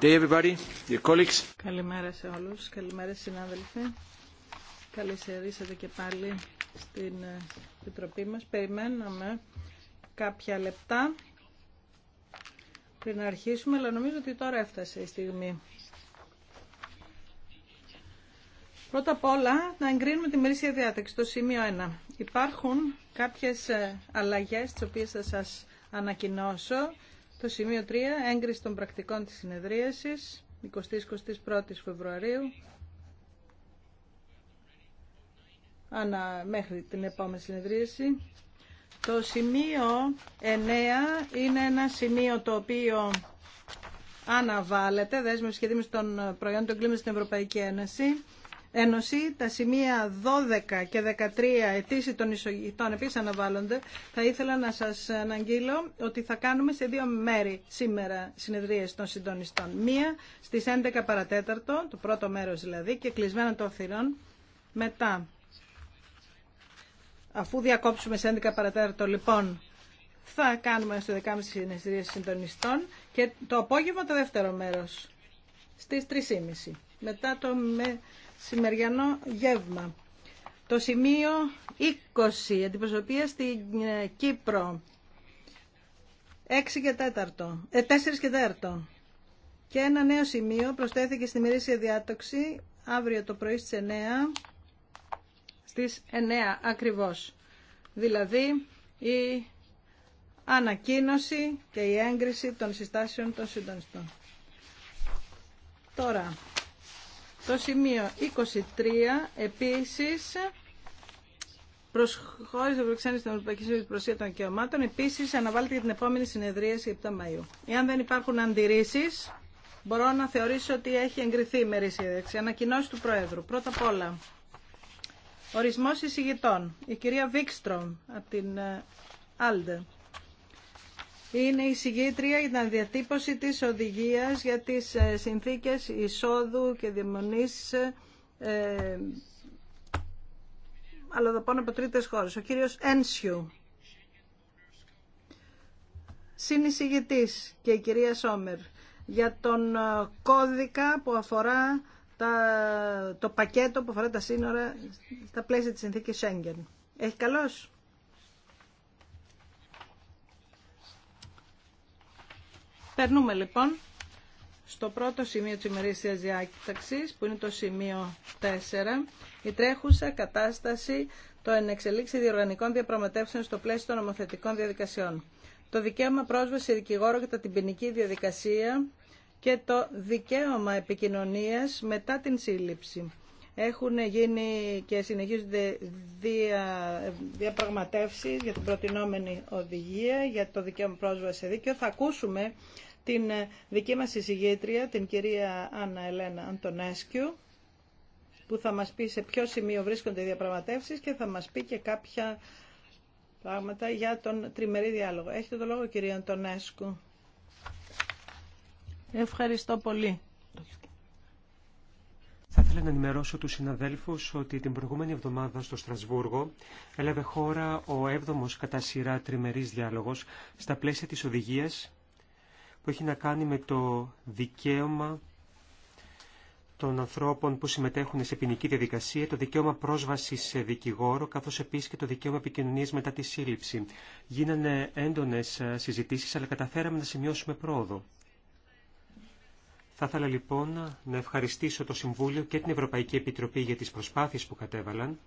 Καλημέρα σε όλους, καλημέρα συνάδελφοι. Καλώς και πάλι στην ε, επιτροπή μας. Περιμέναμε κάποια λεπτά πριν να αρχίσουμε, αλλά νομίζω ότι τώρα έφτασε η στιγμή. Πρώτα απ' όλα, να εγκρίνουμε τη μερίσια διάταξη, το σημείο 1. Υπάρχουν κάποιες ε, αλλαγές, τις οποίες θα σας ανακοινώσω το σημείο 3, έγκριση των πρακτικών της συνεδρίασης, 20-21 Φεβρουαρίου, ανα, μέχρι την επόμενη συνεδρίαση. Το σημείο 9 είναι ένα σημείο το οποίο αναβάλλεται, δέσμευση σχεδίμηση των προϊόντων κλίματος στην Ευρωπαϊκή Ένωση. Ένωση. Τα σημεία 12 και 13 αιτήσει των εισογητών επίσης αναβάλλονται. Θα ήθελα να σας αναγγείλω ότι θα κάνουμε σε δύο μέρη σήμερα συνεδρίες των συντονιστών. Μία στις 11 παρατέταρτο, το πρώτο μέρος δηλαδή, και κλεισμένα των θυρών. Μετά, αφού διακόψουμε σε 11 παρατέταρτο λοιπόν, θα κάνουμε στο 10.30 συνεδρίες συντονιστών και το απόγευμα το δεύτερο μέρος στις 3.30. Μετά το με σημεριανό γεύμα. Το σημείο 20, αντιπροσωπεία στην ε, Κύπρο, 6 και 4, 4 ε, και 4. Και ένα νέο σημείο προσθέθηκε στη Μυρίσια Διάτοξη αύριο το πρωί στις 9, στις 9 ακριβώς. Δηλαδή η ανακοίνωση και η έγκριση των συστάσεων των συντονιστών. Τώρα, το σημείο 23 επίσης προσχώρησε προξένη στην Ευρωπαϊκή Σύμβαση Προσία των Δικαιωμάτων. επίσης, αναβάλλεται για την επόμενη συνεδρίαση 7 Μαου. Εάν δεν υπάρχουν αντιρρήσεις, μπορώ να θεωρήσω ότι έχει εγκριθεί η μερίσια δεξιά. Ανακοινώσει του Πρόεδρου. Πρώτα απ' όλα, ορισμό εισηγητών. Η κυρία Βίξτρομ από την ε, Άλντε είναι η συγγήτρια για την διατύπωση της οδηγίας για τις ε, συνθήκες εισόδου και διαμονής ε, από τρίτες χώρες. Ο κύριος Ένσιου, συνεισηγητής και η κυρία Σόμερ για τον ε, κώδικα που αφορά τα, το πακέτο που αφορά τα σύνορα στα πλαίσια της συνθήκης Σέγγεν. Έχει καλός. Περνούμε λοιπόν στο πρώτο σημείο της ημερήσιας διάταξης, που είναι το σημείο 4, η τρέχουσα κατάσταση των ενεξελίξη διοργανικών διαπραγματεύσεων στο πλαίσιο των νομοθετικών διαδικασιών. Το δικαίωμα πρόσβαση δικηγόρο κατά την ποινική διαδικασία και το δικαίωμα επικοινωνίας μετά την σύλληψη. Έχουν γίνει και συνεχίζονται δια, διαπραγματεύσεις για την προτινόμενη οδηγία για το δικαίωμα πρόσβαση σε δίκαιο. Θα ακούσουμε την ε, δική μας εισηγήτρια, την κυρία Άννα Ελένα Αντωνέσκιου, που θα μας πει σε ποιο σημείο βρίσκονται οι διαπραγματεύσεις και θα μας πει και κάποια πράγματα για τον τριμερή διάλογο. Έχετε το λόγο κυρία Αντωνέσκου. Ευχαριστώ πολύ. Θα ήθελα να ενημερώσω τους συναδέλφους ότι την προηγούμενη εβδομάδα στο Στρασβούργο έλαβε χώρα ο 7 κατά σειρά τριμερής διάλογος στα πλαίσια της οδηγίας που έχει να κάνει με το δικαίωμα των ανθρώπων που συμμετέχουν σε ποινική διαδικασία, το δικαίωμα πρόσβαση σε δικηγόρο, καθώ επίση και το δικαίωμα επικοινωνία μετά τη σύλληψη. Γίνανε έντονε συζητήσει, αλλά καταφέραμε να σημειώσουμε πρόοδο. Θα ήθελα λοιπόν να ευχαριστήσω το Συμβούλιο και την Ευρωπαϊκή Επιτροπή για τι προσπάθειε που κατέβαλαν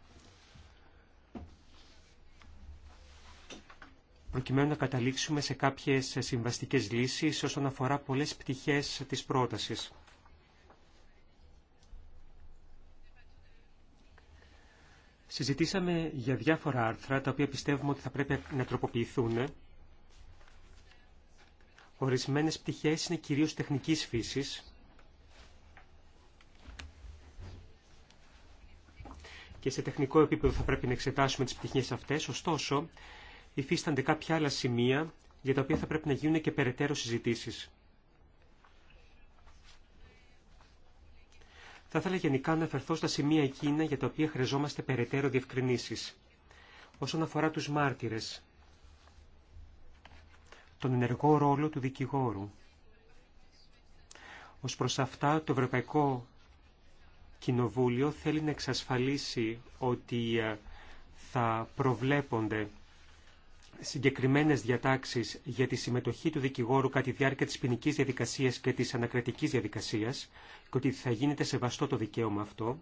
προκειμένου να καταλήξουμε σε κάποιες συμβαστικές λύσεις όσον αφορά πολλές πτυχές της πρότασης. Συζητήσαμε για διάφορα άρθρα τα οποία πιστεύουμε ότι θα πρέπει να τροποποιηθούν. Ορισμένες πτυχές είναι κυρίως τεχνικής φύσης. Και σε τεχνικό επίπεδο θα πρέπει να εξετάσουμε τις πτυχές αυτές. Ωστόσο, υφίστανται κάποια άλλα σημεία για τα οποία θα πρέπει να γίνουν και περαιτέρω συζητήσεις. Θα ήθελα γενικά να αφαιρθώ στα σημεία εκείνα για τα οποία χρειαζόμαστε περαιτέρω διευκρινήσεις. Όσον αφορά τους μάρτυρες, τον ενεργό ρόλο του δικηγόρου. Ως προς αυτά, το Ευρωπαϊκό Κοινοβούλιο θέλει να εξασφαλίσει ότι ε, θα προβλέπονται συγκεκριμένες διατάξεις για τη συμμετοχή του δικηγόρου κατά τη διάρκεια της ποινική διαδικασίας και της ανακριτικής διαδικασίας και ότι θα γίνεται σεβαστό το δικαίωμα αυτό.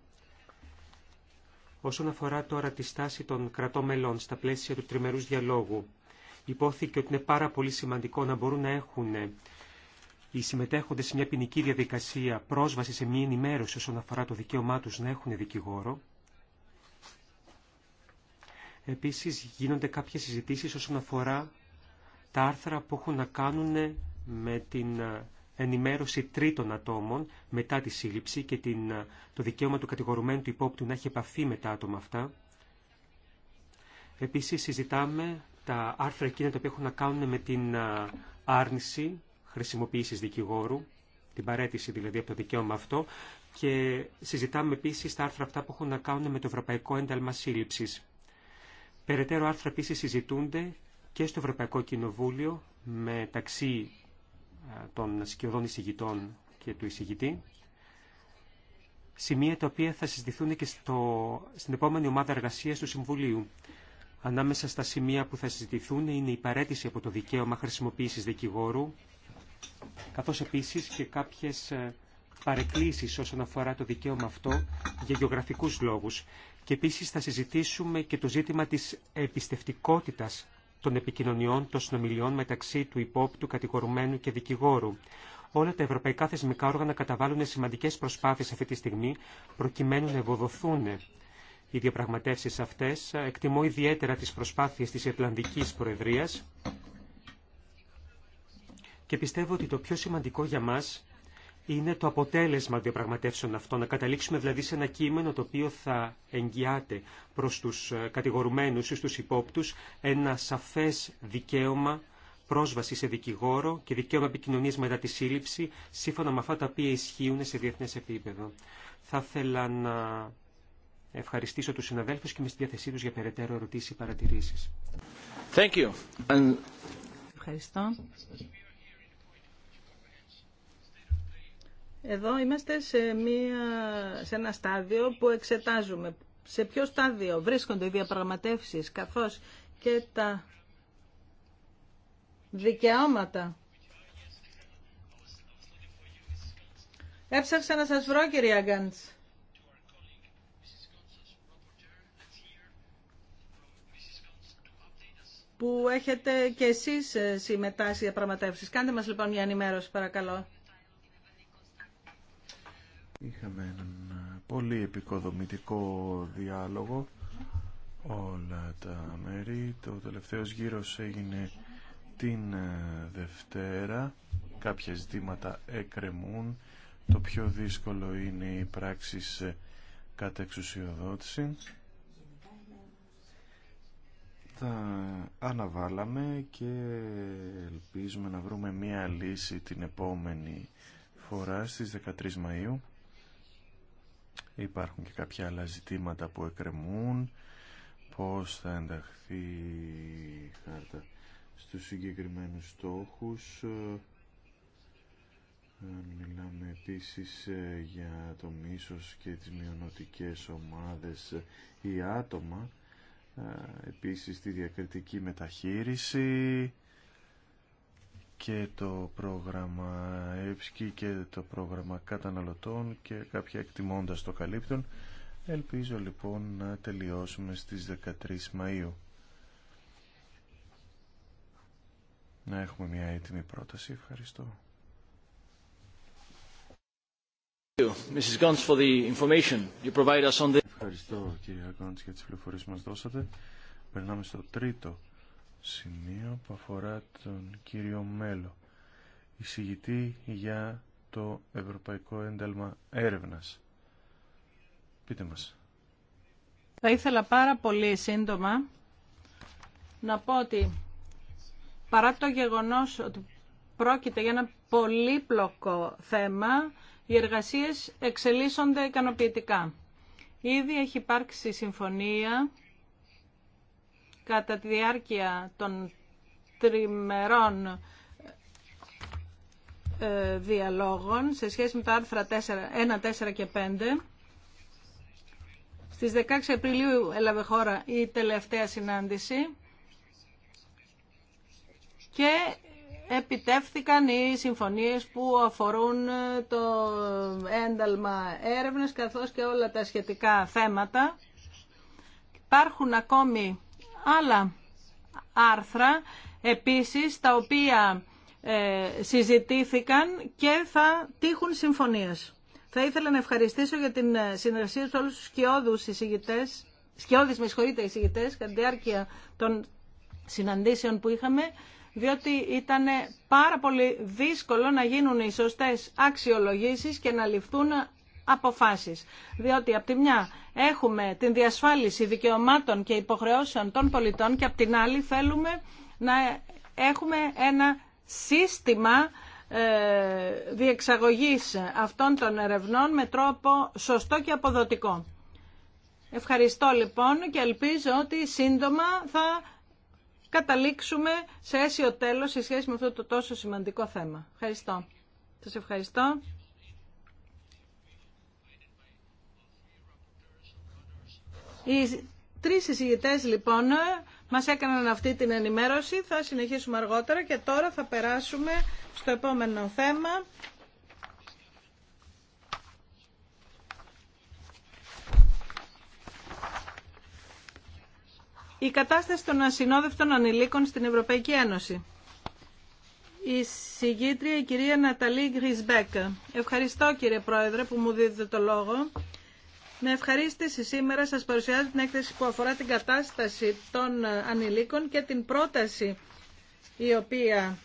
Όσον αφορά τώρα τη στάση των κρατών μελών στα πλαίσια του τριμερούς διαλόγου, υπόθηκε ότι είναι πάρα πολύ σημαντικό να μπορούν να έχουν οι συμμετέχοντες σε μια ποινική διαδικασία πρόσβαση σε μια ενημέρωση όσον αφορά το δικαίωμά τους να έχουν δικηγόρο. Επίσης γίνονται κάποιες συζητήσεις όσον αφορά τα άρθρα που έχουν να κάνουν με την ε, ενημέρωση τρίτων ατόμων μετά τη σύλληψη και την, ε, το δικαίωμα του κατηγορουμένου του υπόπτου να έχει επαφή με τα άτομα αυτά. Επίσης συζητάμε τα άρθρα εκείνα τα οποία έχουν να κάνουν με την ε, άρνηση χρησιμοποίησης δικηγόρου, την παρέτηση δηλαδή από το δικαίωμα αυτό και συζητάμε επίσης τα άρθρα αυτά που έχουν να κάνουν με το Ευρωπαϊκό Ένταλμα Σύλληψης. Περαιτέρω άρθρα επίση συζητούνται και στο Ευρωπαϊκό Κοινοβούλιο μεταξύ των σκιωδών εισηγητών και του εισηγητή. Σημεία τα οποία θα συζητηθούν και στο, στην επόμενη ομάδα εργασίας του Συμβουλίου. Ανάμεσα στα σημεία που θα συζητηθούν είναι η παρέτηση από το δικαίωμα χρησιμοποίησης δικηγόρου, καθώς επίσης και κάποιες ε, παρεκκλήσεις όσον αφορά το δικαίωμα αυτό για γεωγραφικούς λόγους και επίσης θα συζητήσουμε και το ζήτημα της εμπιστευτικότητας των επικοινωνιών των συνομιλιών μεταξύ του υπόπτου, κατηγορουμένου και δικηγόρου. Όλα τα ευρωπαϊκά θεσμικά όργανα καταβάλουν σημαντικές προσπάθειες αυτή τη στιγμή προκειμένου να ευοδοθούν οι διαπραγματεύσεις αυτές. Εκτιμώ ιδιαίτερα τις προσπάθειες της Ιρλανδικής Προεδρίας και πιστεύω ότι το πιο σημαντικό για μας είναι το αποτέλεσμα διαπραγματεύσεων αυτών. Να καταλήξουμε δηλαδή σε ένα κείμενο το οποίο θα εγγυάται προς τους ε, κατηγορουμένους ή στους υπόπτους ένα σαφές δικαίωμα πρόσβαση σε δικηγόρο και δικαίωμα επικοινωνία μετά τη σύλληψη, σύμφωνα με αυτά τα οποία ισχύουν σε διεθνέ επίπεδο. Θα ήθελα να ευχαριστήσω του συναδέλφου και με στη διάθεσή του για περαιτέρω ερωτήσει ή παρατηρήσει. Εδώ είμαστε σε, μια, σε ένα στάδιο που εξετάζουμε. Σε ποιο στάδιο βρίσκονται οι διαπραγματεύσεις καθώς και τα δικαιώματα. Έψαξα να σας βρω, κυρία Γκάντς. που έχετε και εσείς ε, συμμετάσχει πραγματεύσεις. Κάντε μας λοιπόν μια ενημέρωση παρακαλώ. Είχαμε έναν ε, πολύ επικοδομητικό διάλογο όλα τα μέρη. Το τελευταίος γύρος έγινε την ε, Δευτέρα. Κάποια ζητήματα εκρεμούν. Το πιο δύσκολο είναι η πράξη ε, κατά εξουσιοδότηση. Τα αναβάλαμε και ελπίζουμε να βρούμε μία λύση την επόμενη φορά στις 13 Μαΐου Υπάρχουν και κάποια άλλα ζητήματα που εκκρεμούν. Πώς θα ενταχθεί η χάρτα στους συγκεκριμένους στόχους. Μιλάμε επίσης ε, για το μίσος και τις μειονοτικές ομάδες ή άτομα. Ε, επίσης τη διακριτική μεταχείριση και το πρόγραμμα ΕΠΣΚΙ και το πρόγραμμα καταναλωτών και κάποια εκτιμώντας το καλύπτουν. Ελπίζω λοιπόν να τελειώσουμε στις 13 Μαΐου. Να έχουμε μια έτοιμη πρόταση. Ευχαριστώ. Ευχαριστώ κύριε Γκόντς για τις πληροφορίες που μας δώσατε. Περνάμε στο τρίτο σημείο που αφορά τον κύριο Μέλο, εισηγητή για το Ευρωπαϊκό Ένταλμα Έρευνας. Πείτε μας. Θα ήθελα πάρα πολύ σύντομα να πω ότι παρά το γεγονός ότι πρόκειται για ένα πολύπλοκο θέμα, οι εργασίες εξελίσσονται ικανοποιητικά. Ήδη έχει υπάρξει συμφωνία κατά τη διάρκεια των τριμερών ε, διαλόγων σε σχέση με τα άρθρα 4, 1, 4 και 5. Στις 16 Απριλίου έλαβε χώρα η τελευταία συνάντηση και επιτεύθηκαν οι συμφωνίες που αφορούν ε, το ένταλμα έρευνες καθώς και όλα τα σχετικά θέματα. Υπάρχουν ακόμη άλλα άρθρα επίσης τα οποία ε, συζητήθηκαν και θα τύχουν συμφωνίες. Θα ήθελα να ευχαριστήσω για την ε, συνεργασία του όλους τους σκιώδους εισηγητές, σκιώδεις με συγχωρείτε εισηγητές, κατά τη διάρκεια των συναντήσεων που είχαμε, διότι ήταν πάρα πολύ δύσκολο να γίνουν οι σωστές αξιολογήσεις και να ληφθούν αποφάσεις. Διότι από τη μια έχουμε την διασφάλιση δικαιωμάτων και υποχρεώσεων των πολιτών και από την άλλη θέλουμε να έχουμε ένα σύστημα ε, διεξαγωγής αυτών των ερευνών με τρόπο σωστό και αποδοτικό. Ευχαριστώ λοιπόν και ελπίζω ότι σύντομα θα καταλήξουμε σε αίσιο τέλος σε σχέση με αυτό το τόσο σημαντικό θέμα. Ευχαριστώ. Σας ευχαριστώ. Οι τρεις εισηγητές λοιπόν μας έκαναν αυτή την ενημέρωση. Θα συνεχίσουμε αργότερα και τώρα θα περάσουμε στο επόμενο θέμα. Η κατάσταση των ασυνόδευτων ανηλίκων στην Ευρωπαϊκή Ένωση. Η συγγήτρια η κυρία Ναταλή Γκρισμπέκ. Ευχαριστώ κύριε Πρόεδρε που μου δίδετε το λόγο. Με ευχαρίστηση σήμερα σας παρουσιάζω την έκθεση που αφορά την κατάσταση των ε, ανηλίκων και την πρόταση η οποία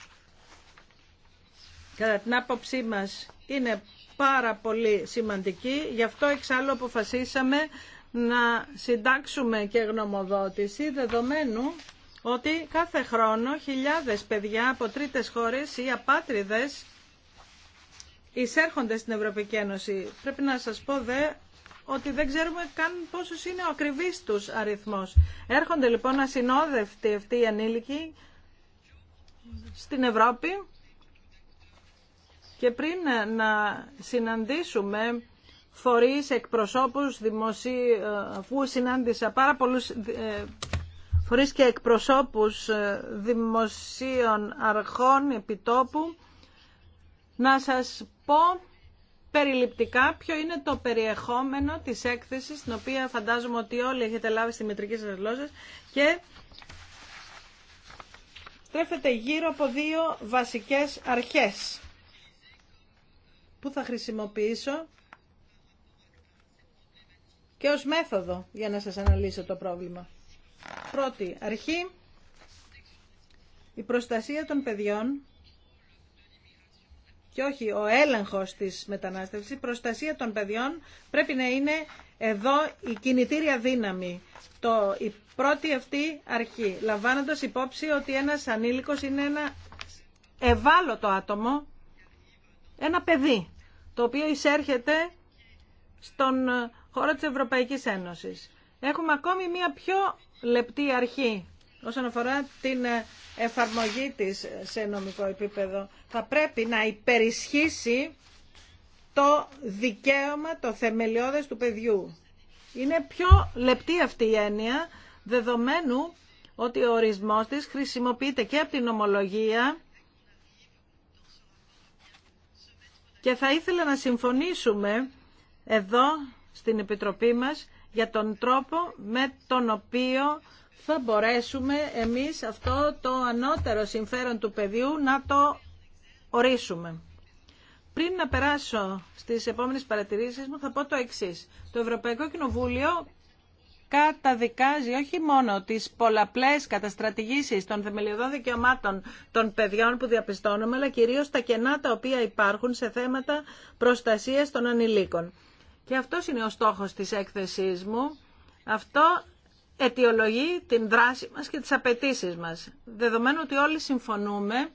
κατά την άποψή μας είναι πάρα πολύ σημαντική. Γι' αυτό εξάλλου αποφασίσαμε να συντάξουμε και γνωμοδότηση δεδομένου ότι κάθε χρόνο χιλιάδες παιδιά από τρίτες χώρες ή απάτριδες εισέρχονται στην Ευρωπαϊκή Ένωση. Πρέπει να σας πω δε ότι δεν ξέρουμε καν πόσος είναι ο ακριβής τους αριθμός. Έρχονται λοιπόν ασυνόδευτοι αυτοί οι ανήλικοι στην Ευρώπη και πριν να συναντήσουμε φορείς, εκπροσώπους, δημοσίου, αφού συνάντησα πάρα πολλούς ε, φορείς και εκπροσώπους ε, δημοσίων αρχών επιτόπου, να σας πω περιληπτικά ποιο είναι το περιεχόμενο της έκθεσης την οποία φαντάζομαι ότι όλοι έχετε λάβει στη μετρική σας γλώσσα και στρέφεται γύρω από δύο βασικές αρχές που θα χρησιμοποιήσω και ως μέθοδο για να σας αναλύσω το πρόβλημα. Πρώτη αρχή, η προστασία των παιδιών και όχι ο έλεγχος της μετανάστευσης, προστασία των παιδιών πρέπει να είναι εδώ η κινητήρια δύναμη. Το, η πρώτη αυτή αρχή, λαμβάνοντας υπόψη ότι ένας ανήλικος είναι ένα ευάλωτο άτομο, ένα παιδί, το οποίο εισέρχεται στον χώρο της Ευρωπαϊκής Ένωσης. Έχουμε ακόμη μια πιο λεπτή αρχή όσον αφορά την ε, εφαρμογή της σε νομικό επίπεδο. Θα πρέπει να υπερισχύσει το δικαίωμα, το θεμελιώδες του παιδιού. Είναι πιο λεπτή αυτή η έννοια, δεδομένου ότι ο ορισμός της χρησιμοποιείται και από την ομολογία και θα ήθελα να συμφωνήσουμε εδώ στην Επιτροπή μας για τον τρόπο με τον οποίο θα μπορέσουμε εμείς αυτό το ανώτερο συμφέρον του παιδιού να το ορίσουμε. Πριν να περάσω στις επόμενες παρατηρήσεις μου θα πω το εξής. Το Ευρωπαϊκό Κοινοβούλιο καταδικάζει όχι μόνο τις πολλαπλές καταστρατηγήσεις των θεμελιωδών δικαιωμάτων των παιδιών που διαπιστώνουμε, αλλά κυρίως τα κενά τα οποία υπάρχουν σε θέματα προστασίας των ανηλίκων. Και αυτό είναι ο στόχος της έκθεσής μου. Αυτό αιτιολογεί την δράση μας και τις απαιτήσει μας. Δεδομένου ότι όλοι συμφωνούμε,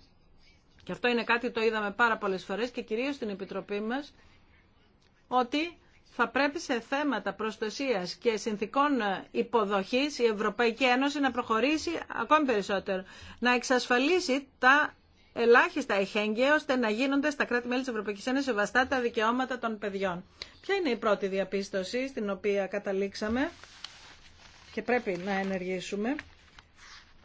και αυτό είναι κάτι το είδαμε πάρα πολλές φορές και κυρίως στην Επιτροπή μας, ότι θα πρέπει σε θέματα προστασίας και συνθήκων υποδοχής η Ευρωπαϊκή Ένωση να προχωρήσει ακόμη περισσότερο, να εξασφαλίσει τα ελάχιστα εχέγγυα ώστε να γίνονται στα κράτη-μέλη της Ευρωπαϊκής Ένωσης σεβαστά τα δικαιώματα των παιδιών. Ποια είναι η πρώτη διαπίστωση στην οποία καταλήξαμε και πρέπει να ενεργήσουμε,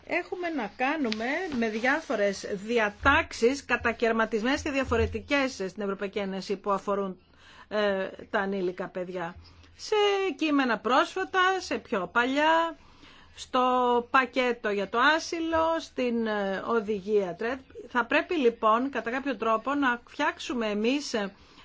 έχουμε να κάνουμε με διάφορες διατάξεις κατακαιρματισμένες και διαφορετικές στην Ευρωπαϊκή Ένωση που αφορούν ε, τα ανήλικα παιδιά. Σε κείμενα πρόσφατα, σε πιο παλιά, στο πακέτο για το άσυλο, στην ε, οδηγία. E Θα πρέπει λοιπόν κατά κάποιο τρόπο να φτιάξουμε εμείς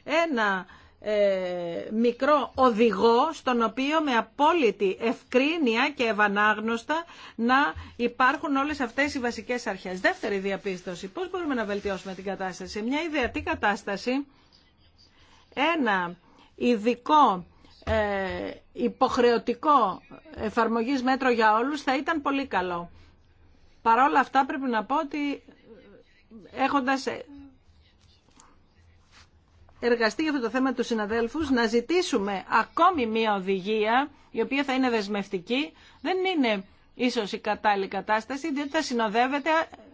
ένα ε, μικρό οδηγό στον οποίο με απόλυτη ευκρίνεια και ευανάγνωστα να υπάρχουν όλες αυτές οι βασικές αρχές. Δεύτερη διαπίστωση, πώς μπορούμε να βελτιώσουμε την κατάσταση. μια ιδεατή κατάσταση, ένα ειδικό ε, υποχρεωτικό εφαρμογής μέτρο για όλους θα ήταν πολύ καλό. Παρ' όλα αυτά πρέπει να πω ότι έχοντας εργαστεί για αυτό το θέμα του συναδέλφους, να ζητήσουμε ακόμη μία οδηγία, η οποία θα είναι δεσμευτική. Δεν είναι ίσως η κατάλληλη κατάσταση, διότι θα συνοδεύεται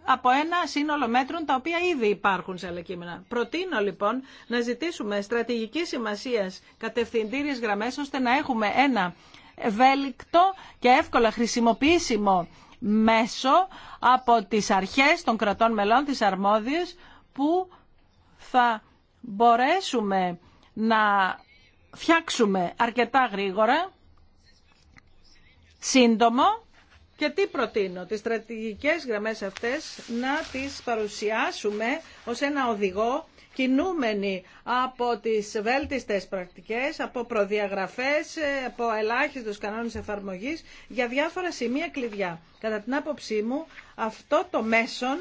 από ένα σύνολο μέτρων τα οποία ήδη υπάρχουν σε άλλα κείμενα. Προτείνω λοιπόν να ζητήσουμε στρατηγική σημασία κατευθυντήριε γραμμέ ώστε να έχουμε ένα ευέλικτο και εύκολα χρησιμοποιήσιμο μέσο από τις αρχές των κρατών μελών, τις αρμόδιες, που θα μπορέσουμε να φτιάξουμε αρκετά γρήγορα, σύντομο και τι προτείνω. Τις στρατηγικές γραμμές αυτές να τις παρουσιάσουμε ως ένα οδηγό κινούμενοι από τις βέλτιστες πρακτικές, από προδιαγραφές, από ελάχιστους κανόνες εφαρμογής για διάφορα σημεία κλειδιά. Κατά την άποψή μου αυτό το μέσον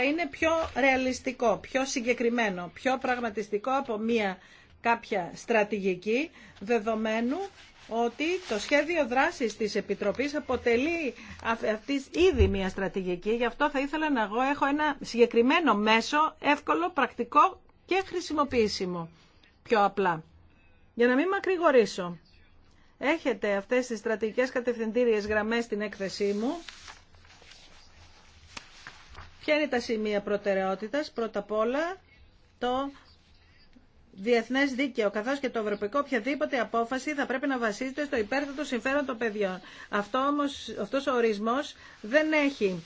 θα είναι πιο ρεαλιστικό, πιο συγκεκριμένο, πιο πραγματιστικό από μία κάποια στρατηγική, δεδομένου ότι το σχέδιο δράσης της Επιτροπής αποτελεί αυτή ήδη μια καποια στρατηγικη δεδομενου οτι το σχεδιο δρασης της επιτροπης αποτελει αυτής ηδη μια στρατηγικη γι' αυτό θα ήθελα να εγώ έχω ένα συγκεκριμένο μέσο, εύκολο, πρακτικό και χρησιμοποιήσιμο, πιο απλά. Για να μην μακρηγορήσω, έχετε αυτές τις στρατηγικές κατευθυντήριες γραμμές στην έκθεσή μου, Ποια είναι τα σημεία προτεραιότητας. Πρώτα απ' όλα το διεθνέ δίκαιο, καθώ και το ευρωπαϊκό, οποιαδήποτε απόφαση θα πρέπει να βασίζεται στο υπέρθετο συμφέρον των παιδιών. Αυτό όμως, αυτός ο ορισμός δεν έχει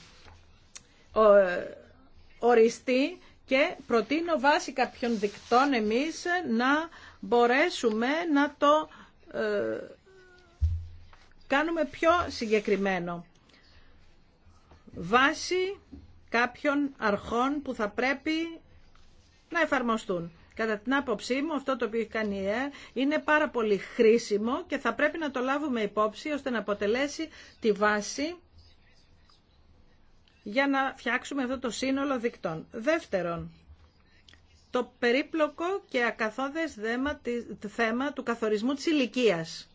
οριστεί και προτείνω βάσει κάποιων δικτών εμείς να μπορέσουμε να το ε, κάνουμε πιο συγκεκριμένο. Βάση κάποιων αρχών που θα πρέπει να εφαρμοστούν. Κατά την άποψή μου, αυτό το οποίο έχει κάνει η ΕΕ είναι πάρα πολύ χρήσιμο και θα πρέπει να το λάβουμε υπόψη ώστε να αποτελέσει τη βάση για να φτιάξουμε αυτό το σύνολο δικτών. Δεύτερον, το περίπλοκο και ακαθόδες θέμα του καθορισμού της ηλικίας.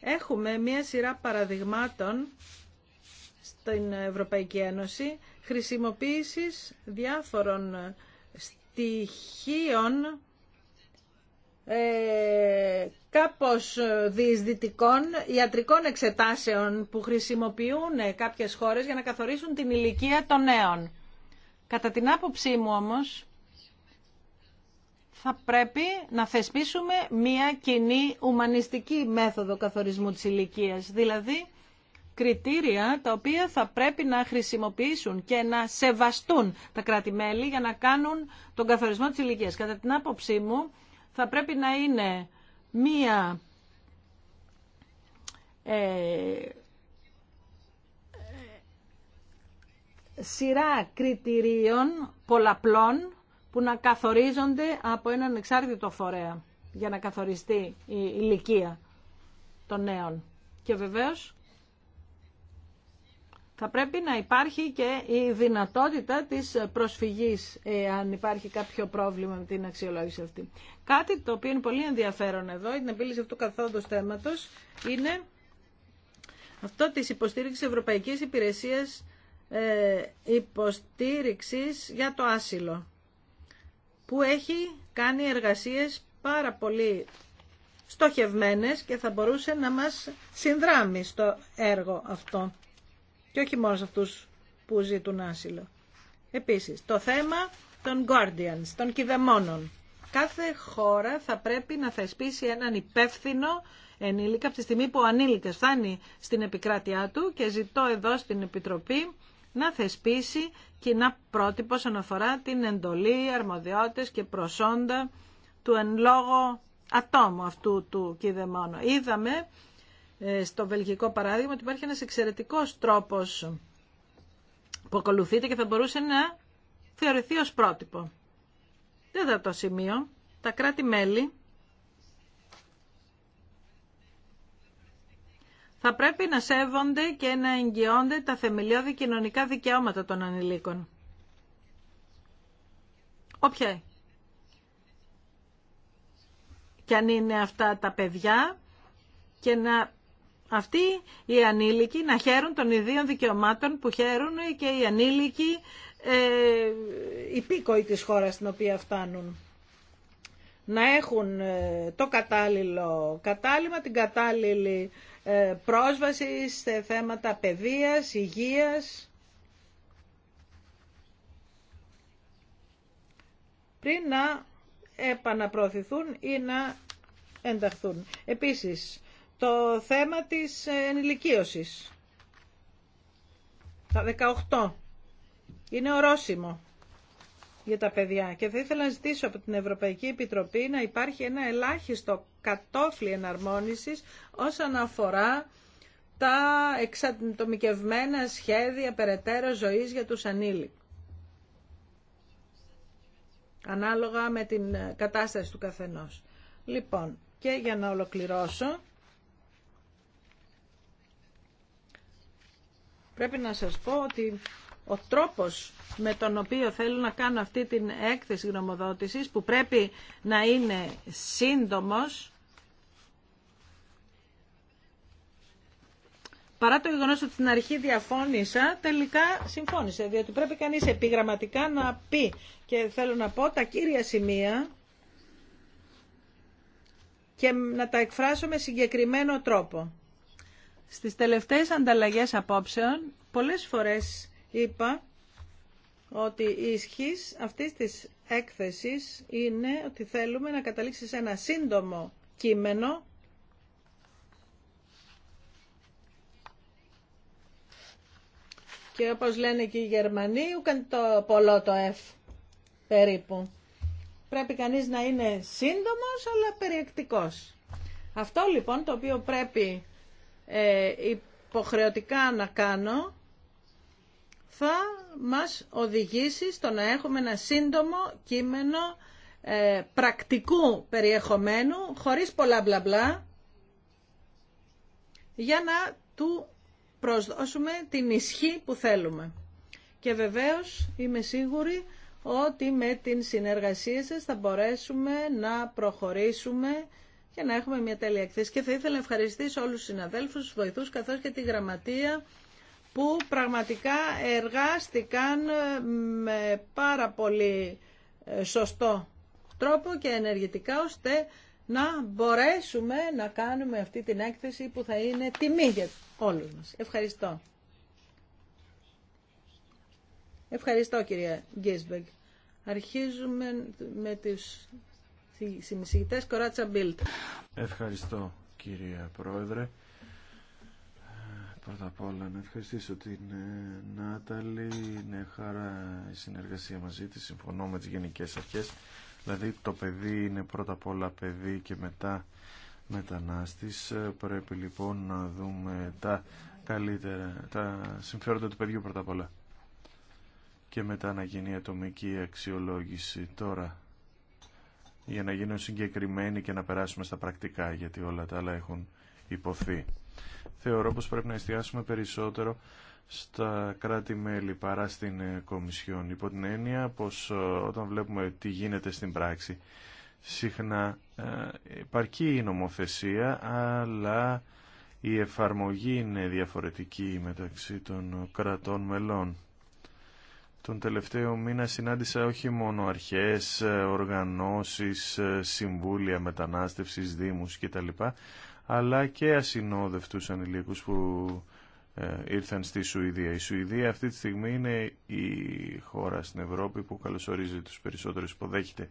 Έχουμε μία σειρά παραδειγμάτων την Ευρωπαϊκή Ένωση χρησιμοποίησης διάφορων στοιχείων ε, κάπως διεισδυτικών ιατρικών εξετάσεων που χρησιμοποιούν κάποιες χώρες για να καθορίσουν την ηλικία των νέων. Κατά την άποψή μου όμως, θα πρέπει να θεσπίσουμε μία κοινή ουμανιστική μέθοδο καθορισμού της ηλικίας. δηλαδή κριτήρια τα οποία θα πρέπει να χρησιμοποιήσουν και να σεβαστούν τα κρατη για να κάνουν τον καθορισμό της ηλικία. Κατά την άποψή μου θα πρέπει να είναι μία ε, σειρά κριτηρίων πολλαπλών που να καθορίζονται από έναν εξάρτητο φορέα για να καθοριστεί η ηλικία των νέων. Και βεβαίως θα πρέπει να υπάρχει και η δυνατότητα της προσφυγής αν υπάρχει κάποιο πρόβλημα με την αξιολόγηση αυτή. Κάτι το οποίο είναι πολύ ενδιαφέρον εδώ, την επίλυση αυτού καθόλου θέματος, είναι αυτό της υποστήριξης Ευρωπαϊκής Υπηρεσίας ε, Υποστήριξης για το άσυλο, που έχει κάνει εργασίες πάρα πολύ στοχευμένες και θα μπορούσε να μας συνδράμει στο έργο αυτό και όχι μόνο σε αυτούς που ζητούν άσυλο. Επίσης, το θέμα των guardians, των κηδεμόνων. Κάθε χώρα θα πρέπει να θεσπίσει έναν υπεύθυνο ενήλικα από τη στιγμή που ο ανήλικας φτάνει στην επικράτειά του και ζητώ εδώ στην Επιτροπή να θεσπίσει κοινά πρότυπο όσον αφορά την εντολή, αρμοδιότητες και προσόντα του εν λόγω ατόμου αυτού του κηδεμόνου. Είδαμε ε, στο βελγικό παράδειγμα ότι υπάρχει ένας εξαιρετικός τρόπος που ακολουθείται και θα μπορούσε να θεωρηθεί ως πρότυπο. το σημείο, τα κράτη-μέλη θα πρέπει να σέβονται και να εγγυώνται τα θεμελιώδη κοινωνικά δικαιώματα των ανηλίκων. Όποια και αν είναι αυτά τα παιδιά και να αυτοί οι ανήλικοι να χαίρουν των ιδίων δικαιωμάτων που χαίρουν και οι ανήλικοι ε, υπήκοοι της χώρας στην οποία φτάνουν. Να έχουν ε, το κατάλληλο κατάλημα, την κατάλληλη ε, πρόσβαση σε θέματα παιδείας, υγείας. Πριν να επαναπροωθηθούν ή να ενταχθούν. Επίσης, το θέμα της ενηλικίωσης. Τα 18. Είναι ορόσημο για τα παιδιά. Και θα ήθελα να ζητήσω από την Ευρωπαϊκή Επιτροπή να υπάρχει ένα ελάχιστο κατόφλι εναρμόνισης όσον αφορά τα εξατομικευμένα σχέδια περαιτέρω ζωής για τους ανήλικους. Ανάλογα με την κατάσταση του καθενός. Λοιπόν, και για να ολοκληρώσω, Πρέπει να σας πω ότι ο τρόπος με τον οποίο θέλω να κάνω αυτή την έκθεση γνωμοδότησης που πρέπει να είναι σύντομος παρά το γεγονός ότι στην αρχή διαφώνησα, τελικά συμφώνησε. Διότι πρέπει κανείς επιγραμματικά να πει. Και θέλω να πω τα κύρια σημεία και να τα εκφράσω με συγκεκριμένο τρόπο. Στις τελευταίες ανταλλαγές απόψεων, πολλές φορές είπα ότι η ισχύ αυτής της έκθεσης είναι ότι θέλουμε να καταλήξει σε ένα σύντομο κείμενο και όπως λένε και οι Γερμανοί, ούκαν το πολλό το F περίπου. Πρέπει κανείς να είναι σύντομος αλλά περιεκτικός. Αυτό λοιπόν το οποίο πρέπει ε, υποχρεωτικά να κάνω θα μας οδηγήσει στο να έχουμε ένα σύντομο κείμενο ε, πρακτικού περιεχομένου, χωρίς πολλά μπλα μπλα, για να του προσδώσουμε την ισχύ που θέλουμε. Και βεβαίως είμαι σίγουρη ότι με την συνεργασία σας θα μπορέσουμε να προχωρήσουμε και να έχουμε μια τέλεια εκθέση. Και θα ήθελα να ευχαριστήσω όλους τους συναδέλφους, τους βοηθούς, καθώς και τη γραμματεία που πραγματικά εργάστηκαν ε, με πάρα πολύ ε, σωστό τρόπο και ενεργητικά ώστε να μπορέσουμε να κάνουμε αυτή την έκθεση που θα είναι τιμή για όλους μας. Ευχαριστώ. Ευχαριστώ κυρία Γκίσμπεκ. Αρχίζουμε με τις συνεισηγητές Κοράτσα Μπίλτ. Ευχαριστώ κυρία Πρόεδρε. Πρώτα απ' όλα να ευχαριστήσω την ε, Νάταλη. Είναι χαρά η συνεργασία μαζί της. Συμφωνώ με τις γενικές αρχές. Δηλαδή το παιδί είναι πρώτα απ' όλα παιδί και μετά μετανάστης. Πρέπει λοιπόν να δούμε τα καλύτερα, τα συμφέροντα του παιδιού πρώτα απ' όλα. Και μετά να γίνει η ατομική αξιολόγηση. Τώρα για να γίνουν συγκεκριμένοι και να περάσουμε στα πρακτικά, γιατί όλα τα άλλα έχουν υποθεί. Θεωρώ πως πρέπει να εστιάσουμε περισσότερο στα κράτη-μέλη παρά στην ε, Κομισιόν, υπό την έννοια πως ε, όταν βλέπουμε τι γίνεται στην πράξη, συχνά υπάρχει ε, η νομοθεσία, αλλά η εφαρμογή είναι διαφορετική μεταξύ των κρατών μελών. Τον τελευταίο μήνα συνάντησα όχι μόνο αρχές, ε, οργανώσεις, ε, συμβούλια μετανάστευσης, δήμους κτλ. αλλά και ασυνόδευτούς ανηλίκους που ε, ήρθαν στη Σουηδία. Η Σουηδία αυτή τη στιγμή είναι η χώρα στην Ευρώπη που καλωσορίζει τους περισσότερους, υποδέχεται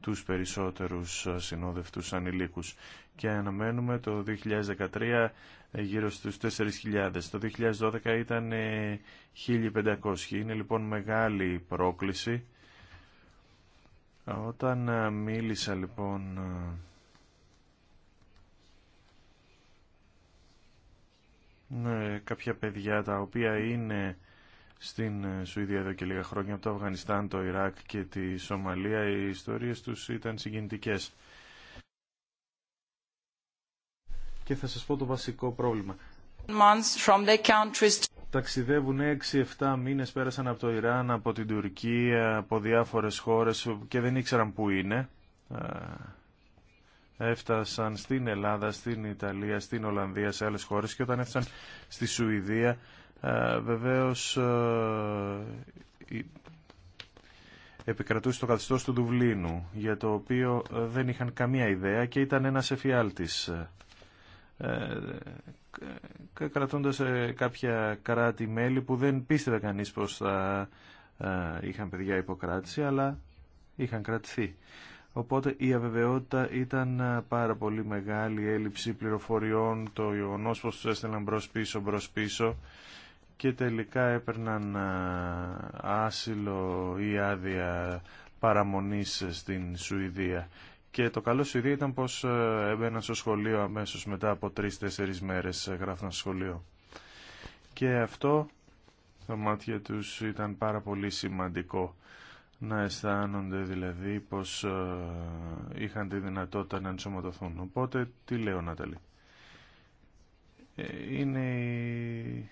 τους περισσότερους ασυνόδευτους ανηλίκους. Και αναμένουμε το 2013 γύρω στους 4.000. Το 2012 ήταν 1.500. Ε, είναι λοιπόν μεγάλη πρόκληση. Όταν ε, μίλησα λοιπόν... Ναι, κάποια παιδιά τα οποία είναι στην Σουηδία εδώ και λίγα χρόνια από το Αφγανιστάν, το Ιράκ και τη Σομαλία οι ιστορίες τους ήταν συγκινητικές και θα σας πω το βασικό πρόβλημα. Ταξιδεύουν 6-7 μήνες, πέρασαν από το Ιράν, από την Τουρκία, από διάφορες χώρες και δεν ήξεραν πού είναι. Έφτασαν στην Ελλάδα, στην Ιταλία, στην Ολλανδία, σε άλλες χώρες και όταν έφτασαν στη Σουηδία βεβαίως επικρατούσε το καθεστώς του Δουβλίνου για το οποίο ε, δεν είχαν καμία ιδέα και ήταν ένας εφιάλτης. Ε, κρατώντας ε, κάποια κράτη-μέλη που δεν πίστευε κανείς πως θα ε, είχαν παιδιά υποκράτηση, αλλά είχαν κρατηθεί. Οπότε η αβεβαιότητα ήταν πάρα πολύ μεγάλη, η έλλειψη πληροφοριών, το γεγονό πως τους έστελναν μπρος πίσω, μπρος πίσω και τελικά έπαιρναν άσυλο ή άδεια παραμονής στην Σουηδία και το καλό σου ήταν πως ε, έμπαιναν στο σχολειο αμεσω αμέσως μετά από τρει-τέσσερι μέρες ε, γράφουν στο σχολείο. Και αυτό στα μάτια τους ήταν πάρα πολύ σημαντικό να αισθάνονται δηλαδή πως ε, είχαν τη δυνατότητα να ενσωματωθούν. Οπότε τι λέω Ναταλή. Είναι η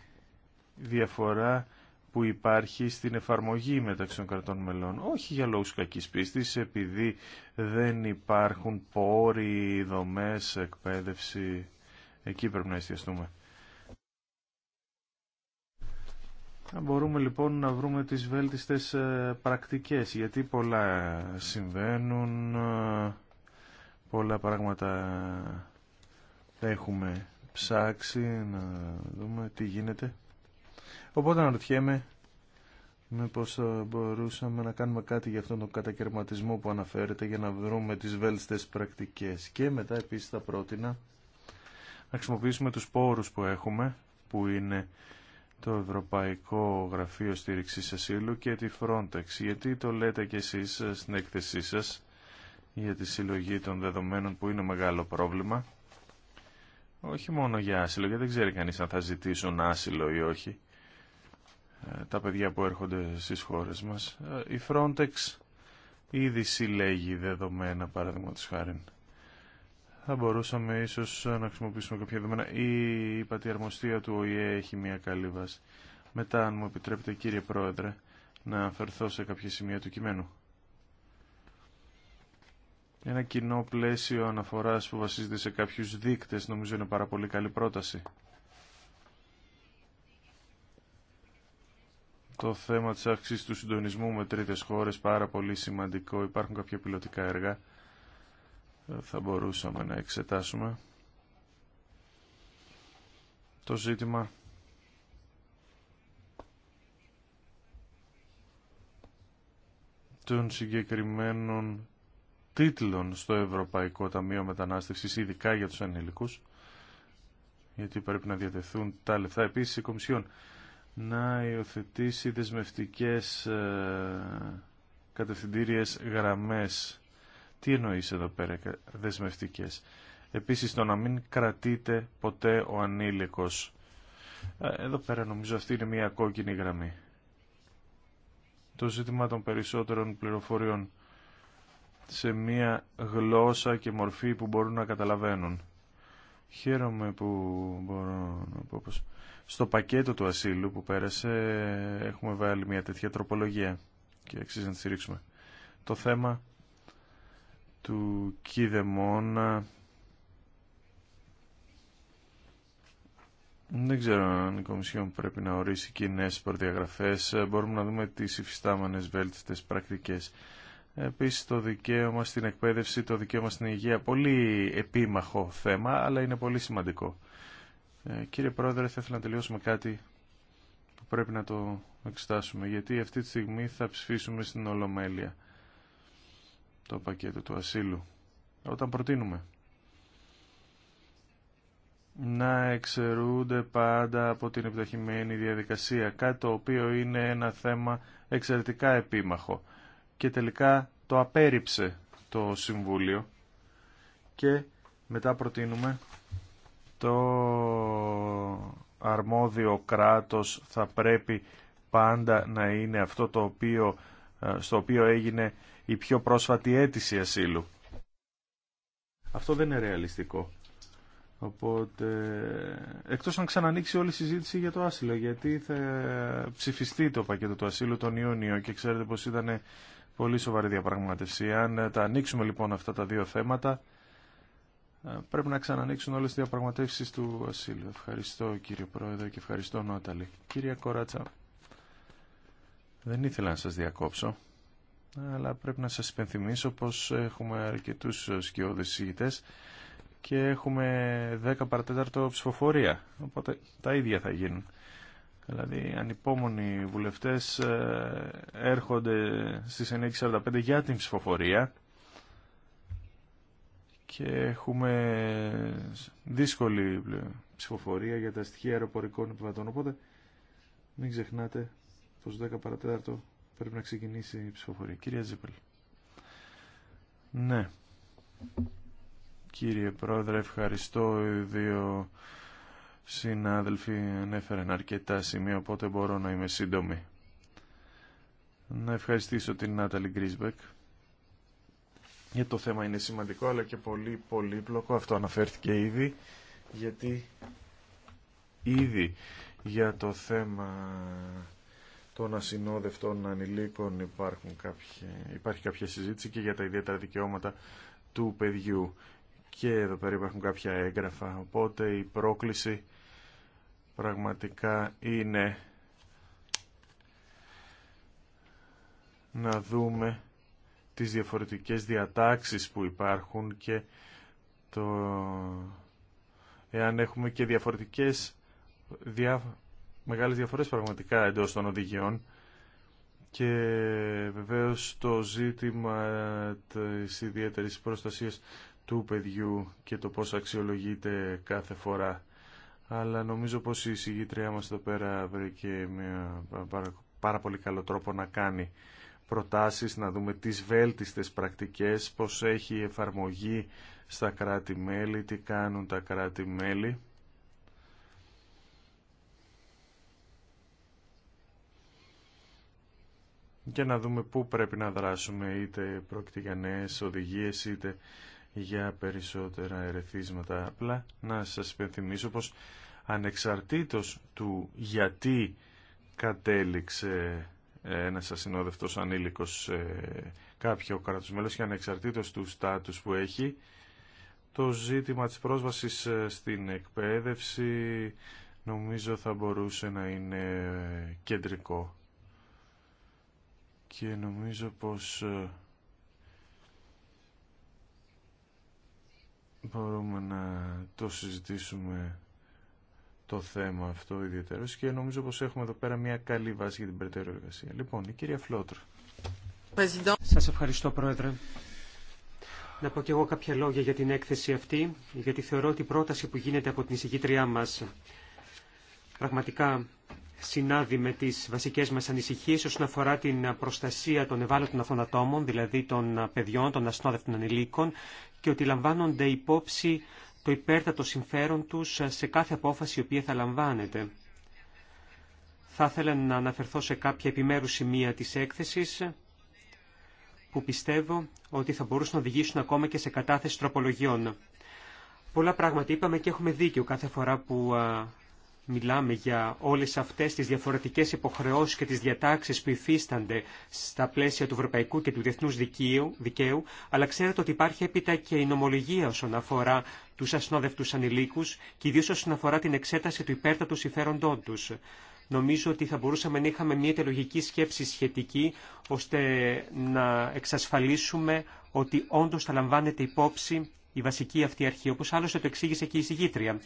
διαφορά που υπάρχει στην εφαρμογή μεταξύ των κρατών μελών. Όχι για λόγους κακής πίστης, επειδή δεν υπάρχουν πόροι, δομές, εκπαίδευση. Εκεί πρέπει να εστιαστούμε. Μπορούμε λοιπόν να βρούμε τις βέλτιστες ε, πρακτικές, γιατί πολλά συμβαίνουν, ε, πολλά πράγματα έχουμε ψάξει, να δούμε τι γίνεται. Οπότε αναρωτιέμαι μήπως ε, μπορούσαμε να κάνουμε κάτι για αυτόν τον κατακαιρματισμό που αναφέρετε για να βρούμε τις βέλτιστες πρακτικές. Και μετά επίσης θα πρότεινα να χρησιμοποιήσουμε τους πόρους που έχουμε, που είναι το Ευρωπαϊκό Γραφείο Στήριξης Ασύλου και τη Frontex. Γιατί το λέτε κι εσείς ε, στην έκθεσή σας για τη συλλογή των δεδομένων που είναι μεγάλο πρόβλημα. Όχι μόνο για άσυλο, γιατί δεν ξέρει κανείς αν θα ζητήσουν άσυλο ή όχι. Ε, τα παιδιά που έρχονται στις χώρες μας. Ε, η Frontex ήδη συλλέγει δεδομένα, της χάρη. Θα μπορούσαμε ίσως να χρησιμοποιήσουμε κάποια δεδομένα. Η πατιαρμοστία του ΟΗΕ έχει μια καλή βάση. Μετά, αν μου επιτρέπετε κύριε Πρόεδρε, να αφαιρθώ σε κάποια σημεία του κειμένου. Ένα κοινό πλαίσιο αναφοράς που βασίζεται σε κάποιους δείκτες νομίζω είναι πάρα πολύ καλή πρόταση. το θέμα της αύξησης του συντονισμού με τρίτες χώρες πάρα πολύ σημαντικό. Υπάρχουν κάποια πιλωτικά έργα θα μπορούσαμε να εξετάσουμε. Το ζήτημα των συγκεκριμένων τίτλων στο Ευρωπαϊκό Ταμείο Μετανάστευσης, ειδικά για τους ανηλικούς, γιατί πρέπει να διατεθούν τα λεφτά. Επίσης, η Κομισιόν να υιοθετήσει δεσμευτικές ε, κατευθυντήριες γραμμές. Τι εννοείς εδώ πέρα δεσμευτικές. Επίσης το να μην κρατείται ποτέ ο ανήλικος. Ε, εδώ πέρα νομίζω αυτή είναι μια κόκκινη γραμμή. Το ζήτημα των περισσότερων πληροφοριών σε μια γλώσσα και μορφή που μπορούν να καταλαβαίνουν. Χαίρομαι που μπορώ να πω πως στο πακέτο του ασύλου που πέρασε έχουμε βάλει μια τέτοια τροπολογία και αξίζει να τη στηρίξουμε. Το θέμα του Κίδεμόνα δεν ξέρω αν η Κομισιόν πρέπει να ορίσει κοινέ προδιαγραφέ. Μπορούμε να δούμε τι υφιστάμενε βέλτιστες πρακτικές. Επίσης το δικαίωμα στην εκπαίδευση, το δικαίωμα στην υγεία, πολύ επίμαχο θέμα, αλλά είναι πολύ σημαντικό. Ε, κύριε Πρόεδρε, θα ήθελα να τελειώσουμε κάτι που πρέπει να το εξετάσουμε, γιατί αυτή τη στιγμή θα ψηφίσουμε στην Ολομέλεια το πακέτο του ασύλου. Όταν προτείνουμε να εξαιρούνται πάντα από την επιταχυμένη διαδικασία, κάτι το οποίο είναι ένα θέμα εξαιρετικά επίμαχο. Και τελικά το απέρριψε το Συμβούλιο και μετά προτείνουμε το αρμόδιο κράτος θα πρέπει πάντα να είναι αυτό το οποίο, ε, στο οποίο έγινε η πιο πρόσφατη αίτηση ασύλου. Αυτό δεν είναι ρεαλιστικό. Οπότε, εκτός αν ξανανοίξει όλη η συζήτηση για το άσυλο, γιατί θα ψηφιστεί το πακέτο του ασύλου τον Ιούνιο και ξέρετε πως ήταν πολύ σοβαρή διαπραγματευσία. Αν τα ανοίξουμε λοιπόν αυτά τα δύο θέματα, ε, πρέπει να ξανανοίξουν όλες τις διαπραγματεύσεις του ασύλου. Ευχαριστώ κύριε Πρόεδρε και ευχαριστώ Νόταλη. Κύριε Κοράτσα, δεν ήθελα να σας διακόψω, αλλά πρέπει να σας υπενθυμίσω πως έχουμε αρκετούς σκιώδες συζητητές και έχουμε 10 παρατέταρτο ψηφοφορία, οπότε τα ίδια θα γίνουν. Δηλαδή, ανυπόμονοι βουλευτές ε, έρχονται στις 9.45 για την ψηφοφορία και έχουμε δύσκολη ψηφοφορία για τα στοιχεία αεροπορικών επιβατών. Οπότε μην ξεχνάτε πως 10 παρατέταρτο πρέπει να ξεκινήσει η ψηφοφορία. Κύριε Τζίπελ. Ναι. Κύριε Πρόεδρε, ευχαριστώ. Οι δύο συνάδελφοι ανέφεραν αρκετά σημεία, οπότε μπορώ να είμαι σύντομη. Να ευχαριστήσω την Νάταλη Γκρίσμπεκ γιατί ε, το θέμα είναι σημαντικό αλλά και πολύ πολύπλοκο, αυτό αναφέρθηκε ήδη, γιατί ήδη για το θέμα των ασυνόδευτων ανηλίκων υπάρχουν υπάρχει κάποια συζήτηση και για τα ιδιαίτερα δικαιώματα του παιδιού. Και εδώ πέρα υπάρχουν κάποια έγγραφα, οπότε η πρόκληση πραγματικά είναι να δούμε τις διαφορετικές διατάξεις που υπάρχουν και το... εάν έχουμε και διαφορετικές διά... μεγάλες διαφορές πραγματικά εντός των οδηγιών και βεβαίως το ζήτημα της ιδιαίτερης προστασίας του παιδιού και το πώς αξιολογείται κάθε φορά. Αλλά νομίζω πως η συγγήτριά μας εδώ πέρα βρήκε μια πάρα πολύ καλό τρόπο να κάνει προτάσεις, να δούμε τις βέλτιστες πρακτικές, πώς έχει εφαρμογή στα κράτη-μέλη, τι κάνουν τα κράτη-μέλη. Και να δούμε πού πρέπει να δράσουμε, είτε πρόκειται για νέες οδηγίες, είτε για περισσότερα ερεθίσματα. Απλά να σας υπενθυμίσω πως ανεξαρτήτως του γιατί κατέληξε ένα ασυνόδευτος ανήλικο σε κάποιο κράτο μέλο και ανεξαρτήτω του στάτου που έχει το ζήτημα τη πρόσβασης ε, στην εκπαίδευση νομίζω θα μπορούσε να είναι ε, κεντρικό και νομίζω πως ε, μπορούμε να το συζητήσουμε το θέμα αυτό ιδιαίτερος και νομίζω πως έχουμε εδώ πέρα μια καλή βάση για την περαιτέρω εργασία. Λοιπόν, η κυρία Φλότρ. Σας ευχαριστώ Πρόεδρε. Να πω και εγώ κάποια λόγια για την έκθεση αυτή, γιατί θεωρώ ότι η πρόταση που γίνεται από την εισηγήτριά μας πραγματικά συνάδει με τις βασικές μας ανησυχίες όσον αφορά την προστασία των ευάλωτων αυτών ατόμων, δηλαδή των παιδιών, των ασνόδευτων ανηλίκων και ότι λαμβάνονται υπόψη το υπέρτατο συμφέρον τους σε κάθε απόφαση η οποία θα λαμβάνεται. Θα ήθελα να αναφερθώ σε κάποια επιμέρους σημεία της έκθεσης που πιστεύω ότι θα μπορούσαν να οδηγήσουν ακόμα και σε κατάθεση τροπολογιών. Πολλά πράγματα είπαμε και έχουμε δίκιο κάθε φορά που μιλάμε για όλες αυτές τις διαφορετικές υποχρεώσεις και τις διατάξεις που υφίστανται στα πλαίσια του ευρωπαϊκού και του διεθνούς δικαίου, δικαίου αλλά ξέρετε ότι υπάρχει έπειτα και η νομολογία όσον αφορά τους ασυνόδευτους ανηλίκους και ιδίως όσον αφορά την εξέταση του υπέρτατου συμφέροντών τους. Νομίζω ότι θα μπορούσαμε να είχαμε μια τελογική σκέψη σχετική, ώστε να εξασφαλίσουμε ότι όντως θα λαμβάνεται υπόψη η βασική αυτή αρχή, όπως άλλωστε το εξήγησε και η συγγήτρια.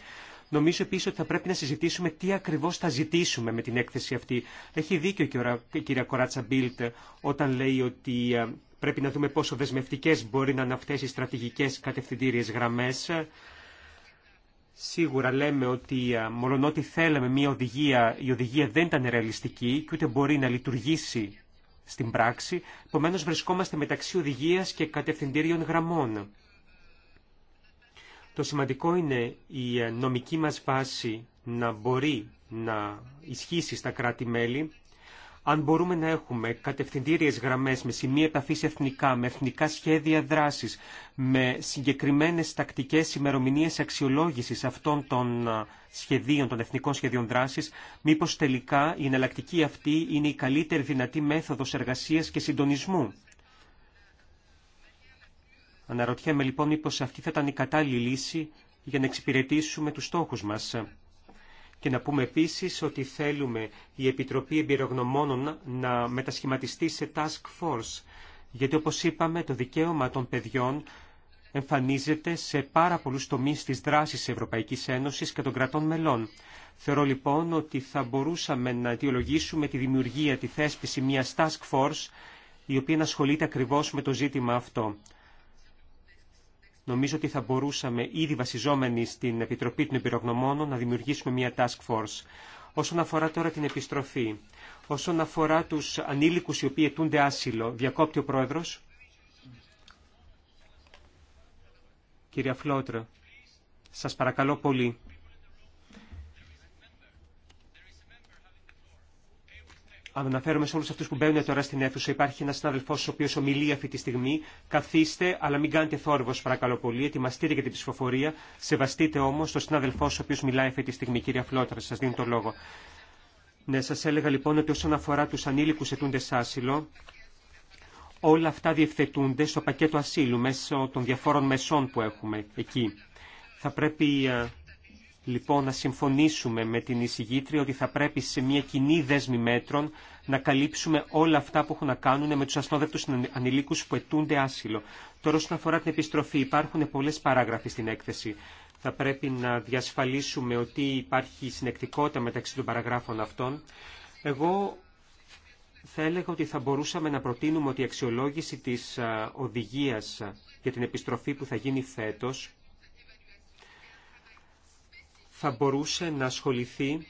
Νομίζω επίση ότι θα πρέπει να συζητήσουμε τι ακριβώ θα ζητήσουμε με την έκθεση αυτή. Έχει δίκιο και η κυρία Κοράτσα Μπίλτ όταν λέει ότι ε, πρέπει να δούμε πόσο δεσμευτικέ μπορεί να είναι αυτέ οι στρατηγικέ κατευθυντήριε γραμμέ. Σίγουρα λέμε ότι ε, μολονότι θέλαμε μια οδηγία, η οδηγία δεν ήταν ρεαλιστική και ούτε μπορεί να λειτουργήσει στην πράξη. Επομένω βρισκόμαστε μεταξύ οδηγία και κατευθυντήριων γραμμών. Το σημαντικό είναι η ε, νομική μας βάση να μπορεί να ισχύσει στα κράτη-μέλη, αν μπορούμε να έχουμε κατευθυντήριες γραμμές με σημεία επαφή εθνικά, με εθνικά σχέδια δράσης, με συγκεκριμένες τακτικές ημερομηνίες αξιολόγησης αυτών των ε, σχεδίων, των εθνικών σχεδίων δράσης, μήπως τελικά η εναλλακτική αυτή είναι η καλύτερη δυνατή μέθοδος εργασίας και συντονισμού Αναρωτιέμαι λοιπόν μήπως αυτή θα ήταν η κατάλληλη λύση για να εξυπηρετήσουμε τους στόχους μας. Και να πούμε επίσης ότι θέλουμε η Επιτροπή Εμπειρογνωμόνων να μετασχηματιστεί σε task force, γιατί όπως είπαμε το δικαίωμα των παιδιών εμφανίζεται σε πάρα πολλούς τομείς της δράσης Ευρωπαϊκής Ένωσης και των κρατών μελών. Θεωρώ λοιπόν ότι θα μπορούσαμε να αιτιολογήσουμε τη δημιουργία, τη θέσπιση μιας task force, η οποία να ασχολείται ακριβώς με το ζήτημα αυτό. Νομίζω ότι θα μπορούσαμε ήδη βασιζόμενοι στην Επιτροπή των Επιρογνωμών να δημιουργήσουμε μια task force. Όσον αφορά τώρα την επιστροφή, όσον αφορά τους ανήλικους οι οποίοι ετούνται άσυλο, διακόπτει ο Πρόεδρος. Κυρία Φλότρα, σας παρακαλώ πολύ. αναφέρομαι σε όλου αυτού που μπαίνουν τώρα στην αίθουσα. Υπάρχει ένα συνάδελφό ο οποίο ομιλεί αυτή τη στιγμή. Καθίστε, αλλά μην κάνετε θόρυβο, παρακαλώ πολύ. Ετοιμαστείτε για την ψηφοφορία. Σεβαστείτε όμω τον συνάδελφό ο οποίο μιλάει αυτή τη στιγμή. Κύριε Φλότρα, σα δίνω το λόγο. Ναι, σα έλεγα λοιπόν ότι όσον αφορά του ανήλικου ετούντε άσυλο, όλα αυτά διευθετούνται στο πακέτο ασύλου μέσω των διαφόρων μεσών που έχουμε εκεί. Θα πρέπει ε, λοιπόν να συμφωνήσουμε με την εισηγήτρια ότι θα πρέπει σε μια κοινή δέσμη μέτρων να καλύψουμε όλα αυτά που έχουν να κάνουν με τους ασνόδευτους ανηλίκους που ετούνται άσυλο. Τώρα όσον αφορά την επιστροφή υπάρχουν πολλές παράγραφοι στην έκθεση. Θα πρέπει να διασφαλίσουμε ότι υπάρχει συνεκτικότητα μεταξύ των παραγράφων αυτών. Εγώ θα έλεγα ότι θα μπορούσαμε να προτείνουμε ότι η αξιολόγηση της οδηγίας για την επιστροφή που θα γίνει φέτος θα μπορούσε να ασχοληθεί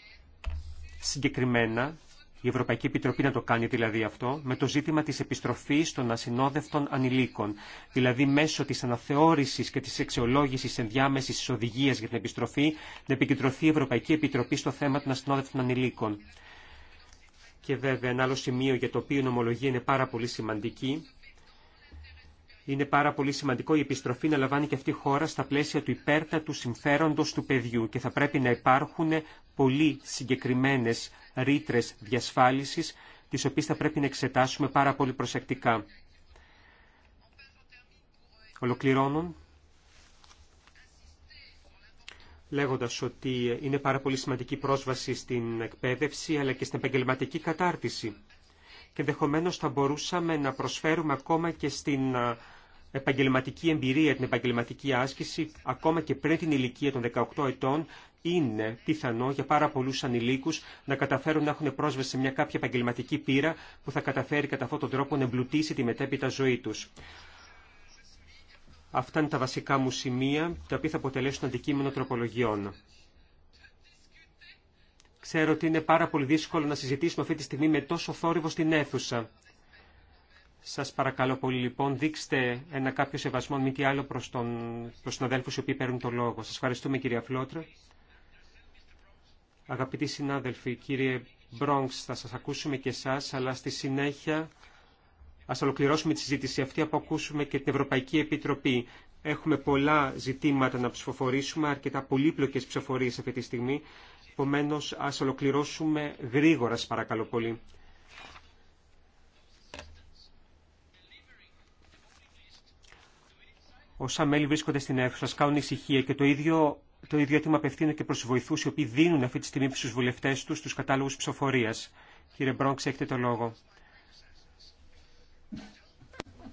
συγκεκριμένα, η Ευρωπαϊκή Επιτροπή να το κάνει δηλαδή αυτό, με το ζήτημα της επιστροφής των ασυνόδευτων ανηλίκων. Δηλαδή μέσω της αναθεώρησης και της εξαιολόγησης ενδιάμεσης οδηγίας για την επιστροφή να επικεντρωθεί η Ευρωπαϊκή Επιτροπή στο θέμα των ασυνόδευτων ανηλίκων. Και βέβαια ένα άλλο σημείο για το οποίο η νομολογία είναι πάρα πολύ σημαντική είναι πάρα πολύ σημαντικό η επιστροφή να λαμβάνει και αυτή η χώρα στα πλαίσια του υπέρτατου συμφέροντος του παιδιού και θα πρέπει να υπάρχουν πολύ συγκεκριμένες ρήτρε διασφάλισης, τις οποίες θα πρέπει να εξετάσουμε πάρα πολύ προσεκτικά. Ολοκληρώνω λέγοντας ότι είναι πάρα πολύ σημαντική πρόσβαση στην εκπαίδευση αλλά και στην επαγγελματική κατάρτιση και ενδεχομένω θα μπορούσαμε να προσφέρουμε ακόμα και στην επαγγελματική εμπειρία, την επαγγελματική άσκηση, ακόμα και πριν την ηλικία των 18 ετών, είναι πιθανό για πάρα πολλού ανηλίκου να καταφέρουν να έχουν πρόσβαση σε μια κάποια επαγγελματική πείρα που θα καταφέρει κατά αυτόν τον τρόπο να εμπλουτίσει τη μετέπειτα ζωή του. Αυτά είναι τα βασικά μου σημεία, τα οποία θα αποτελέσουν αντικείμενο τροπολογιών. Ξέρω ότι είναι πάρα πολύ δύσκολο να συζητήσουμε αυτή τη στιγμή με τόσο θόρυβο στην αίθουσα. Σας παρακαλώ πολύ λοιπόν δείξτε ένα κάποιο σεβασμό μη τι άλλο προς, τον, προς συναδέλφους οι οποίοι παίρνουν το λόγο. Σας ευχαριστούμε κυρία Φλότρα. Αγαπητοί συνάδελφοι, κύριε Μπρόγκς, θα σας ακούσουμε και εσάς, αλλά στη συνέχεια ας ολοκληρώσουμε τη συζήτηση αυτή από ακούσουμε και την Ευρωπαϊκή Επιτροπή. Έχουμε πολλά ζητήματα να ψηφοφορήσουμε, αρκετά πολύπλοκες ψηφοφορίες αυτή τη στιγμή. Επομένω, ας ολοκληρώσουμε γρήγορα, σας παρακαλώ πολύ. όσα μέλη βρίσκονται στην αίθουσα, σας κάνουν ησυχία και το ίδιο, το ίδιο αίτημα απευθύνω και προς βοηθού οι οποίοι δίνουν αυτή τη στιγμή στου βουλευτέ του, του κατάλογους ψηφοφορία. Κύριε Μπρόγκ, έχετε το λόγο.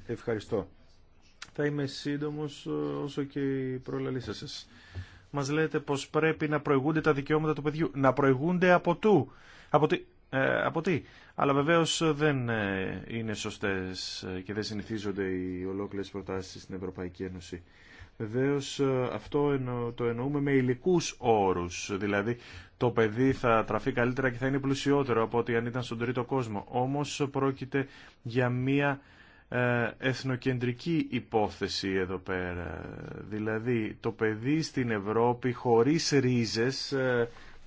Ευχαριστώ. Θα είμαι σύντομο, ε, όσο και η προλαλή σα. Μα λέτε πω πρέπει να προηγούνται τα δικαιώματα του παιδιού. Να προηγούνται από, του, από, ε, από τι. Αλλά βεβαίως δεν ε, είναι σωστές και δεν συνηθίζονται οι ολόκληρες προτάσεις στην Ευρωπαϊκή Ένωση. Βεβαίω ε, αυτό το εννοούμε με υλικού όρου. Δηλαδή το παιδί θα τραφεί καλύτερα και θα είναι πλουσιότερο από ότι αν ήταν στον τρίτο κόσμο. Όμω πρόκειται για μια εθνοκεντρική υπόθεση εδώ πέρα. Δηλαδή το παιδί στην Ευρώπη χωρίς ρίζες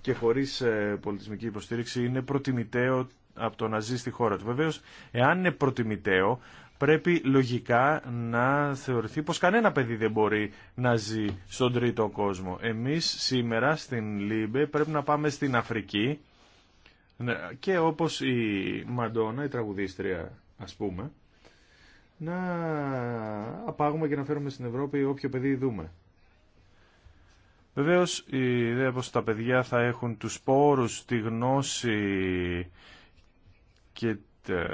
και χωρίς ε, πολιτισμική υποστήριξη είναι προτιμητέο από το να ζει στη χώρα του. Βεβαίω, εάν είναι προτιμητέο, πρέπει λογικά να θεωρηθεί πως κανένα παιδί δεν μπορεί να ζει στον τρίτο κόσμο. Εμείς σήμερα στην Λίμπε πρέπει να πάμε στην Αφρική και όπως η Μαντόνα, η τραγουδίστρια ας πούμε, να απάγουμε και να φέρουμε στην Ευρώπη όποιο παιδί δούμε. Βεβαίως η ιδέα πως τα παιδιά θα έχουν τους πόρους, τη γνώση και ε,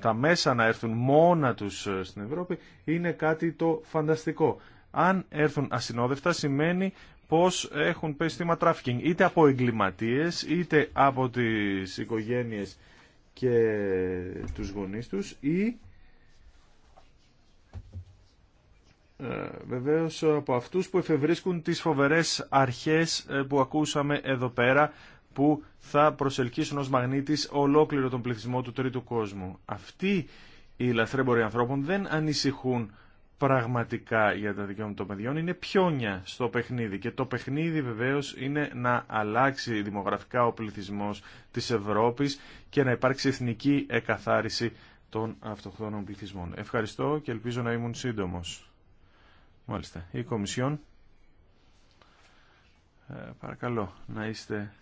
τα μέσα να έρθουν μόνα τους ε, στην Ευρώπη είναι κάτι το φανταστικό. Αν έρθουν ασυνόδευτα σημαίνει πως έχουν πέσει θύμα τράφικινγκ είτε από εγκληματίες είτε από τις οικογένειες και τους γονείς τους ή Ε, βεβαίως από αυτούς που εφευρίσκουν τις φοβερές αρχές ε, που ακούσαμε εδώ πέρα που θα προσελκύσουν ως μαγνήτης ολόκληρο τον πληθυσμό του τρίτου κόσμου. Αυτοί οι λαθρέμποροι ανθρώπων δεν ανησυχούν πραγματικά για τα δικαιώματα των παιδιών, είναι πιόνια στο παιχνίδι και το παιχνίδι βεβαίως είναι να αλλάξει δημογραφικά ο πληθυσμός της Ευρώπης και να υπάρξει εθνική εκαθάριση των αυτοχθόνων πληθυσμών. Ευχαριστώ και ελπίζω να ήμουν σύντομος. Μάλιστα. Η Κομισιόν. Ε, παρακαλώ να είστε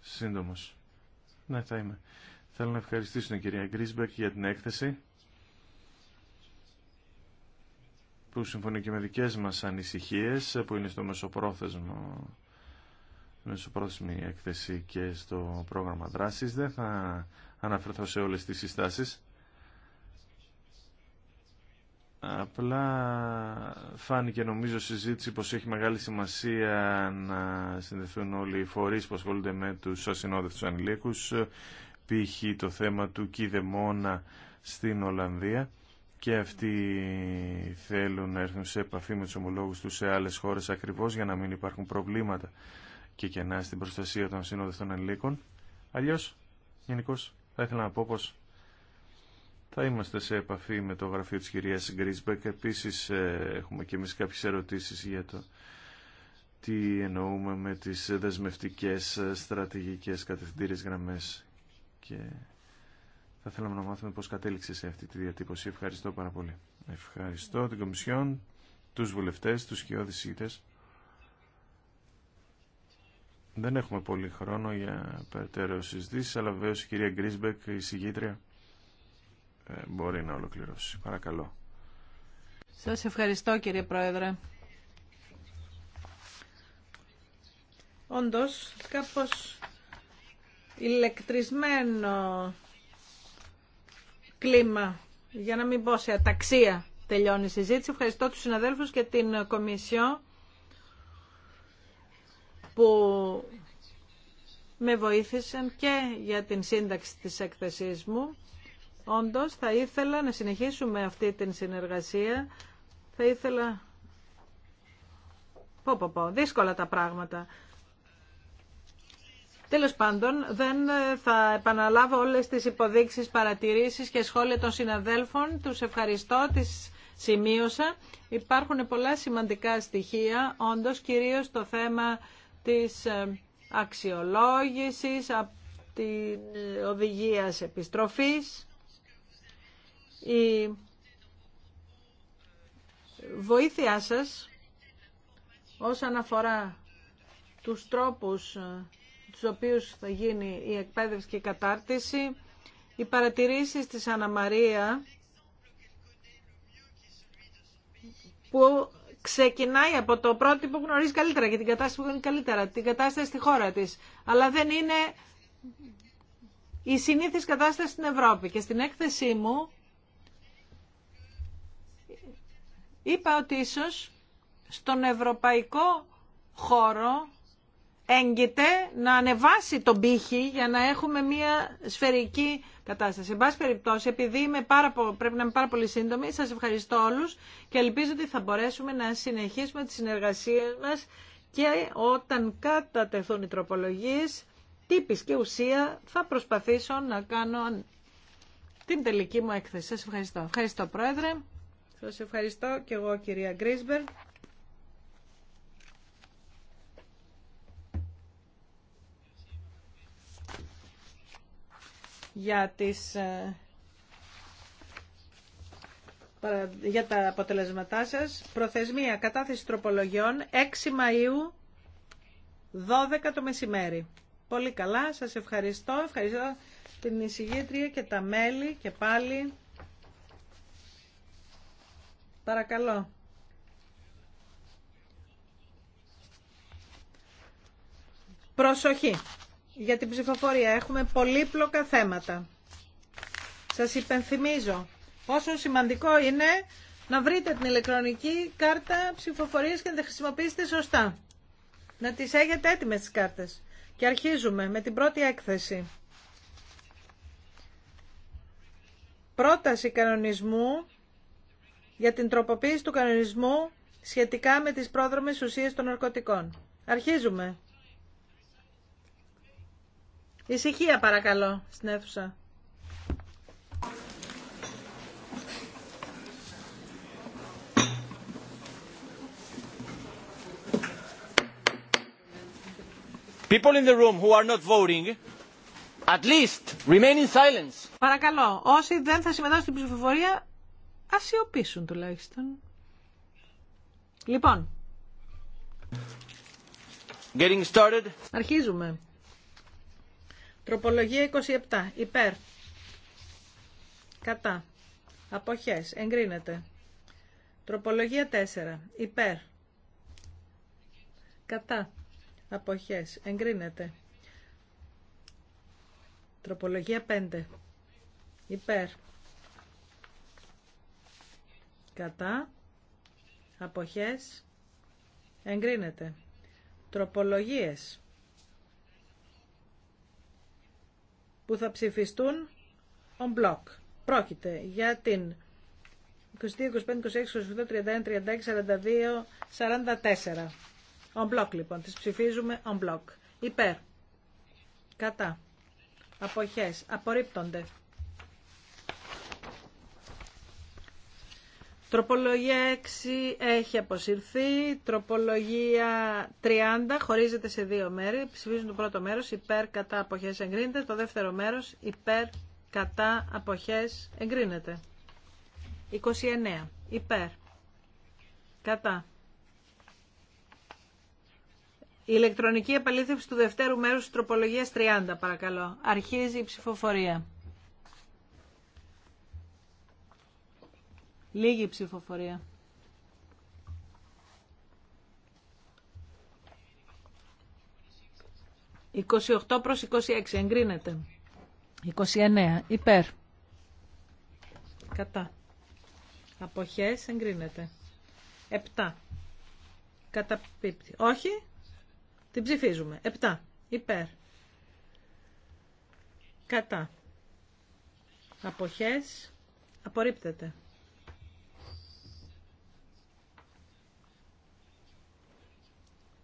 σύντομος. Ναι, θα είμαι. Θέλω να ευχαριστήσω την κυρία Γκρίσμπεκ για την έκθεση που συμφωνεί και με δικές μας ανησυχίες που είναι στο μεσοπρόθεσμο μεσοπρόθεσμη έκθεση και στο πρόγραμμα δράσης. Δεν θα αναφερθώ σε όλες τις συστάσεις. Απλά φάνηκε νομίζω συζήτηση πως έχει μεγάλη σημασία να συνδεθούν όλοι οι φορείς που ασχολούνται με τους ασυνόδευτους ανηλίκους π.χ. το θέμα του Κιδεμόνα στην Ολλανδία και αυτοί θέλουν να έρθουν σε επαφή με τους ομολόγους τους σε άλλες χώρες ακριβώς για να μην υπάρχουν προβλήματα και κενά στην προστασία των ασυνόδευτων ανηλίκων. Αλλιώς, γενικώ θα ήθελα να πω πως θα είμαστε σε επαφή με το γραφείο της κυρίας Γκρίσμπεκ. Επίσης ε, έχουμε και εμείς κάποιες ερωτήσεις για το τι εννοούμε με τις δεσμευτικές ε, στρατηγικές κατευθυντήρες γραμμές και θα θέλαμε να μάθουμε πώς κατέληξε σε αυτή τη διατύπωση. Ευχαριστώ πάρα πολύ. Ευχαριστώ την Κομισιόν, τους βουλευτές, τους σκιώδης Δεν έχουμε πολύ χρόνο για περαιτέρω συζητήσει, αλλά βεβαίω η κυρία Γκρίσμπεκ, η συγγήτρια, ε, μπορεί να ολοκληρώσει. Παρακαλώ. Σας ευχαριστώ κύριε Πρόεδρε. Όντως, κάπως ηλεκτρισμένο κλίμα, για να μην πω σε αταξία τελειώνει η συζήτηση. Ευχαριστώ τους συναδέλφους και την Κομισιό που με βοήθησαν και για την σύνταξη της έκθεσής μου. Όντως θα ήθελα να συνεχίσουμε αυτή την συνεργασία. Θα ήθελα... Πω, πω, πω. Δύσκολα τα πράγματα. Τέλος πάντων, δεν ε, θα επαναλάβω όλες τις υποδείξεις, παρατηρήσεις και σχόλια των συναδέλφων. Τους ευχαριστώ, τις σημείωσα. Υπάρχουν πολλά σημαντικά στοιχεία, όντως κυρίως το θέμα της ε, αξιολόγησης, από την ε, οδηγίας επιστροφής η βοήθειά σας όσον αφορά τους τρόπους τους οποίους θα γίνει η εκπαίδευση και η κατάρτιση, οι παρατηρήσεις της Αναμαρία που ξεκινάει από το πρώτο που γνωρίζει καλύτερα και την κατάσταση που γνωρίζει καλύτερα, την κατάσταση στη χώρα της, αλλά δεν είναι η συνήθις κατάσταση στην Ευρώπη. Και στην έκθεσή μου Είπα ότι ίσως στον ευρωπαϊκό χώρο έγκυται να ανεβάσει τον πύχη για να έχουμε μια σφαιρική κατάσταση. Εν πάση περιπτώσει, επειδή είμαι πάρα πρέπει να είμαι πάρα πολύ σύντομη, σας ευχαριστώ όλους και ελπίζω ότι θα μπορέσουμε να συνεχίσουμε τις συνεργασίες μας και όταν κατατεθούν οι τροπολογίες, τύπης και ουσία, θα προσπαθήσω να κάνω την τελική μου έκθεση. Σας ευχαριστώ. Ευχαριστώ, Πρόεδρε. Σας ευχαριστώ και εγώ κυρία Γκρίσμπερ. για, τις, ε, για τα αποτελεσματά σας. Προθεσμία κατάθεση τροπολογιών 6 Μαΐου 12 το μεσημέρι. Πολύ καλά, σας ευχαριστώ. Ευχαριστώ την εισηγήτρια και τα μέλη και πάλι. Παρακαλώ. Προσοχή. Για την ψηφοφορία έχουμε πολύπλοκα θέματα. Σας υπενθυμίζω πόσο σημαντικό είναι να βρείτε την ηλεκτρονική κάρτα ψηφοφορίας και να τη χρησιμοποιήσετε σωστά. Να τις έχετε έτοιμες τις κάρτες. Και αρχίζουμε με την πρώτη έκθεση. Πρόταση κανονισμού για την τροποποίηση του κανονισμού σχετικά με τις πρόδρομες ουσίες των ναρκωτικών. Αρχίζουμε. Ησυχία παρακαλώ στην αίθουσα. People in the room who are not voting, at least remain in silence. Παρακαλώ, όσοι δεν θα συμμετάσχουν στην ψηφοφορία, σιωπήσουν τουλάχιστον. Λοιπόν. Getting started. Αρχίζουμε. Τροπολογία 27. Υπέρ. Κατά. Αποχές. Εγκρίνεται. Τροπολογία 4. Υπέρ. Κατά. Αποχές. Εγκρίνεται. Τροπολογία 5. Υπέρ κατά αποχές εγκρίνεται τροπολογίες που θα ψηφιστούν on block. Πρόκειται για την 22, 25, 26, 28, 31, 36, 42, 44. On block λοιπόν, τις ψηφίζουμε on block. Υπέρ. Κατά. Αποχές. Απορρίπτονται. Τροπολογία 6 έχει αποσυρθεί. Τροπολογία 30 χωρίζεται σε δύο μέρη. Ψηφίζουν το πρώτο μέρος υπέρ κατά αποχές εγκρίνεται. Το δεύτερο μέρος υπέρ κατά αποχές εγκρίνεται. 29. Υπέρ. Κατά. Η ηλεκτρονική επαλήθευση του δευτέρου μέρους τροπολογίας 30 παρακαλώ. Αρχίζει η ψηφοφορία. Λίγη ψηφοφορία. «28 προς 26 εγκρίνεται». «29 υπέρ». «Κατά». «Αποχές εγκρίνεται». «7». «Καταπίπτει». «Όχι». Την ψηφίζουμε. 7. Υπέρ. Κατά. Αποχές. Απορρίπτεται.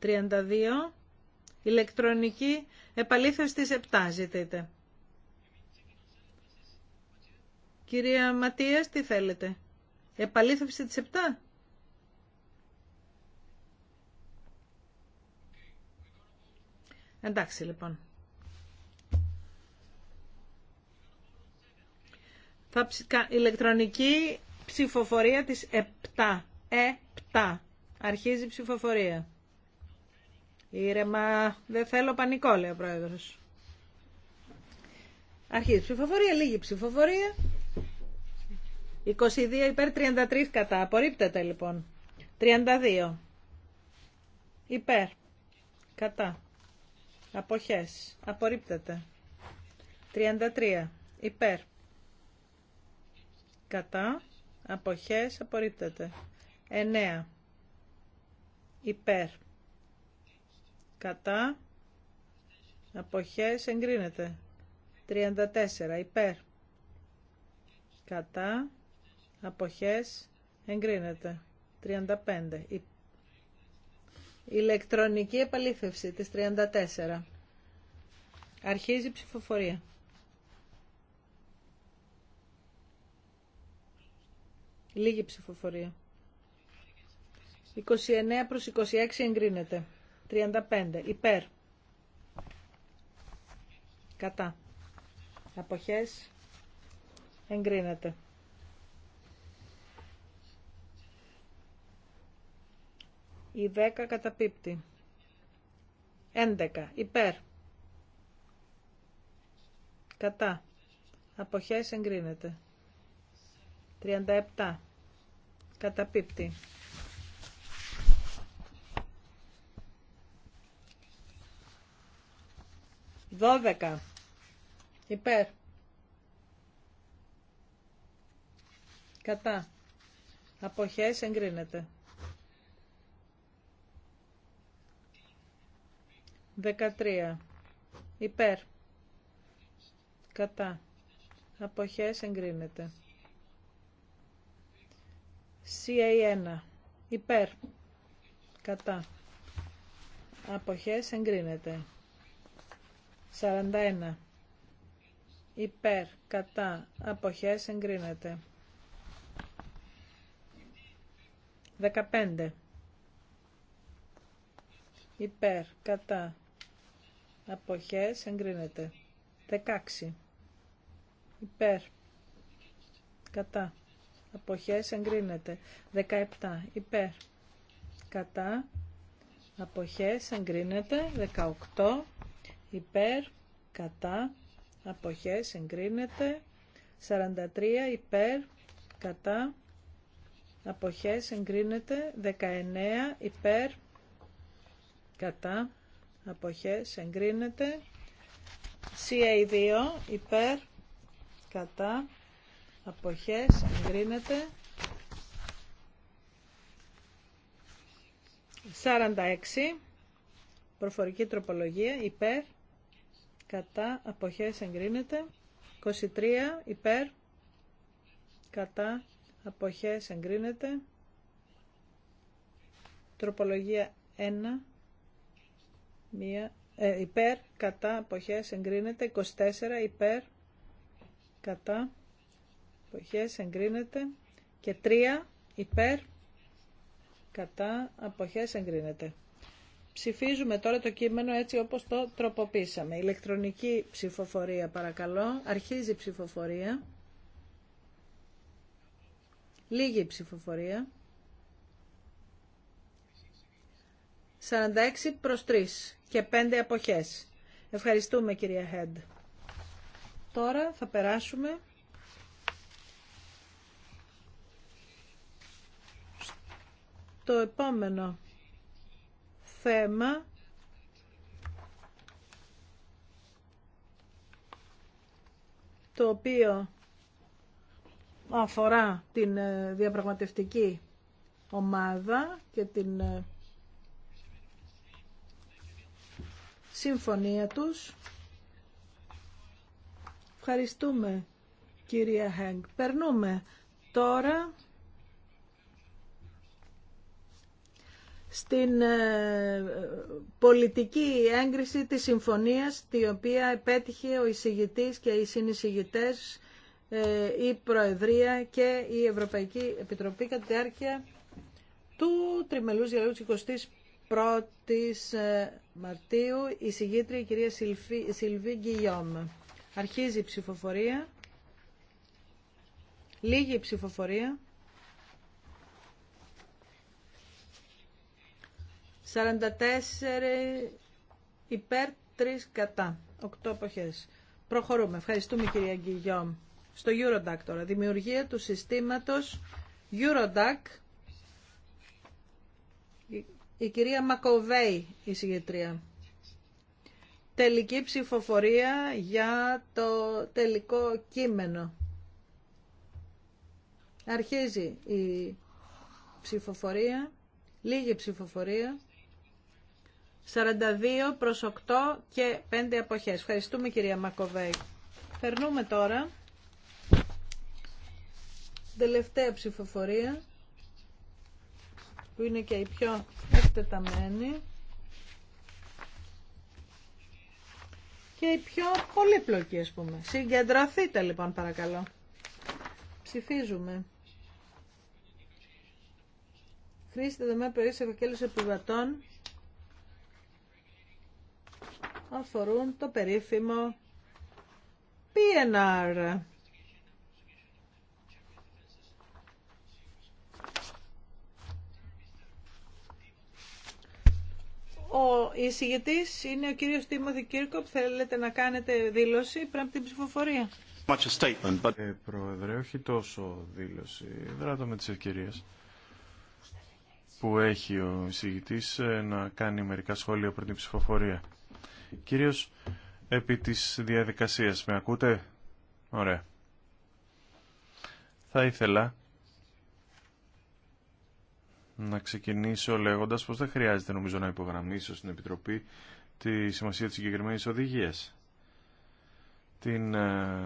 32. Ηλεκτρονική επαλήθευση της 7 ζητείτε. Κυρία Ματίας, τι θέλετε. Επαλήθευση της 7. Εντάξει λοιπόν. Θα ψηκα... ηλεκτρονική ψηφοφορία της 7. Ε, 7. Αρχίζει η ψηφοφορία. Ήρεμα, δεν θέλω πανικό, λέει ο πρόεδρο. Αρχίζει ψηφοφορία, λίγη ψηφοφορία. 22 υπέρ 33 κατά. Απορρίπτεται λοιπόν. 32. Υπέρ. Κατά. Αποχές. Απορρίπτεται. 33. Υπέρ. Κατά. Αποχές. Απορρίπτεται. 9. Υπέρ κατά αποχές εγκρίνεται 34 υπέρ κατά αποχές εγκρίνεται 35 ηλεκτρονική επαλήθευση της 34 αρχίζει η ψηφοφορία λίγη ψηφοφορία 29 προς 26 εγκρίνεται 35. Υπέρ. Κατά. Αποχές. Εγκρίνεται. Η 10 καταπίπτει. 11. Υπέρ. Κατά. Αποχές εγκρίνεται. 37. Καταπίπτει. 12 υπέρ κατά αποχές εγκρίνεται 13 υπέρ κατά αποχές εγκρίνεται CA1 υπέρ κατά αποχές εγκρίνεται 41. Υπέρ, κατά, αποχές εγκρίνεται. 15. Υπέρ, κατά, αποχές εγκρίνεται. 16. Υπέρ, κατά, αποχές εγκρίνεται. 17. Υπέρ, κατά, αποχές εγκρίνεται. 18 υπέρ, κατά, αποχές, συγκρίνεται 43 υπέρ, κατά, αποχές, εγκρίνεται. 19 υπέρ, κατά, αποχές, εγκρίνεται. CA2 υπέρ, κατά, αποχές, εγκρίνεται. 46, προφορική τροπολογία, υπέρ, κατά αποχές εγκρίνεται 23 υπέρ κατά αποχές εγκρίνεται τροπολογία 1 μία, ε, υπέρ κατά αποχές εγκρίνεται 24 υπέρ κατά αποχές εγκρίνεται και 3 υπέρ κατά αποχές εγκρίνεται Ψηφίζουμε τώρα το κείμενο έτσι όπως το τροποποίησαμε. Ηλεκτρονική ψηφοφορία παρακαλώ. Αρχίζει η ψηφοφορία. Λίγη ψηφοφορία. 46 προς 3 και 5 αποχές. Ευχαριστούμε κυρία Χέντ. Τώρα θα περάσουμε το επόμενο θέμα το οποίο αφορά την ε, διαπραγματευτική ομάδα και την ε, συμφωνία τους. Ευχαριστούμε κυρία Χέγκ. Περνούμε τώρα στην ε, πολιτική έγκριση της συμφωνίας τη οποία επέτυχε ο εισηγητής και οι συνεισηγητές ε, η Προεδρία και η Ευρωπαϊκή Επιτροπή κατά τη διάρκεια του τριμελούς διαλόγου της 21ης ε, Μαρτίου η συγγήτρια η κυρία Σιλβί Γκυλιόμ. Αρχίζει η ψηφοφορία. Λίγη η ψηφοφορία. 44 υπέρ, 3 κατά. 8 εποχέ. Προχωρούμε. Ευχαριστούμε κυρία Γκυγιόμ. Στο Eurodac τώρα. Δημιουργία του συστήματος Eurodac. Η κυρία Μακοβέη, η συγγετρία. Τελική ψηφοφορία για το τελικό κείμενο. Αρχίζει η ψηφοφορία, λίγη ψηφοφορία. 42 προς 8 και 5 αποχές. Ευχαριστούμε κυρία Μακοβέη. Περνούμε τώρα. Τελευταία ψηφοφορία που είναι και η πιο εκτεταμένη και η πιο πολύπλοκη ας πούμε. Συγκεντρωθείτε λοιπόν παρακαλώ. Ψηφίζουμε. Χρήστε δεμέ περίπτωση επιβατών αφορούν το περίφημο PNR. Ο εισηγητή είναι ο κύριος Τίμωθη Κίρκοπ. Θέλετε να κάνετε δήλωση πριν από την ψηφοφορία. Ε, πρόεδρε, όχι τόσο δήλωση. Δράτω με τις ευκαιρίες που έχει ο εισηγητής ε, να κάνει μερικά σχόλια πριν την ψηφοφορία κυρίως επί της διαδικασίας. Με ακούτε? Ωραία. Θα ήθελα να ξεκινήσω λέγοντας πως δεν χρειάζεται νομίζω να υπογραμμίσω στην Επιτροπή τη σημασία της συγκεκριμένη οδηγίας. Την ε,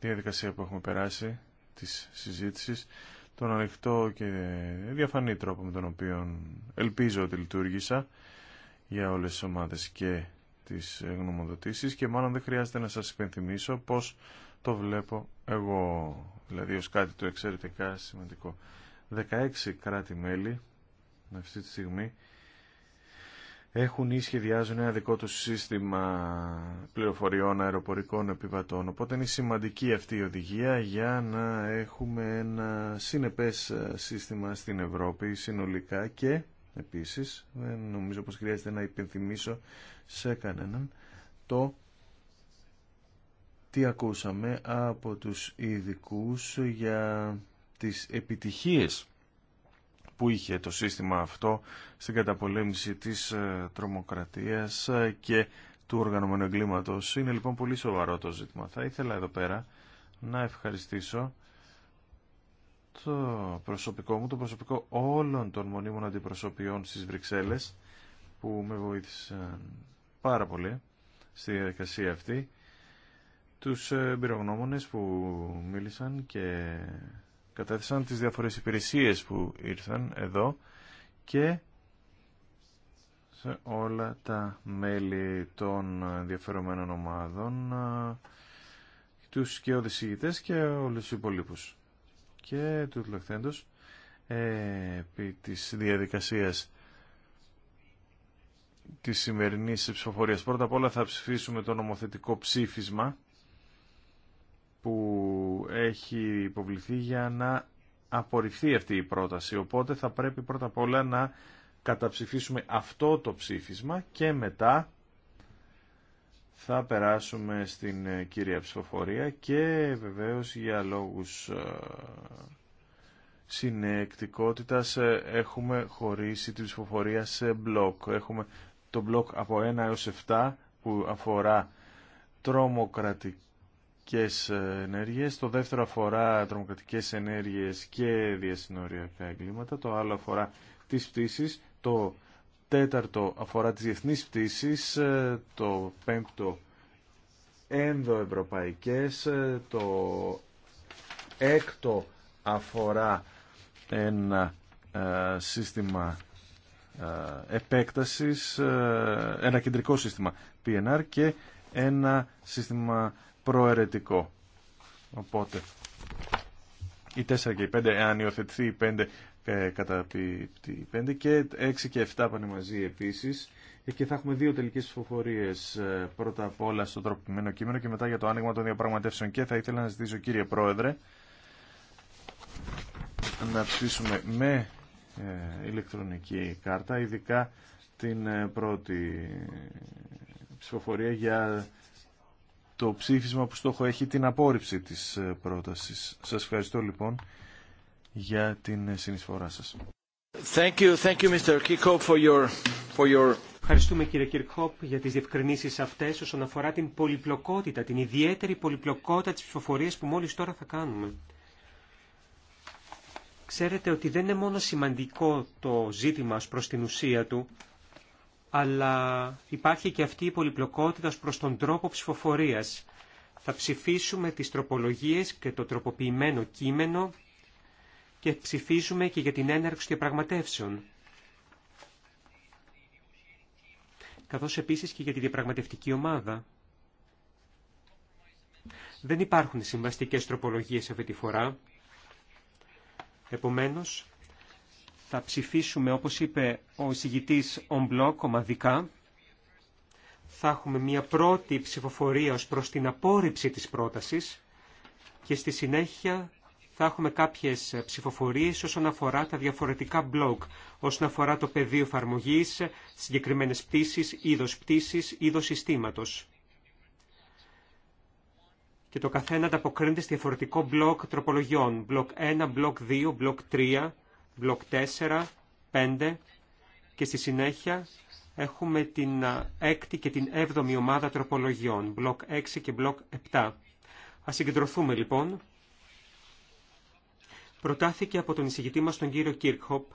διαδικασία που έχουμε περάσει της συζήτησης, τον ανοιχτό και διαφανή τρόπο με τον οποίο ελπίζω ότι λειτουργήσα για όλες τις ομάδες και τις ε, γνωμοδοτήσει και μάλλον δεν χρειάζεται να σας υπενθυμίσω πως το βλέπω εγώ, δηλαδή ως κάτι το εξαιρετικά σημαντικό. 16 κράτη-μέλη αυτή τη στιγμή έχουν ή σχεδιάζουν ένα δικό του σύστημα πληροφοριών αεροπορικών επιβατών. Οπότε είναι σημαντική αυτή η οδηγία για να έχουμε ένα συνεπές ε, σύστημα στην Ευρώπη συνολικά και Επίσης, δεν νομίζω πως χρειάζεται να υπενθυμίσω σε κανέναν το τι ακούσαμε από τους ειδικού για τις επιτυχίες που είχε το σύστημα αυτό στην καταπολέμηση της ε, τρομοκρατίας ε, και του οργανωμένου εγκλήματος. Είναι λοιπόν πολύ σοβαρό το ζήτημα. Θα ήθελα εδώ πέρα να ευχαριστήσω το προσωπικό μου, το προσωπικό όλων των μονίμων αντιπροσωπιών στις Βρυξέλλες που με βοήθησαν πάρα πολύ στη διαδικασία αυτή τους ε, εμπειρογνώμονες που μίλησαν και κατέθεσαν τις διαφορές υπηρεσίες που ήρθαν εδώ και σε όλα τα μέλη των ενδιαφερομένων ομάδων ε, τους και οδησίγητες και όλους τους υπολείπους και του ε, επί της διαδικασίας της σημερινής ψηφοφορίας. Πρώτα απ' όλα θα ψηφίσουμε το νομοθετικό ψήφισμα που έχει υποβληθεί για να απορριφθεί αυτή η πρόταση. Οπότε θα πρέπει πρώτα απ' όλα να καταψηφίσουμε αυτό το ψήφισμα και μετά θα περάσουμε στην ε, κύρια ψηφοφορία και βεβαίως για λόγους ε, συνεκτικότητας ε, έχουμε χωρίσει την ψηφοφορία σε μπλοκ. Έχουμε το μπλοκ από 1 έως 7 που αφορά τρομοκρατικές ενέργειες, το δεύτερο αφορά τρομοκρατικές ενέργειες και διασυνοριακά εγκλήματα, το άλλο αφορά τις πτήσεις, το τέταρτο αφορά τις διεθνείς πτήσεις, ε, το πέμπτο ενδοευρωπαϊκές, ε, το έκτο αφορά ένα ε, σύστημα ε, επέκτασης, ε, ένα κεντρικό σύστημα PNR και ένα σύστημα προαιρετικό. Οπότε, οι 4 και οι 5, εάν υιοθετηθεί η 5 ε, κατά τη 5 και 6 και 7 πάνε μαζί επίσης ε, και θα έχουμε δύο τελικές ψηφοφορίες ε, πρώτα απ' όλα στο τροποποιημένο κείμενο και μετά για το άνοιγμα των διαπραγματεύσεων και θα ήθελα να ζητήσω κύριε Πρόεδρε να ψήσουμε με ηλεκτρονική κάρτα ειδικά την πρώτη ψηφοφορία για το ψήφισμα που στόχο έχει την απόρριψη της πρότασης. Σας ευχαριστώ λοιπόν για την συνεισφορά σας. Thank you, thank you, Mr. for your, for your... Ευχαριστούμε κύριε Κυρκόπ για τις διευκρινήσεις αυτές όσον αφορά την πολυπλοκότητα, την ιδιαίτερη πολυπλοκότητα της ψηφοφορίας που μόλις τώρα θα κάνουμε. Ξέρετε ότι δεν είναι μόνο σημαντικό το ζήτημα ως προς την ουσία του, αλλά υπάρχει και αυτή η πολυπλοκότητα προς τον τρόπο ψηφοφορίας. Θα ψηφίσουμε τις τροπολογίες και το τροποποιημένο κείμενο και ψηφίζουμε και για την έναρξη διαπραγματεύσεων. Καθώς επίσης και για τη διαπραγματευτική ομάδα. Δεν υπάρχουν συμβαστικές τροπολογίες αυτή τη φορά. Επομένως, θα ψηφίσουμε, όπως είπε ο εισηγητής on block, ομαδικά. Θα έχουμε μια πρώτη ψηφοφορία ως προς την απόρριψη της πρότασης και στη συνέχεια θα έχουμε κάποιες ψηφοφορίες όσον αφορά τα διαφορετικά μπλοκ, όσον αφορά το πεδίο εφαρμογή, συγκεκριμένες πτήσεις, είδος πτήσεις, είδος συστήματος. Και το καθένα ανταποκρίνεται στη διαφορετικό μπλοκ τροπολογιών. Μπλοκ 1, μπλοκ 2, μπλοκ 3, μπλοκ 4, 5 και στη συνέχεια έχουμε την έκτη και την έβδομη ομάδα τροπολογιών, μπλοκ 6 και μπλοκ 7. Ας συγκεντρωθούμε λοιπόν προτάθηκε από τον εισηγητή μας τον κύριο Κίρκχοπ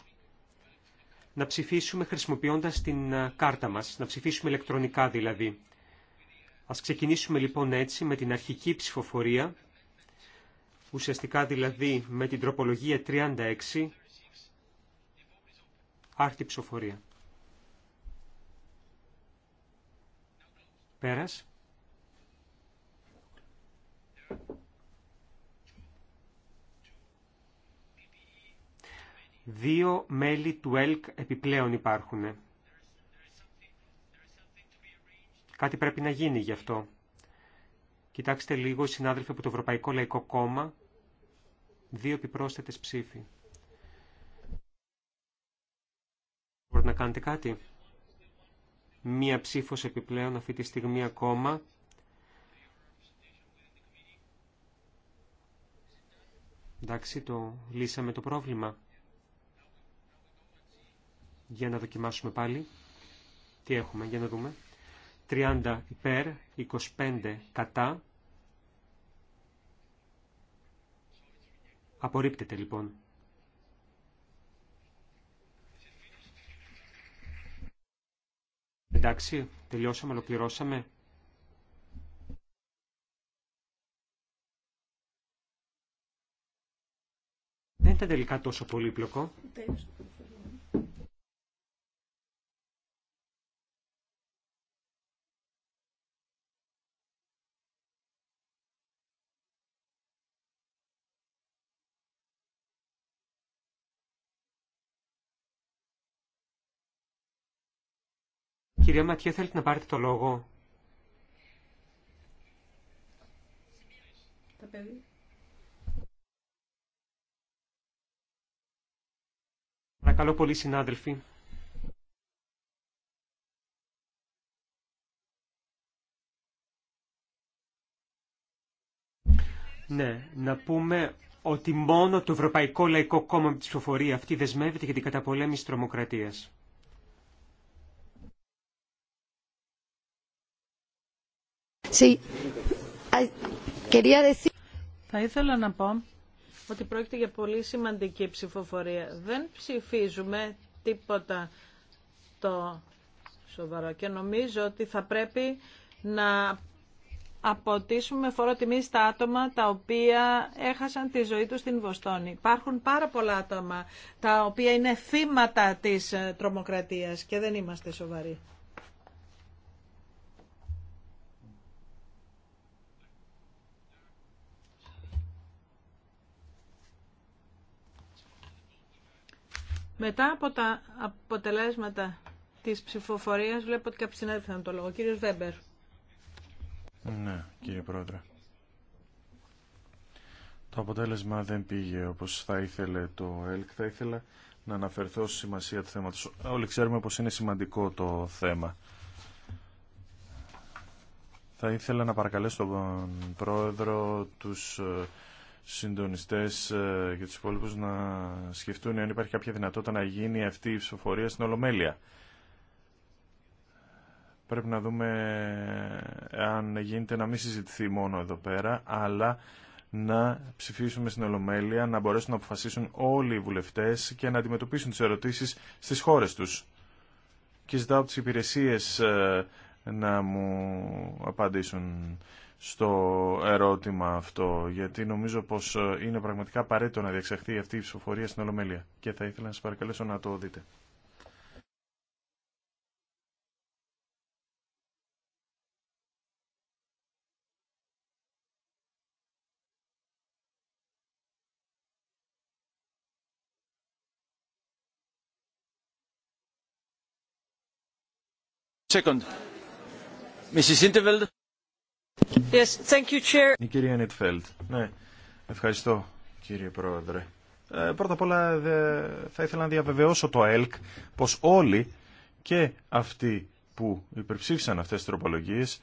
να ψηφίσουμε χρησιμοποιώντας την ε, κάρτα μας, να ψηφίσουμε ηλεκτρονικά δηλαδή. Ας ξεκινήσουμε λοιπόν έτσι με την αρχική ψηφοφορία, ουσιαστικά δηλαδή με την τροπολογία 36, άρτη ψηφοφορία. Πέρας. Δύο μέλη του ΕΛΚ επιπλέον υπάρχουν. Κάτι πρέπει να γίνει γι' αυτό. Κοιτάξτε λίγο, συνάδελφοι από το Ευρωπαϊκό Λαϊκό Κόμμα, δύο επιπρόσθετες ψήφοι. Μπορείτε να κάνετε κάτι. Μία ψήφος επιπλέον αυτή τη στιγμή ακόμα. Εντάξει, το λύσαμε το πρόβλημα. Για να δοκιμάσουμε πάλι. Τι έχουμε, για να δούμε. 30 υπέρ, 25 κατά. Απορρίπτεται λοιπόν. Εντάξει, τελειώσαμε, ολοκληρώσαμε. Δεν ήταν τελικά τόσο πολύπλοκο. Κυρία Ματιέ, θέλετε να πάρετε το λόγο. Παρακαλώ πολύ συνάδελφοι. Ναι, να πούμε ότι μόνο το Ευρωπαϊκό Λαϊκό Κόμμα με τη ψηφοφορία αυτή δεσμεύεται για την καταπολέμηση τρομοκρατίας. Θα ήθελα να πω ότι πρόκειται για πολύ σημαντική ψηφοφορία. Δεν ψηφίζουμε τίποτα το σοβαρό και νομίζω ότι θα πρέπει να αποτίσουμε φορό τιμή στα άτομα τα οποία έχασαν τη ζωή τους στην Βοστόνη. Υπάρχουν πάρα πολλά άτομα τα οποία είναι θύματα της τρομοκρατίας και δεν είμαστε σοβαροί. Μετά από τα αποτελέσματα της ψηφοφορίας βλέπω ότι κάποιοι συνάδελφοι το λόγο. Κύριος Βέμπερ. Ναι, κύριε Πρόεδρε. Το αποτέλεσμα δεν πήγε όπως θα ήθελε το ΕΛΚ. Θα ήθελα να αναφερθώ στη σημασία του θέματος. Όλοι ξέρουμε πως είναι σημαντικό το θέμα. Θα ήθελα να παρακαλέσω τον Πρόεδρο, τους ε, συντονιστές ε, και τους υπόλοιπους να σκεφτούν αν υπάρχει κάποια δυνατότητα να γίνει αυτή η ψηφοφορία στην Ολομέλεια. Πρέπει να δούμε αν γίνεται να μην συζητηθεί μόνο εδώ πέρα, αλλά να ψηφίσουμε στην Ολομέλεια, να μπορέσουν να αποφασίσουν όλοι οι βουλευτές και να αντιμετωπίσουν τις ερωτήσεις στις χώρες τους. Και ζητάω τι τις υπηρεσίες ε, να μου απαντήσουν στο ερώτημα αυτό, γιατί νομίζω πως ε, είναι πραγματικά απαραίτητο να διεξαχθεί αυτή η ψηφοφορία στην Ολομέλεια και θα ήθελα να σας παρακαλέσω να το δείτε. Second. Mrs. Interveld. Η κυρία Νιτφέλτ. Ναι, ευχαριστώ κύριε Πρόεδρε. Ε, πρώτα απ' όλα δε, θα ήθελα να διαβεβαιώσω το ΑΕΛΚ πως όλοι και αυτοί που υπερψήφισαν αυτές τις τροπολογίες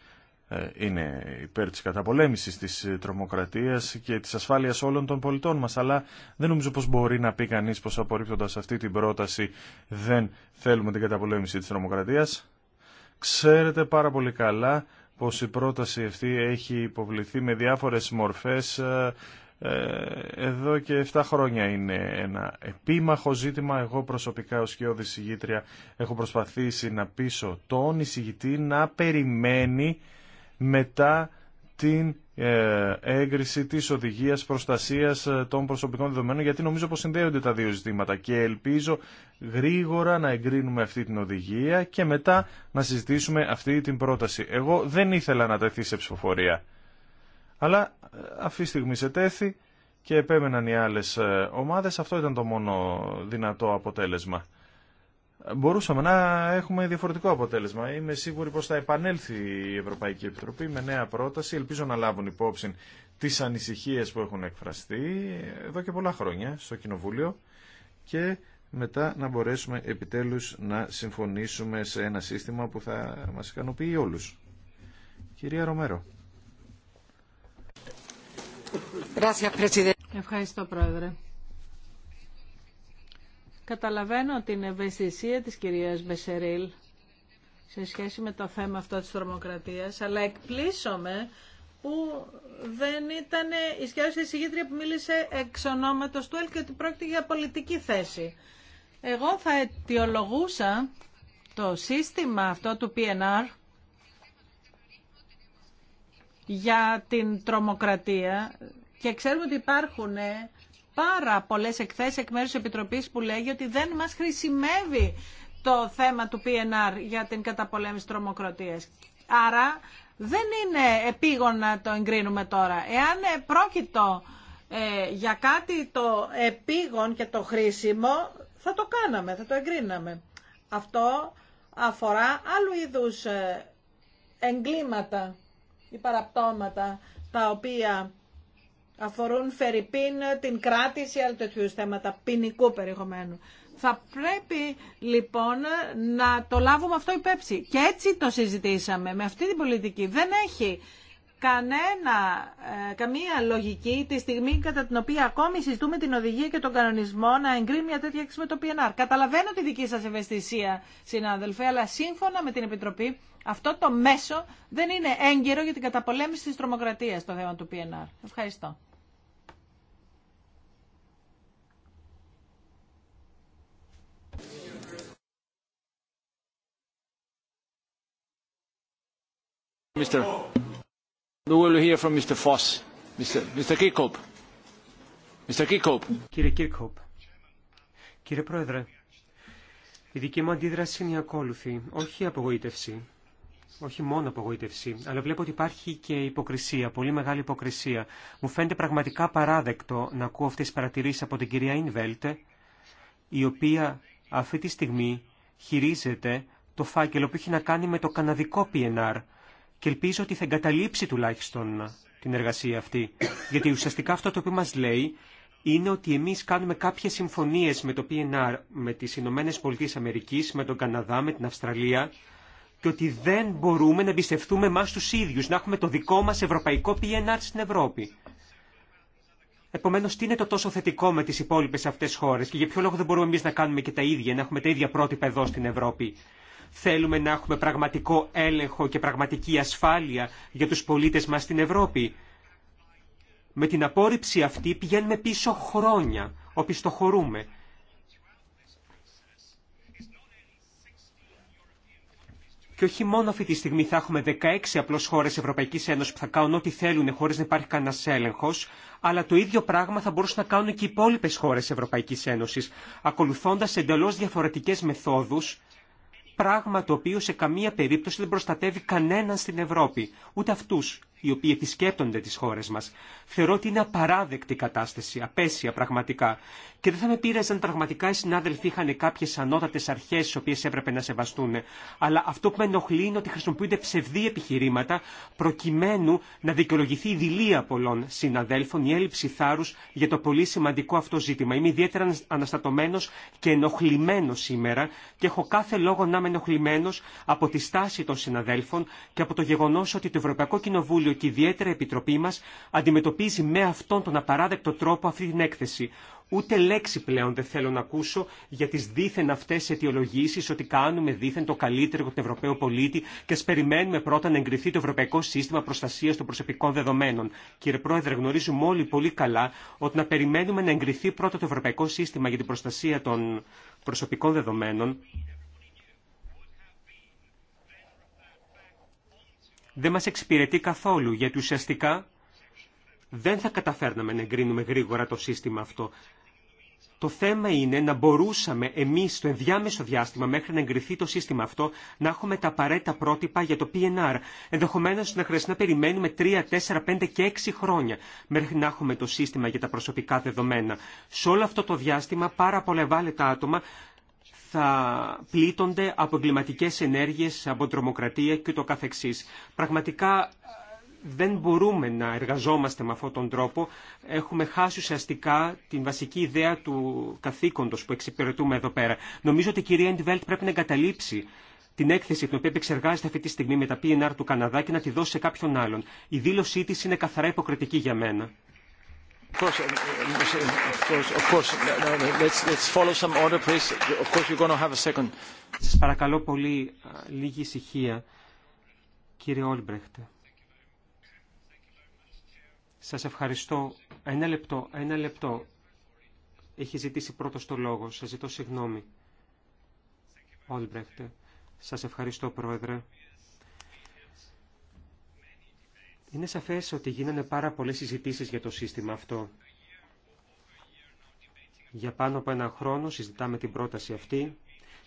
ε, είναι υπέρ της καταπολέμησης της ε, τρομοκρατίας και της ασφάλειας όλων των πολιτών μας. Αλλά δεν νομίζω πως μπορεί να πει κανείς πως απορρίπτοντας αυτή την πρόταση δεν θέλουμε την καταπολέμηση της τρομοκρατίας. Ξέρετε πάρα πολύ καλά πως η πρόταση αυτή έχει υποβληθεί με διάφορες μορφές ε, ε, εδώ και 7 χρόνια είναι ένα επίμαχο ζήτημα. Εγώ προσωπικά ως κοιόδη συγγήτρια έχω προσπαθήσει να πείσω τον εισηγητή να περιμένει μετά την ε, έγκριση τη οδηγία προστασίας ε, των προσωπικών δεδομένων γιατί νομίζω πως συνδέονται τα δύο ζητήματα και ελπίζω γρήγορα να εγκρίνουμε αυτή την οδηγία και μετά να συζητήσουμε αυτή την πρόταση. Εγώ δεν ήθελα να τεθεί σε ψηφοφορία αλλά ε, αυτή τη στιγμή σε τέθη και επέμεναν οι άλλες ομάδες αυτό ήταν το μόνο δυνατό αποτέλεσμα μπορούσαμε να έχουμε διαφορετικό αποτέλεσμα. Είμαι σίγουρη πως θα επανέλθει η Ευρωπαϊκή Επιτροπή με νέα πρόταση. Ελπίζω να λάβουν υπόψη τις ανησυχίες που έχουν εκφραστεί εδώ και πολλά χρόνια στο Κοινοβούλιο και μετά να μπορέσουμε επιτέλους να συμφωνήσουμε σε ένα σύστημα που θα μας ικανοποιεί όλους. Κυρία Ρομέρο. Ευχαριστώ, Πρόεδρε. Καταλαβαίνω την ευαισθησία της κυρίας Μπεσερίλ σε σχέση με το θέμα αυτό της τρομοκρατίας, αλλά εκπλήσωμαι που δεν ήταν η σχέση της που μίλησε εξ ονόματος του ΕΛ και ότι πρόκειται για πολιτική θέση. Εγώ θα αιτιολογούσα το σύστημα αυτό του PNR για την τρομοκρατία και ξέρουμε ότι υπάρχουν πάρα πολλέ εκθέσει εκ μέρους της Επιτροπής που λέγει ότι δεν μας χρησιμεύει το θέμα του PNR για την καταπολέμηση τρομοκρατία. Άρα δεν είναι επίγον να το εγκρίνουμε τώρα. Εάν πρόκειτο ε, για κάτι το επίγον και το χρήσιμο, θα το κάναμε, θα το εγκρίναμε. Αυτό αφορά άλλου είδους ε, εγκλήματα ή παραπτώματα τα οποία αφορούν φερρυπίν, την κράτηση, άλλου τέτοιου θέματα ποινικού περιεχομένου. Θα πρέπει λοιπόν να το λάβουμε αυτό υπέψη. Και έτσι το συζητήσαμε. Με αυτή την πολιτική δεν έχει κανένα, ε, καμία λογική τη στιγμή κατά την οποία ακόμη συζητούμε την οδηγία και τον κανονισμό να εγκρίνει μια τέτοια εξουσία με το PNR. Καταλαβαίνω τη δική σας ευαισθησία, συνάδελφε, αλλά σύμφωνα με την Επιτροπή αυτό το μέσο δεν είναι έγκαιρο για την καταπολέμηση της τρομοκρατίας στο θέμα του PNR. Ευχαριστώ. Κύριε Κίρκοπ, κύριε Πρόεδρε, η δική μου αντίδραση είναι η ακόλουθη, όχι απογοήτευση, όχι μόνο απογοήτευση, αλλά βλέπω ότι υπάρχει και υποκρισία, πολύ μεγάλη υποκρισία. Μου φαίνεται πραγματικά παράδεκτο να ακούω αυτές τις παρατηρήσεις από την κυρία Ινβέλτε, η οποία αυτή τη στιγμή χειρίζεται το φάκελο που έχει να κάνει με το καναδικό PNR, και ελπίζω ότι θα εγκαταλείψει τουλάχιστον την εργασία αυτή. Γιατί ουσιαστικά αυτό το οποίο μας λέει είναι ότι εμείς κάνουμε κάποιες συμφωνίες με το PNR, με τις Ηνωμένε Πολιτείε Αμερικής, με τον Καναδά, με την Αυστραλία και ότι δεν μπορούμε να εμπιστευτούμε εμάς τους ίδιους, να έχουμε το δικό μας ευρωπαϊκό PNR στην Ευρώπη. Επομένως, τι είναι το τόσο θετικό με τις υπόλοιπε αυτές χώρες και για ποιο λόγο δεν μπορούμε εμείς να κάνουμε και τα ίδια, να έχουμε τα ίδια πρότυπα εδώ στην Ευρώπη. Θέλουμε να έχουμε πραγματικό έλεγχο και πραγματική ασφάλεια για τους πολίτες μας στην Ευρώπη. Με την απόρριψη αυτή πηγαίνουμε πίσω χρόνια, οπισθοχωρούμε. Και όχι μόνο αυτή τη στιγμή θα έχουμε 16 απλώ χώρε Ευρωπαϊκή Ένωση που θα κάνουν ό,τι θέλουν χωρί να υπάρχει κανένα έλεγχο, αλλά το ίδιο πράγμα θα μπορούσαν να κάνουν και οι υπόλοιπε χώρε Ευρωπαϊκή Ένωση, ακολουθώντα εντελώ διαφορετικέ μεθόδου πράγμα το οποίο σε καμία περίπτωση δεν προστατεύει κανέναν στην Ευρώπη, ούτε αυτούς οι οποίοι επισκέπτονται τις χώρες μας. Θεωρώ ότι είναι απαράδεκτη κατάσταση, απέσια πραγματικά. Και δεν θα με πείραζε αν πραγματικά οι συνάδελφοι είχαν κάποιε ανώτατε αρχέ, τι οποίε έπρεπε να σεβαστούν. Αλλά αυτό που με ενοχλεί είναι ότι χρησιμοποιούνται ψευδή επιχειρήματα προκειμένου να δικαιολογηθεί η δηλία πολλών συναδέλφων, η έλλειψη θάρρου για το πολύ σημαντικό αυτό ζήτημα. Είμαι ιδιαίτερα αναστατωμένο και ενοχλημένο σήμερα και έχω κάθε λόγο να είμαι ενοχλημένο από τη στάση των συναδέλφων και από το γεγονό ότι το Ευρωπαϊκό Κοινοβούλιο και ιδιαίτερα η Επιτροπή μα αντιμετωπίζει με αυτόν τον απαράδεκτο τρόπο αυτή την έκθεση. Ούτε λέξη πλέον δεν θέλω να ακούσω για τις δίθεν αυτές αιτιολογήσεις ότι κάνουμε δίθεν το καλύτερο για τον Ευρωπαίο πολίτη και περιμένουμε πρώτα να εγκριθεί το Ευρωπαϊκό Σύστημα Προστασίας των Προσωπικών Δεδομένων. Κύριε Πρόεδρε, γνωρίζουμε όλοι πολύ καλά ότι να περιμένουμε να εγκριθεί πρώτα το Ευρωπαϊκό Σύστημα για την Προστασία των Προσωπικών Δεδομένων δεν μας εξυπηρετεί καθόλου, γιατί ουσιαστικά δεν θα καταφέρναμε να εγκρίνουμε γρήγορα το σύστημα αυτό. Το θέμα είναι να μπορούσαμε εμείς στο ενδιάμεσο διάστημα, μέχρι να εγκριθεί το σύστημα αυτό, να έχουμε τα απαραίτητα πρότυπα για το PNR. Ενδεχομένω να χρειαστεί να περιμένουμε 3, 4, 5 και 6 χρόνια μέχρι να έχουμε το σύστημα για τα προσωπικά δεδομένα. Σε όλο αυτό το διάστημα, πάρα πολλά ευάλωτα άτομα θα πλήττονται από εγκληματικέ ενέργειες, από τρομοκρατία και το καθεξής. Πραγματικά δεν μπορούμε να εργαζόμαστε με αυτόν τον τρόπο. Έχουμε χάσει ουσιαστικά την βασική ιδέα του καθήκοντος που εξυπηρετούμε εδώ πέρα. Νομίζω ότι η κυρία Εντιβέλτ πρέπει να εγκαταλείψει την έκθεση την οποία επεξεργάζεται αυτή τη στιγμή με τα PNR του Καναδά και να τη δώσει σε κάποιον άλλον. Η δήλωσή της είναι καθαρά υποκριτική για μένα. Σας παρακαλώ πολύ λίγη ησυχία, κύριε Όλμπρεχτε. Σας ευχαριστώ. Ένα λεπτό, ένα λεπτό. Έχει ζητήσει πρώτο το λόγο. Σας ζητώ συγγνώμη. Όλμπρεχτ. Σας ευχαριστώ, Πρόεδρε. Είναι σαφές ότι γίνανε πάρα πολλές συζητήσεις για το σύστημα αυτό. Για πάνω από ένα χρόνο συζητάμε την πρόταση αυτή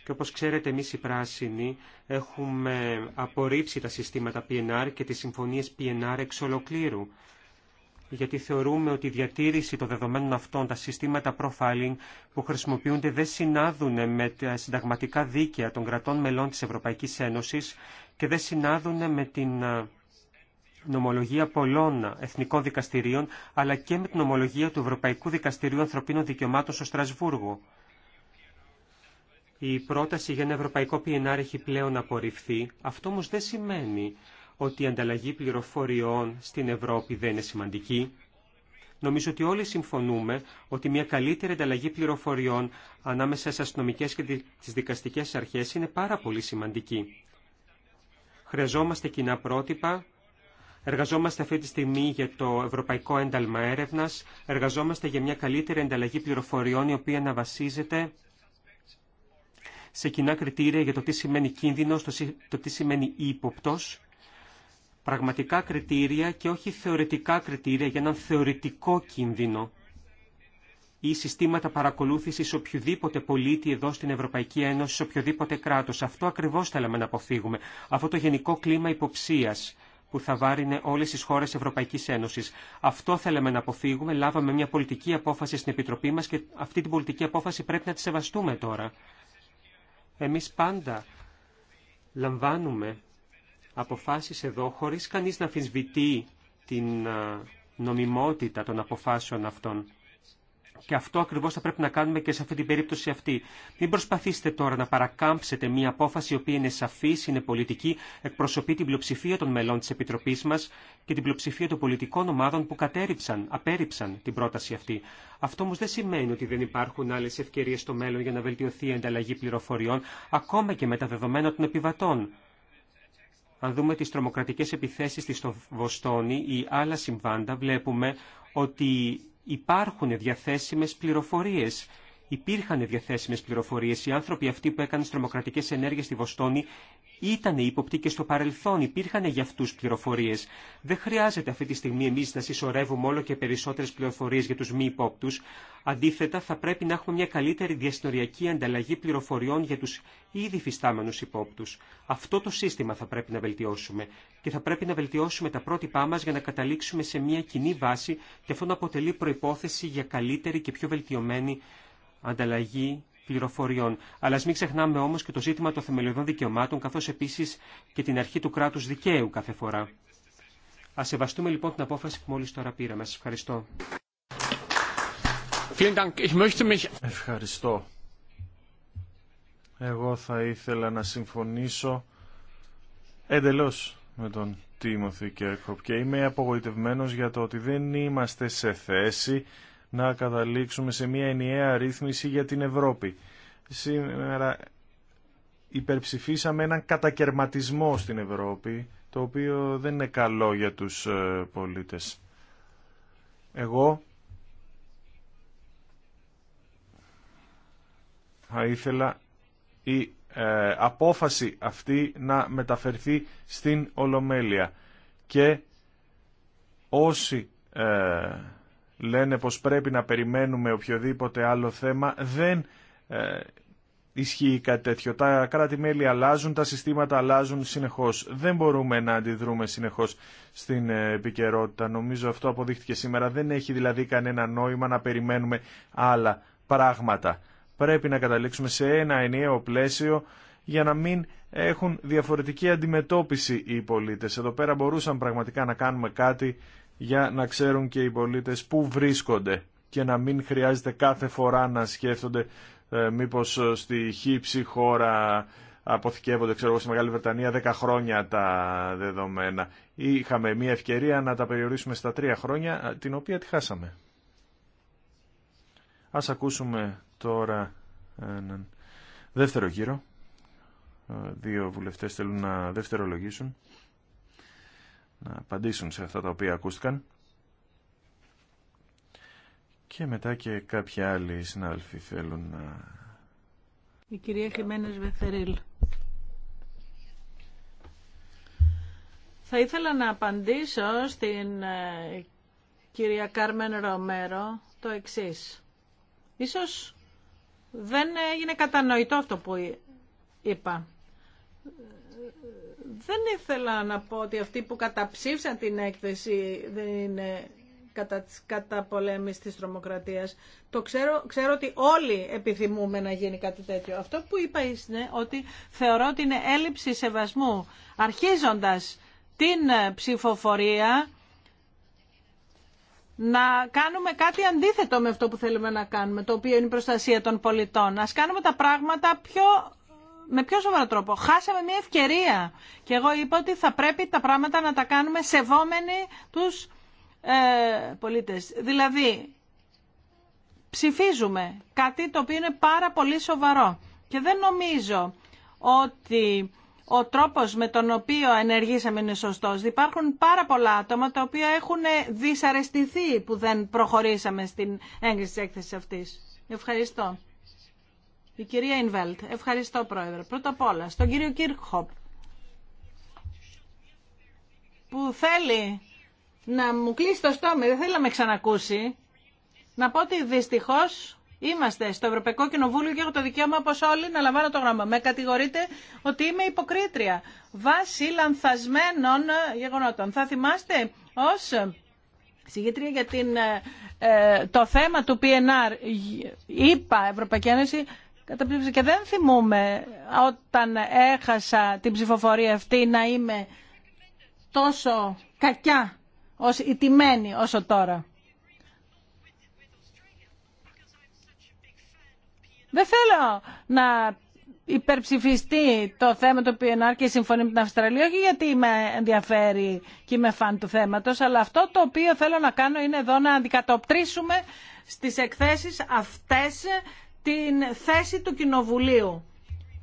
και όπως ξέρετε εμείς οι πράσινοι έχουμε απορρίψει τα συστήματα PNR και τις συμφωνίες PNR εξ ολοκλήρου γιατί θεωρούμε ότι η διατήρηση των δεδομένων αυτών, τα συστήματα profiling που χρησιμοποιούνται δεν συνάδουν με τα συνταγματικά δίκαια των κρατών μελών της Ευρωπαϊκής Ένωσης και δεν συνάδουν με την ε, νομολογία πολλών εθνικών δικαστηρίων, αλλά και με την νομολογία του Ευρωπαϊκού Δικαστηρίου Ανθρωπίνων Δικαιωμάτων στο Στρασβούργο. Η πρόταση για ένα ευρωπαϊκό PNR έχει πλέον απορριφθεί. Αυτό όμω δεν σημαίνει ότι η ανταλλαγή πληροφοριών στην Ευρώπη δεν είναι σημαντική. Νομίζω ότι όλοι συμφωνούμε ότι μια καλύτερη ανταλλαγή πληροφοριών ανάμεσα στις αστυνομικές και τις δικαστικές αρχές είναι πάρα πολύ σημαντική. Χρειαζόμαστε κοινά πρότυπα, Εργαζόμαστε αυτή τη στιγμή για το Ευρωπαϊκό Ένταλμα Έρευνα. Εργαζόμαστε για μια καλύτερη ανταλλαγή πληροφοριών, η οποία να βασίζεται σε κοινά κριτήρια για το τι σημαίνει κίνδυνος το τι σημαίνει ύποπτο πραγματικά κριτήρια και όχι θεωρητικά κριτήρια για έναν θεωρητικό κίνδυνο ή συστήματα παρακολούθηση οποιοδήποτε πολίτη εδώ στην Ευρωπαϊκή Ένωση, σε οποιοδήποτε κράτο. Αυτό ακριβώ θέλαμε να αποφύγουμε. Αυτό το γενικό κλίμα υποψία που θα βάρινε όλε τι χώρε Ευρωπαϊκή Ένωση. Αυτό θέλαμε να αποφύγουμε. Λάβαμε μια πολιτική απόφαση στην Επιτροπή μα και αυτή την πολιτική απόφαση πρέπει να τη σεβαστούμε τώρα. Εμεί πάντα λαμβάνουμε αποφάσεις εδώ χωρίς κανείς να αφισβητεί την ε, νομιμότητα των αποφάσεων αυτών. Και αυτό ακριβώς θα πρέπει να κάνουμε και σε αυτή την περίπτωση αυτή. Μην προσπαθήσετε τώρα να παρακάμψετε μια απόφαση η οποία είναι σαφής, είναι πολιτική, εκπροσωπεί την πλειοψηφία των μελών της Επιτροπής μας και την πλειοψηφία των πολιτικών ομάδων που κατέριψαν, απέρριψαν την πρόταση αυτή. Αυτό όμως δεν σημαίνει ότι δεν υπάρχουν άλλες ευκαιρίες στο μέλλον για να βελτιωθεί η ανταλλαγή πληροφοριών, ακόμα και με τα δεδομένα των επιβατών αν δούμε τις τρομοκρατικές επιθέσεις της στο Βοστόνη ή άλλα συμβάντα, βλέπουμε ότι υπάρχουν διαθέσιμες πληροφορίες υπήρχαν διαθέσιμε πληροφορίε Οι άνθρωποι αυτοί που έκαναν στρομοκρατικές ενέργειε στη Βοστόνη ήταν ύποπτοι και στο παρελθόν υπήρχαν για αυτούς πληροφορίες. Δεν χρειάζεται αυτή τη στιγμή εμεί να συσσωρεύουμε όλο και περισσότερε πληροφορίε για του μη υπόπτου. Αντίθετα, θα πρέπει να έχουμε μια καλύτερη διαστοριακή ανταλλαγή πληροφοριών για του ήδη φυστάμενου υπόπτου. Αυτό το σύστημα θα πρέπει να βελτιώσουμε. Και θα πρέπει να βελτιώσουμε τα πρότυπά μα για να καταλήξουμε σε μια κοινή βάση και αυτό να αποτελεί προπόθεση για καλύτερη και πιο βελτιωμένη ανταλλαγή πληροφοριών. Αλλά ας μην ξεχνάμε όμως και το ζήτημα των θεμελιωδών δικαιωμάτων, καθώς επίσης και την αρχή του κράτους δικαίου κάθε φορά. Ας σεβαστούμε λοιπόν την απόφαση που μόλις τώρα πήραμε. Σας ευχαριστώ. Ευχαριστώ. Εγώ θα ήθελα να συμφωνήσω εντελώς με τον Τίμωθη Κέρκοπ και είμαι απογοητευμένος για το ότι δεν είμαστε σε θέση να καταλήξουμε σε μια ενιαία ρύθμιση για την Ευρώπη. Σήμερα υπερψηφίσαμε έναν κατακαιρματισμό στην Ευρώπη, το οποίο δεν είναι καλό για τους ε, πολίτες. Εγώ θα ήθελα η ε, απόφαση αυτή να μεταφερθεί στην Ολομέλεια και όσοι ε, λένε πως πρέπει να περιμένουμε οποιοδήποτε άλλο θέμα, δεν ε, ισχύει κάτι τέτοιο. Τα κράτη-μέλη αλλάζουν, τα συστήματα αλλάζουν συνεχώς. Δεν μπορούμε να αντιδρούμε συνεχώς στην ε, επικαιρότητα. Νομίζω αυτό αποδείχτηκε σήμερα. Δεν έχει δηλαδή κανένα νόημα να περιμένουμε άλλα πράγματα. Πρέπει να καταλήξουμε σε ένα ενιαίο πλαίσιο για να μην έχουν διαφορετική αντιμετώπιση οι πολίτες. Εδώ πέρα μπορούσαν πραγματικά να κάνουμε κάτι για να ξέρουν και οι πολίτες πού βρίσκονται και να μην χρειάζεται κάθε φορά να σκέφτονται ε, μήπως ε, στη χύψη χώρα αποθηκεύονται, ξέρω εγώ, στη Μεγάλη Βρετανία 10 χρόνια τα δεδομένα. Είχαμε μια ευκαιρία να τα περιορίσουμε στα 3 χρόνια, ε, την οποία τη χάσαμε. Ας ακούσουμε τώρα έναν δεύτερο γύρο. Ε, δύο βουλευτές θέλουν να δευτερολογήσουν να απαντήσουν σε αυτά τα οποία ακούστηκαν. Και μετά και κάποιοι άλλοι συνάδελφοι θέλουν να... Η κυρία Χιμένες Βεθερίλ. Θα ήθελα να απαντήσω στην ε, κυρία Κάρμεν Ρομέρο το εξής. Ίσως δεν έγινε κατανοητό αυτό που είπα δεν ήθελα να πω ότι αυτοί που καταψήφισαν την έκθεση δεν είναι κατά, κατά πολέμης της τρομοκρατίας. Το ξέρω, ξέρω ότι όλοι επιθυμούμε να γίνει κάτι τέτοιο. Αυτό που είπα είναι ότι θεωρώ ότι είναι έλλειψη σεβασμού. Αρχίζοντας την ε, ψηφοφορία να κάνουμε κάτι αντίθετο με αυτό που θέλουμε να κάνουμε, το οποίο είναι η προστασία των πολιτών. Ας κάνουμε τα πράγματα πιο με πιο σοβαρό τρόπο. Χάσαμε μια ευκαιρία. Και εγώ είπα ότι θα πρέπει τα πράγματα να τα κάνουμε σεβόμενοι τους ε, πολίτες. Δηλαδή, ψηφίζουμε κάτι το οποίο είναι πάρα πολύ σοβαρό. Και δεν νομίζω ότι ο τρόπος με τον οποίο ενεργήσαμε είναι σωστός. Υπάρχουν πάρα πολλά άτομα τα οποία έχουν δυσαρεστηθεί που δεν προχωρήσαμε στην έγκριση της έκθεσης αυτής. Ευχαριστώ. Η κυρία Ινβέλτ. Ευχαριστώ, Πρόεδρε. Πρώτα απ' όλα, στον κύριο Κίρχοπ, που θέλει να μου κλείσει το στόμα, δεν θέλει να με ξανακούσει, να πω ότι δυστυχώ είμαστε στο Ευρωπαϊκό Κοινοβούλιο και έχω το δικαίωμα, όπω όλοι, να λαμβάνω το γράμμα. Με κατηγορείτε ότι είμαι υποκρίτρια βάσει λανθασμένων γεγονότων. Θα θυμάστε ω συγγήτρια για την, ε, ε, το θέμα του PNR, είπα Ευρωπαϊκή Ένωση, καταπληκτική. και δεν θυμούμε όταν έχασα την ψηφοφορία αυτή να είμαι τόσο κακιά ως ιτημένη όσο τώρα. Δεν θέλω να υπερψηφιστεί το θέμα του PNR και η συμφωνία με την Αυστραλία, όχι γιατί με ενδιαφέρει και είμαι φαν του θέματος, αλλά αυτό το οποίο θέλω να κάνω είναι εδώ να αντικατοπτρίσουμε στις εκθέσεις αυτές την θέση του Κοινοβουλίου.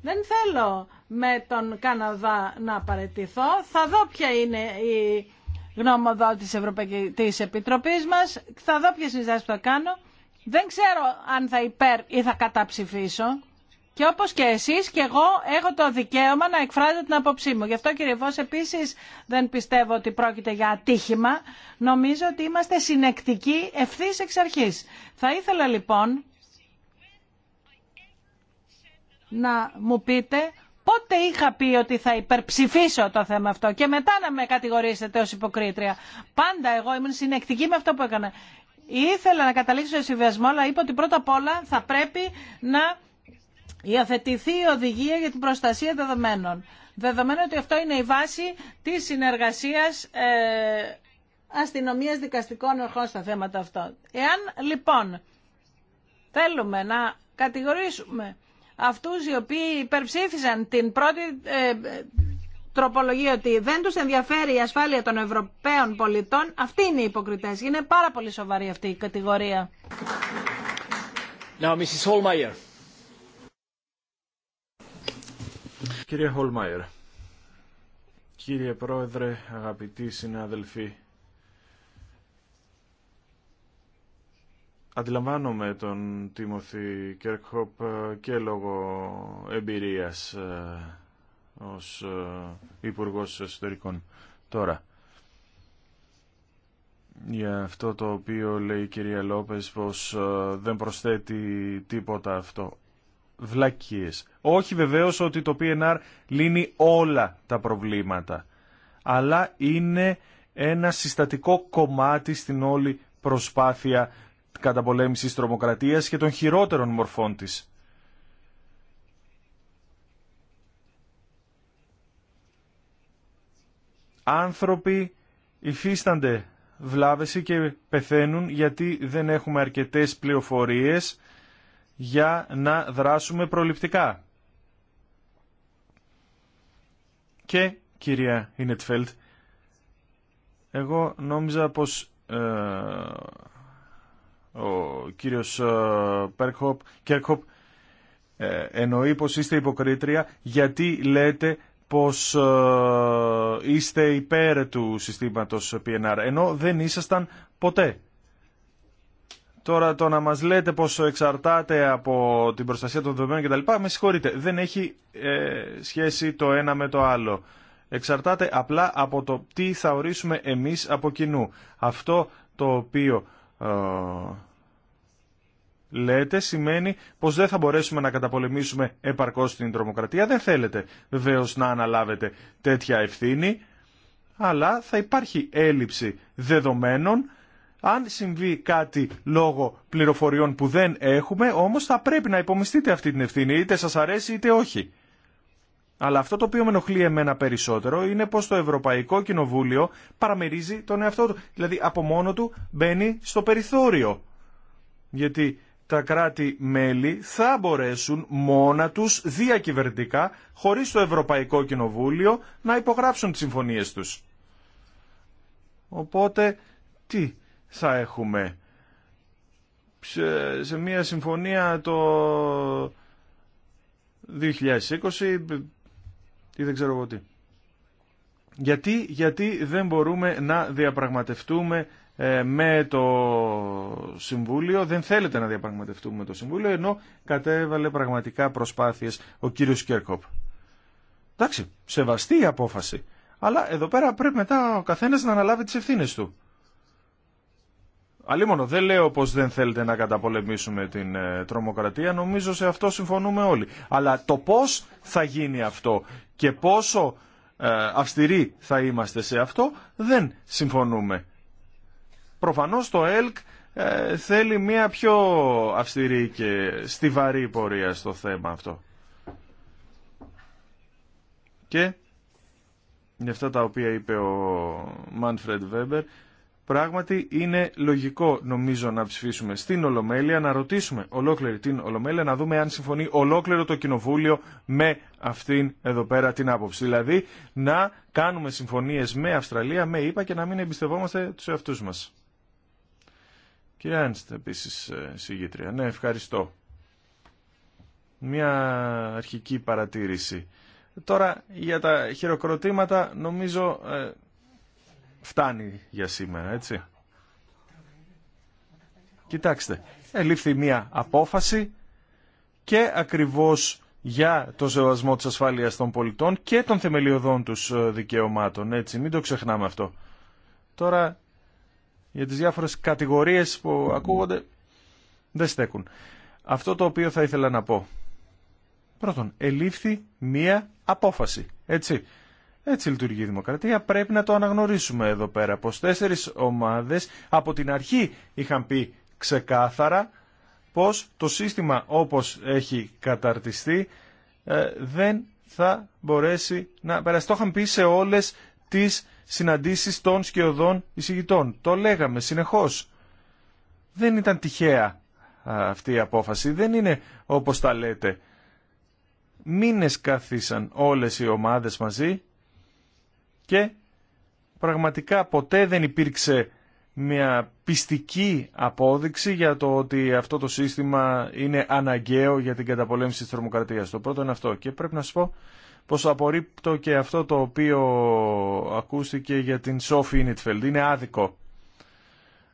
Δεν θέλω με τον Καναδά να παρετηθώ. Θα δω ποια είναι η τη της Επιτροπής μας. Θα δω ποιες συζητάσεις που θα κάνω. Δεν ξέρω αν θα υπέρ ή θα καταψηφίσω. Και όπως και εσείς και εγώ έχω το δικαίωμα να εκφράζω την απόψή μου. Γι' αυτό κύριε Βός επίσης δεν πιστεύω ότι πρόκειται για ατύχημα. Νομίζω ότι είμαστε συνεκτικοί ευθύ εξ αρχής. Θα ήθελα λοιπόν να μου πείτε πότε είχα πει ότι θα υπερψηφίσω το θέμα αυτό και μετά να με κατηγορήσετε ως υποκρίτρια. Πάντα εγώ ήμουν συνεκτική με αυτό που έκανα. Ήθελα να καταλήξω σε συμβιασμό, αλλά είπα ότι πρώτα απ' όλα θα πρέπει να υιοθετηθεί η οδηγία για την προστασία δεδομένων. Δεδομένου ότι αυτό είναι η βάση της συνεργασίας ε, αστυνομίας δικαστικών ερχών στα θέματα αυτά. Εάν λοιπόν θέλουμε να κατηγορήσουμε αυτούς οι οποίοι υπερψήφισαν την πρώτη ε, τροπολογία ότι δεν τους ενδιαφέρει η ασφάλεια των Ευρωπαίων πολιτών, αυτοί είναι οι υποκριτές. Είναι πάρα πολύ σοβαρή αυτή η κατηγορία. Now, Mrs. Κύριε Χολμάιερ, κύριε Πρόεδρε, αγαπητοί συνάδελφοι, Αντιλαμβάνομαι τον Τίμωθη Κέρκχοπ ε, και λόγω εμπειρίας ε, ως ε, Υπουργός Εσωτερικών τώρα. Για αυτό το οποίο λέει η κυρία Λόπες πως δεν προσθέτει τίποτα αυτό. Βλακίες. Όχι βεβαίως ότι το PNR λύνει όλα τα προβλήματα. Αλλά είναι ένα συστατικό κομμάτι στην όλη προσπάθεια καταπολέμησης τρομοκρατίας και των χειρότερων μορφών της. Άνθρωποι υφίστανται βλάβεση και πεθαίνουν γιατί δεν έχουμε αρκετές πληροφορίες για να δράσουμε προληπτικά. Και, κυρία Ινετφέλτ, εγώ νόμιζα πως ε, ο κύριος ε, Κέρκοπ ε, εννοεί πως είστε υποκρίτρια γιατί λέτε πως ε, είστε υπέρ του συστήματος PNR ενώ δεν ήσασταν ποτέ. Τώρα το να μας λέτε πως εξαρτάται από την προστασία των δεδομένων κτλ. Με συγχωρείτε, δεν έχει σχέση το ένα με το άλλο. Εξαρτάται απλά από το τι θα ορίσουμε εμείς από κοινού. Αυτό το οποίο ε, λέτε σημαίνει πως δεν θα μπορέσουμε να καταπολεμήσουμε επαρκώς την τρομοκρατία. Δεν θέλετε βεβαίως να αναλάβετε τέτοια ευθύνη, αλλά θα υπάρχει έλλειψη δεδομένων. Αν συμβεί κάτι λόγω πληροφοριών που δεν έχουμε, όμως θα πρέπει να υπομειστείτε αυτή την ευθύνη, είτε σας αρέσει είτε όχι. Αλλά αυτό το οποίο με ενοχλεί εμένα περισσότερο είναι πως το Ευρωπαϊκό Κοινοβούλιο παραμερίζει τον εαυτό του. Δηλαδή από μόνο του μπαίνει στο περιθώριο. Γιατί τα κράτη-μέλη θα μπορέσουν μόνα τους διακυβερνητικά, χωρίς το Ευρωπαϊκό Κοινοβούλιο, να υπογράψουν τις συμφωνίες τους. Οπότε, τι θα έχουμε. Σε, σε μια συμφωνία το 2020 τι δεν ξέρω εγώ τι. Γιατί, γιατί δεν μπορούμε να διαπραγματευτούμε ε, με το Συμβούλιο, δεν θέλετε να διαπραγματευτούμε με το Συμβούλιο, ενώ κατέβαλε πραγματικά προσπάθειες ο κύριος Κέρκοπ. Εντάξει, σεβαστή η απόφαση, αλλά εδώ πέρα πρέπει μετά ο καθένας να αναλάβει τις ευθύνες του. Αλλήμον, δεν λέω πως δεν θέλετε να καταπολεμήσουμε την ε, τρομοκρατία, νομίζω σε αυτό συμφωνούμε όλοι. Αλλά το πώς θα γίνει αυτό και πόσο ε, αυστηροί θα είμαστε σε αυτό, δεν συμφωνούμε. Προφανώς το ΕΛΚ ε, θέλει μια πιο αυστηρή και στιβαρή πορεία στο θέμα αυτό. Και για αυτά τα οποία είπε ο Μάνφρεντ Βέμπερ, Πράγματι είναι λογικό νομίζω να ψηφίσουμε στην Ολομέλεια, να ρωτήσουμε ολόκληρη την Ολομέλεια, να δούμε αν συμφωνεί ολόκληρο το Κοινοβούλιο με αυτήν εδώ πέρα την άποψη. Δηλαδή να κάνουμε συμφωνίες με Αυστραλία, με ΙΠΑ και να μην εμπιστευόμαστε τους εαυτούς μας. Κυρία Άνστ, επίσης ε, συγγήτρια. Ναι, ευχαριστώ. Μια αρχική παρατήρηση. Τώρα για τα χειροκροτήματα νομίζω ε, φτάνει για σήμερα, έτσι. Κοιτάξτε, ελήφθη μία απόφαση και ακριβώς για το σεβασμό της ασφάλειας των πολιτών και των θεμελιωδών τους ε, δικαιωμάτων, έτσι, μην το ξεχνάμε αυτό. Τώρα, για τις διάφορες κατηγορίες που ακούγονται, δεν στέκουν. Αυτό το οποίο θα ήθελα να πω. Πρώτον, ελήφθη μία απόφαση, έτσι. Έτσι λειτουργεί η δημοκρατία. Πρέπει να το αναγνωρίσουμε εδώ πέρα. Πως τέσσερι ομάδες από την αρχή είχαν πει ξεκάθαρα πως το σύστημα όπως έχει καταρτιστεί ε, δεν θα μπορέσει να περάσει. Το είχαν πει σε όλες τις συναντήσεις των σκιωδών εισηγητών. Το λέγαμε συνεχώς. Δεν ήταν τυχαία αυτή η απόφαση. Δεν είναι όπως τα λέτε. Μήνες καθίσαν όλες οι ομάδες μαζί και πραγματικά ποτέ δεν υπήρξε μια πιστική απόδειξη για το ότι αυτό το σύστημα είναι αναγκαίο για την καταπολέμηση της θερμοκρατίας. Το πρώτο είναι αυτό και πρέπει να σας πω πως απορρίπτω και αυτό το οποίο ακούστηκε για την Σόφη Ινιτφελντ. Είναι άδικο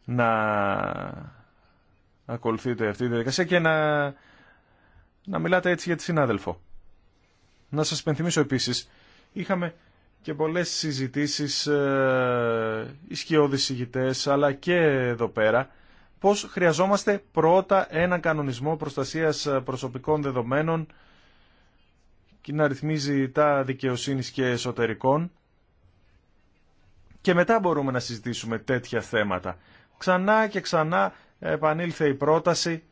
να ακολουθείτε αυτή τη διαδικασία και να, να μιλάτε έτσι για τη συνάδελφο. Να σας πενθυμίσω επίσης, είχαμε και πολλές συζητήσεις ε, ισχυώδης αλλά και εδώ πέρα, πώς χρειαζόμαστε πρώτα ένα κανονισμό προστασίας προσωπικών δεδομένων και να ρυθμίζει τα δικαιοσύνης και εσωτερικών και μετά μπορούμε να συζητήσουμε τέτοια θέματα. Ξανά και ξανά επανήλθε η πρόταση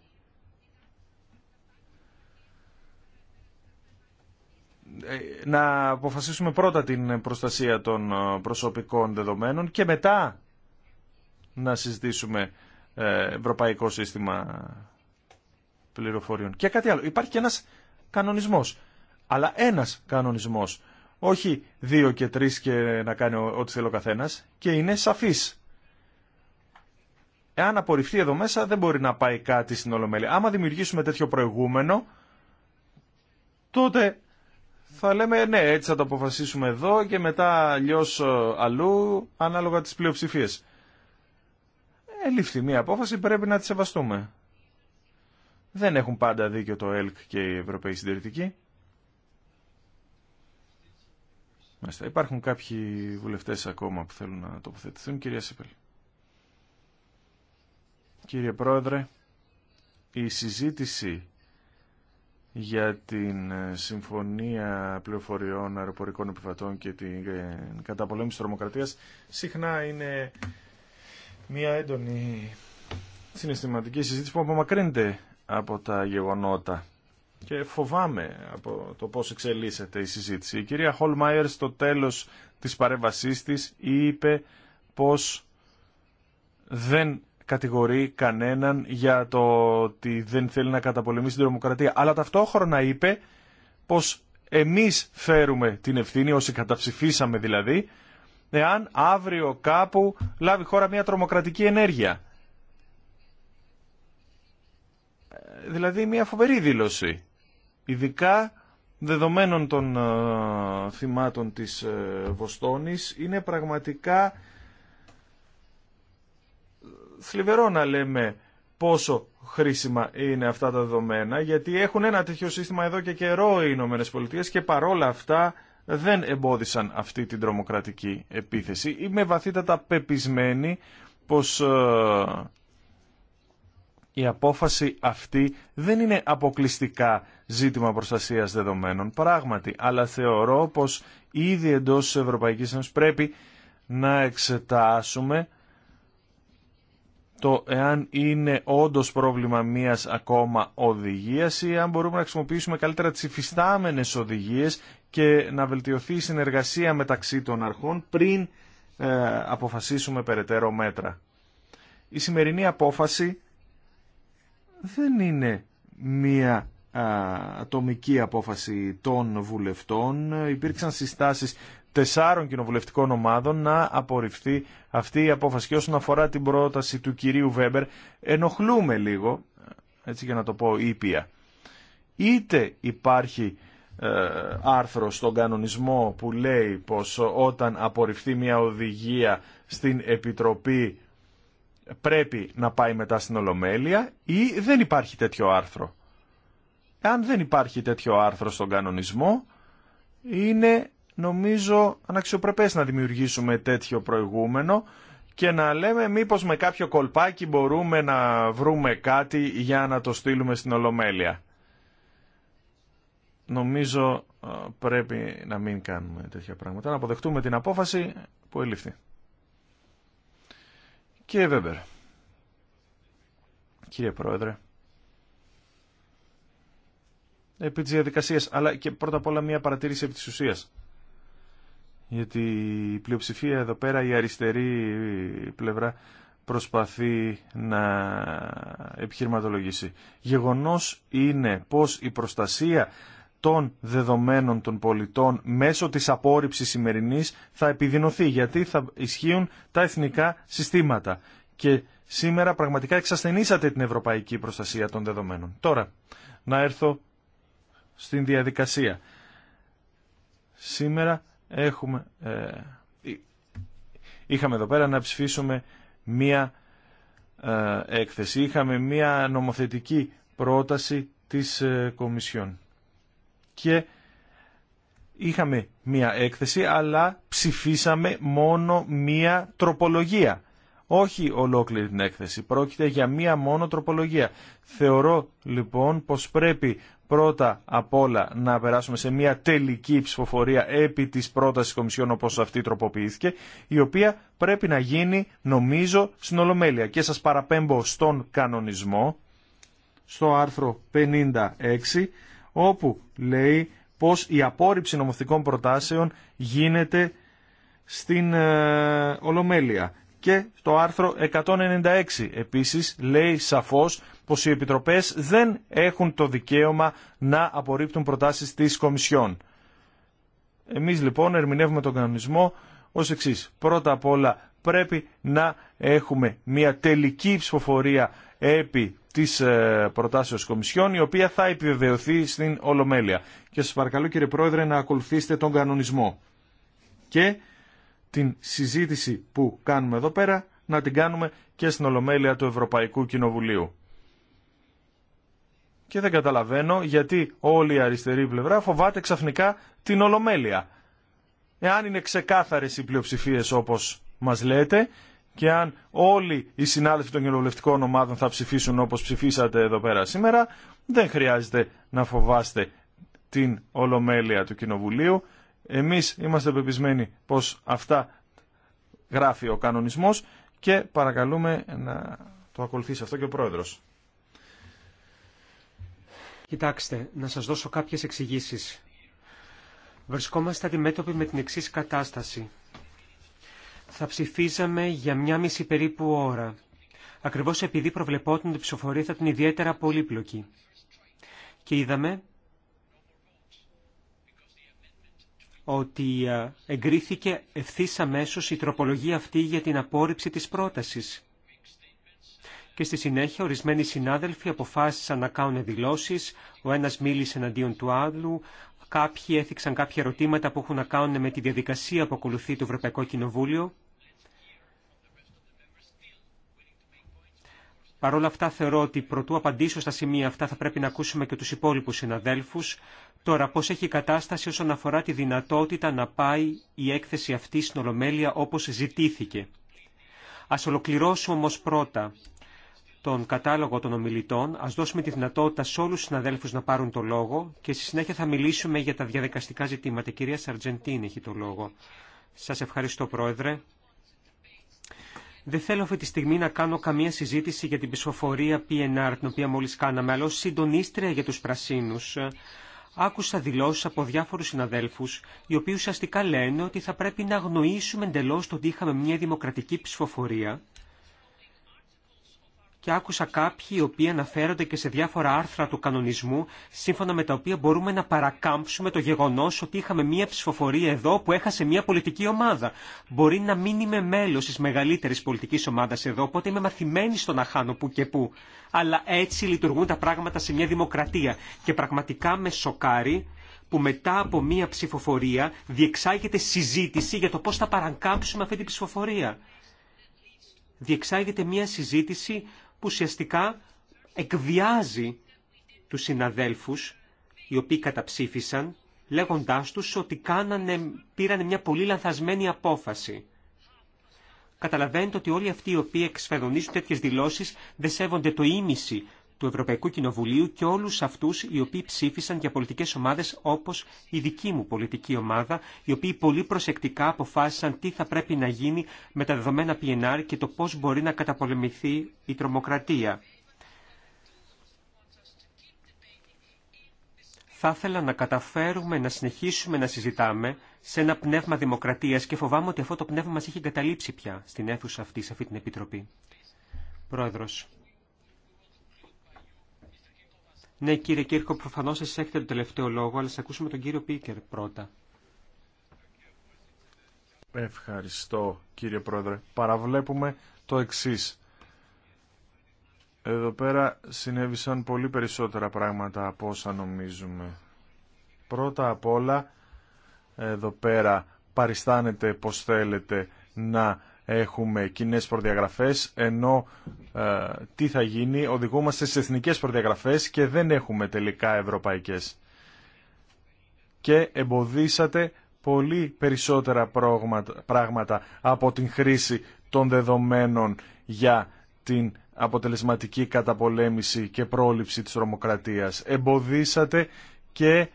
Ε, να αποφασίσουμε πρώτα την προστασία των ε, προσωπικών δεδομένων και μετά να συζητήσουμε ε, ευρωπαϊκό σύστημα πληροφοριών. Και κάτι άλλο. Υπάρχει και ένας κανονισμός. Αλλά ένας κανονισμός. Όχι δύο και τρεις και να κάνει ό,τι θέλει ο καθένας. Και είναι σαφής. Εάν απορριφθεί εδώ μέσα δεν μπορεί να πάει κάτι στην Ολομέλεια. Άμα δημιουργήσουμε τέτοιο προηγούμενο τότε θα λέμε ναι, έτσι θα το αποφασίσουμε εδώ και μετά αλλιώ ε, αλλού, ανάλογα τις πλειοψηφίες. Ελήφθη μία απόφαση, πρέπει να τη σεβαστούμε. Δεν έχουν πάντα δίκιο το ΕΛΚ και οι Ευρωπαίοι Συντηρητικοί. Μάλιστα, υπάρχουν κάποιοι βουλευτές ακόμα που θέλουν να τοποθετηθούν. Κυρία Σίπελ. Κύριε Πρόεδρε, η συζήτηση για την ε, Συμφωνία Πληροφοριών Αεροπορικών Επιβατών και την ε, καταπολέμηση τρομοκρατίας συχνά είναι μια έντονη συναισθηματική συζήτηση που απομακρύνεται από τα γεγονότα και φοβάμαι από το πώς εξελίσσεται η συζήτηση. Η κυρία Χολμάιερ στο τέλος της παρέμβασής της είπε πως δεν κατηγορεί κανέναν για το ότι δεν θέλει να καταπολεμήσει την τρομοκρατία. Αλλά ταυτόχρονα είπε πως εμείς φέρουμε την ευθύνη, όσοι καταψηφίσαμε δηλαδή, εάν αύριο κάπου λάβει χώρα μια τρομοκρατική ενέργεια. Δηλαδή μια φοβερή δήλωση, ειδικά δεδομένων των ε, θυμάτων της ε, Βοστόνης, είναι πραγματικά θλιβερό να λέμε πόσο χρήσιμα είναι αυτά τα δεδομένα, γιατί έχουν ένα τέτοιο σύστημα εδώ και καιρό οι Ηνωμένε Πολιτείε και παρόλα αυτά δεν εμπόδισαν αυτή την τρομοκρατική επίθεση. Είμαι βαθύτατα πεπισμένη πως ε, η απόφαση αυτή δεν είναι αποκλειστικά ζήτημα προστασίας δεδομένων, πράγματι, αλλά θεωρώ πως ήδη εντός της Ευρωπαϊκής Ένωσης πρέπει να εξετάσουμε το εάν είναι όντως πρόβλημα μίας ακόμα οδηγίας ή αν μπορούμε να χρησιμοποιήσουμε καλύτερα τι υφιστάμενε οδηγίες και να βελτιωθεί η συνεργασία μεταξύ των αρχών πριν ε, αποφασίσουμε περαιτέρω μέτρα. Η σημερινή απόφαση δεν είναι μία ε, ατομική απόφαση των βουλευτών. Υπήρξαν συστάσεις τεσσάρων κοινοβουλευτικών ομάδων να απορριφθεί αυτή η απόφαση. Και όσον αφορά την πρόταση του κυρίου Βέμπερ, ενοχλούμε λίγο, έτσι για να το πω ήπια. Είτε υπάρχει ε, άρθρο στον κανονισμό που λέει πως όταν απορριφθεί μια οδηγία στην Επιτροπή πρέπει να πάει μετά στην Ολομέλεια ή δεν υπάρχει τέτοιο άρθρο. Αν δεν υπάρχει τέτοιο άρθρο στον κανονισμό, είναι νομίζω αναξιοπρεπές να δημιουργήσουμε τέτοιο προηγούμενο και να λέμε μήπως με κάποιο κολπάκι μπορούμε να βρούμε κάτι για να το στείλουμε στην Ολομέλεια. Νομίζω ε, πρέπει να μην κάνουμε τέτοια πράγματα, να αποδεχτούμε την απόφαση που ελήφθη. Κύριε Βέμπερ, κύριε Πρόεδρε, επί της αλλά και πρώτα απ' όλα μια παρατήρηση επί της ουσίας γιατί η πλειοψηφία εδώ πέρα, η αριστερή πλευρά προσπαθεί να επιχειρηματολογήσει. Γεγονός είναι πως η προστασία των δεδομένων των πολιτών μέσω της απόρριψης σημερινής θα επιδεινωθεί γιατί θα ισχύουν τα εθνικά συστήματα. Και σήμερα πραγματικά εξασθενήσατε την ευρωπαϊκή προστασία των δεδομένων. Τώρα, να έρθω στην διαδικασία. Σήμερα έχουμε, ε, είχαμε εδώ πέρα να ψηφίσουμε μία ε, έκθεση. Είχαμε μία νομοθετική πρόταση της ε, Κομισιόν. Και είχαμε μία έκθεση, αλλά ψηφίσαμε μόνο μία τροπολογία. Όχι ολόκληρη την έκθεση. Πρόκειται για μία μόνο τροπολογία. Θεωρώ λοιπόν πως πρέπει πρώτα απ' όλα να περάσουμε σε μια τελική ψηφοφορία επί της πρότασης Κομισιόν όπως αυτή τροποποιήθηκε, η οποία πρέπει να γίνει νομίζω στην Ολομέλεια. Και σας παραπέμπω στον κανονισμό, στο άρθρο 56, όπου λέει πως η απόρριψη νομοθετικών προτάσεων γίνεται στην ε, Ολομέλεια και στο άρθρο 196 επίσης λέει σαφώς πως οι επιτροπές δεν έχουν το δικαίωμα να απορρίπτουν προτάσεις της Κομισιόν. Εμείς λοιπόν ερμηνεύουμε τον κανονισμό ως εξής. Πρώτα απ' όλα πρέπει να έχουμε μια τελική ψηφοφορία επί της ε, προτάσεως Κομισιόν η οποία θα επιβεβαιωθεί στην Ολομέλεια. Και σας παρακαλώ κύριε Πρόεδρε να ακολουθήσετε τον κανονισμό. Και την συζήτηση που κάνουμε εδώ πέρα να την κάνουμε και στην Ολομέλεια του Ευρωπαϊκού Κοινοβουλίου. Και δεν καταλαβαίνω γιατί όλη η αριστερή πλευρά φοβάται ξαφνικά την Ολομέλεια. Εάν είναι ξεκάθαρες οι πλειοψηφίες όπως μας λέτε και αν όλοι οι συνάδελφοι των κοινοβουλευτικών ομάδων θα ψηφίσουν όπως ψηφίσατε εδώ πέρα σήμερα, δεν χρειάζεται να φοβάστε την Ολομέλεια του Κοινοβουλίου εμείς είμαστε πεπισμένοι πως αυτά γράφει ο κανονισμός και παρακαλούμε να το ακολουθήσει αυτό και ο Πρόεδρος. Κοιτάξτε, να σας δώσω κάποιες εξηγήσεις. Βρισκόμαστε αντιμέτωποι με την εξής κατάσταση. Θα ψηφίζαμε για μια μισή περίπου ώρα, ακριβώς επειδή προβλεπόταν ότι η ψηφοφορία θα ήταν ιδιαίτερα πολύπλοκη. Και είδαμε ότι ε, εγκρίθηκε ευθύς αμέσως η τροπολογία αυτή για την απόρριψη της πρότασης. Και στη συνέχεια ορισμένοι συνάδελφοι αποφάσισαν να κάνουν δηλώσεις, ο ένας μίλησε εναντίον του άλλου, κάποιοι έθιξαν κάποια ερωτήματα που έχουν να κάνουν με τη διαδικασία που ακολουθεί το Ευρωπαϊκό Κοινοβούλιο Παρ' όλα αυτά θεωρώ ότι προτού απαντήσω στα σημεία αυτά θα πρέπει να ακούσουμε και τους υπόλοιπους συναδέλφους. Τώρα πώς έχει η κατάσταση όσον αφορά τη δυνατότητα να πάει η έκθεση αυτή στην Ολομέλεια όπως ζητήθηκε. Ας ολοκληρώσουμε όμως πρώτα τον κατάλογο των ομιλητών, ας δώσουμε τη δυνατότητα σε όλους τους συναδέλφους να πάρουν το λόγο και στη συνέχεια θα μιλήσουμε για τα διαδικαστικά ζητήματα. Η κυρία Σαρτζεντίν έχει το λόγο. Σας ευχαριστώ Πρόεδρε. Δεν θέλω αυτή τη στιγμή να κάνω καμία συζήτηση για την ψηφοφορία PNR, την οποία μόλις κάναμε, αλλά ως συντονίστρια για τους πρασίνους, άκουσα δηλώσεις από διάφορους συναδέλφους, οι οποίοι ουσιαστικά λένε ότι θα πρέπει να αγνοήσουμε εντελώ το ότι είχαμε μια δημοκρατική ψηφοφορία και άκουσα κάποιοι οι οποίοι αναφέρονται και σε διάφορα άρθρα του κανονισμού, σύμφωνα με τα οποία μπορούμε να παρακάμψουμε το γεγονό ότι είχαμε μία ψηφοφορία εδώ που έχασε μία πολιτική ομάδα. Μπορεί να μην είμαι μέλο τη μεγαλύτερη πολιτική ομάδα εδώ, οπότε είμαι μαθημένη στο να χάνω που και που. Αλλά έτσι λειτουργούν τα πράγματα σε μια δημοκρατία. Και πραγματικά με σοκάρει που μετά από μία ψηφοφορία διεξάγεται συζήτηση για το πώ θα παρακάμψουμε αυτή την ψηφοφορία διεξάγεται μια συζήτηση που ουσιαστικά εκβιάζει τους συναδέλφους οι οποίοι καταψήφισαν λέγοντάς τους ότι κάνανε, πήρανε μια πολύ λανθασμένη απόφαση. Καταλαβαίνετε ότι όλοι αυτοί οι οποίοι εξφεδονίζουν τέτοιες δηλώσεις δεν σέβονται το ίμιση του Ευρωπαϊκού Κοινοβουλίου και όλους αυτούς οι οποίοι ψήφισαν για πολιτικές ομάδες όπως η δική μου πολιτική ομάδα, οι οποίοι πολύ προσεκτικά αποφάσισαν τι θα πρέπει να γίνει με τα δεδομένα PNR και το πώς μπορεί να καταπολεμηθεί η τρομοκρατία. θα ήθελα να καταφέρουμε να συνεχίσουμε να συζητάμε σε ένα πνεύμα δημοκρατίας και φοβάμαι ότι αυτό το πνεύμα μας έχει εγκαταλείψει πια στην αίθουσα αυτή, σε αυτή την Επιτροπή. Πρόεδρος, ναι, κύριε Κύρκο, προφανώ εσεί έχετε το τελευταίο λόγο, αλλά σα ακούσουμε τον κύριο Πίκερ πρώτα. Ευχαριστώ, κύριε Πρόεδρε. Παραβλέπουμε το εξή. Εδώ πέρα συνέβησαν πολύ περισσότερα πράγματα από όσα νομίζουμε. Πρώτα απ' όλα, εδώ πέρα παριστάνετε πως θέλετε να έχουμε κοινέ προδιαγραφές, ενώ ε, τι θα γίνει, οδηγούμαστε στι εθνικές προδιαγραφές και δεν έχουμε τελικά ευρωπαϊκές. Και εμποδίσατε πολύ περισσότερα πράγματα από την χρήση των δεδομένων για την αποτελεσματική καταπολέμηση και πρόληψη της τρομοκρατίας. Εμποδίσατε και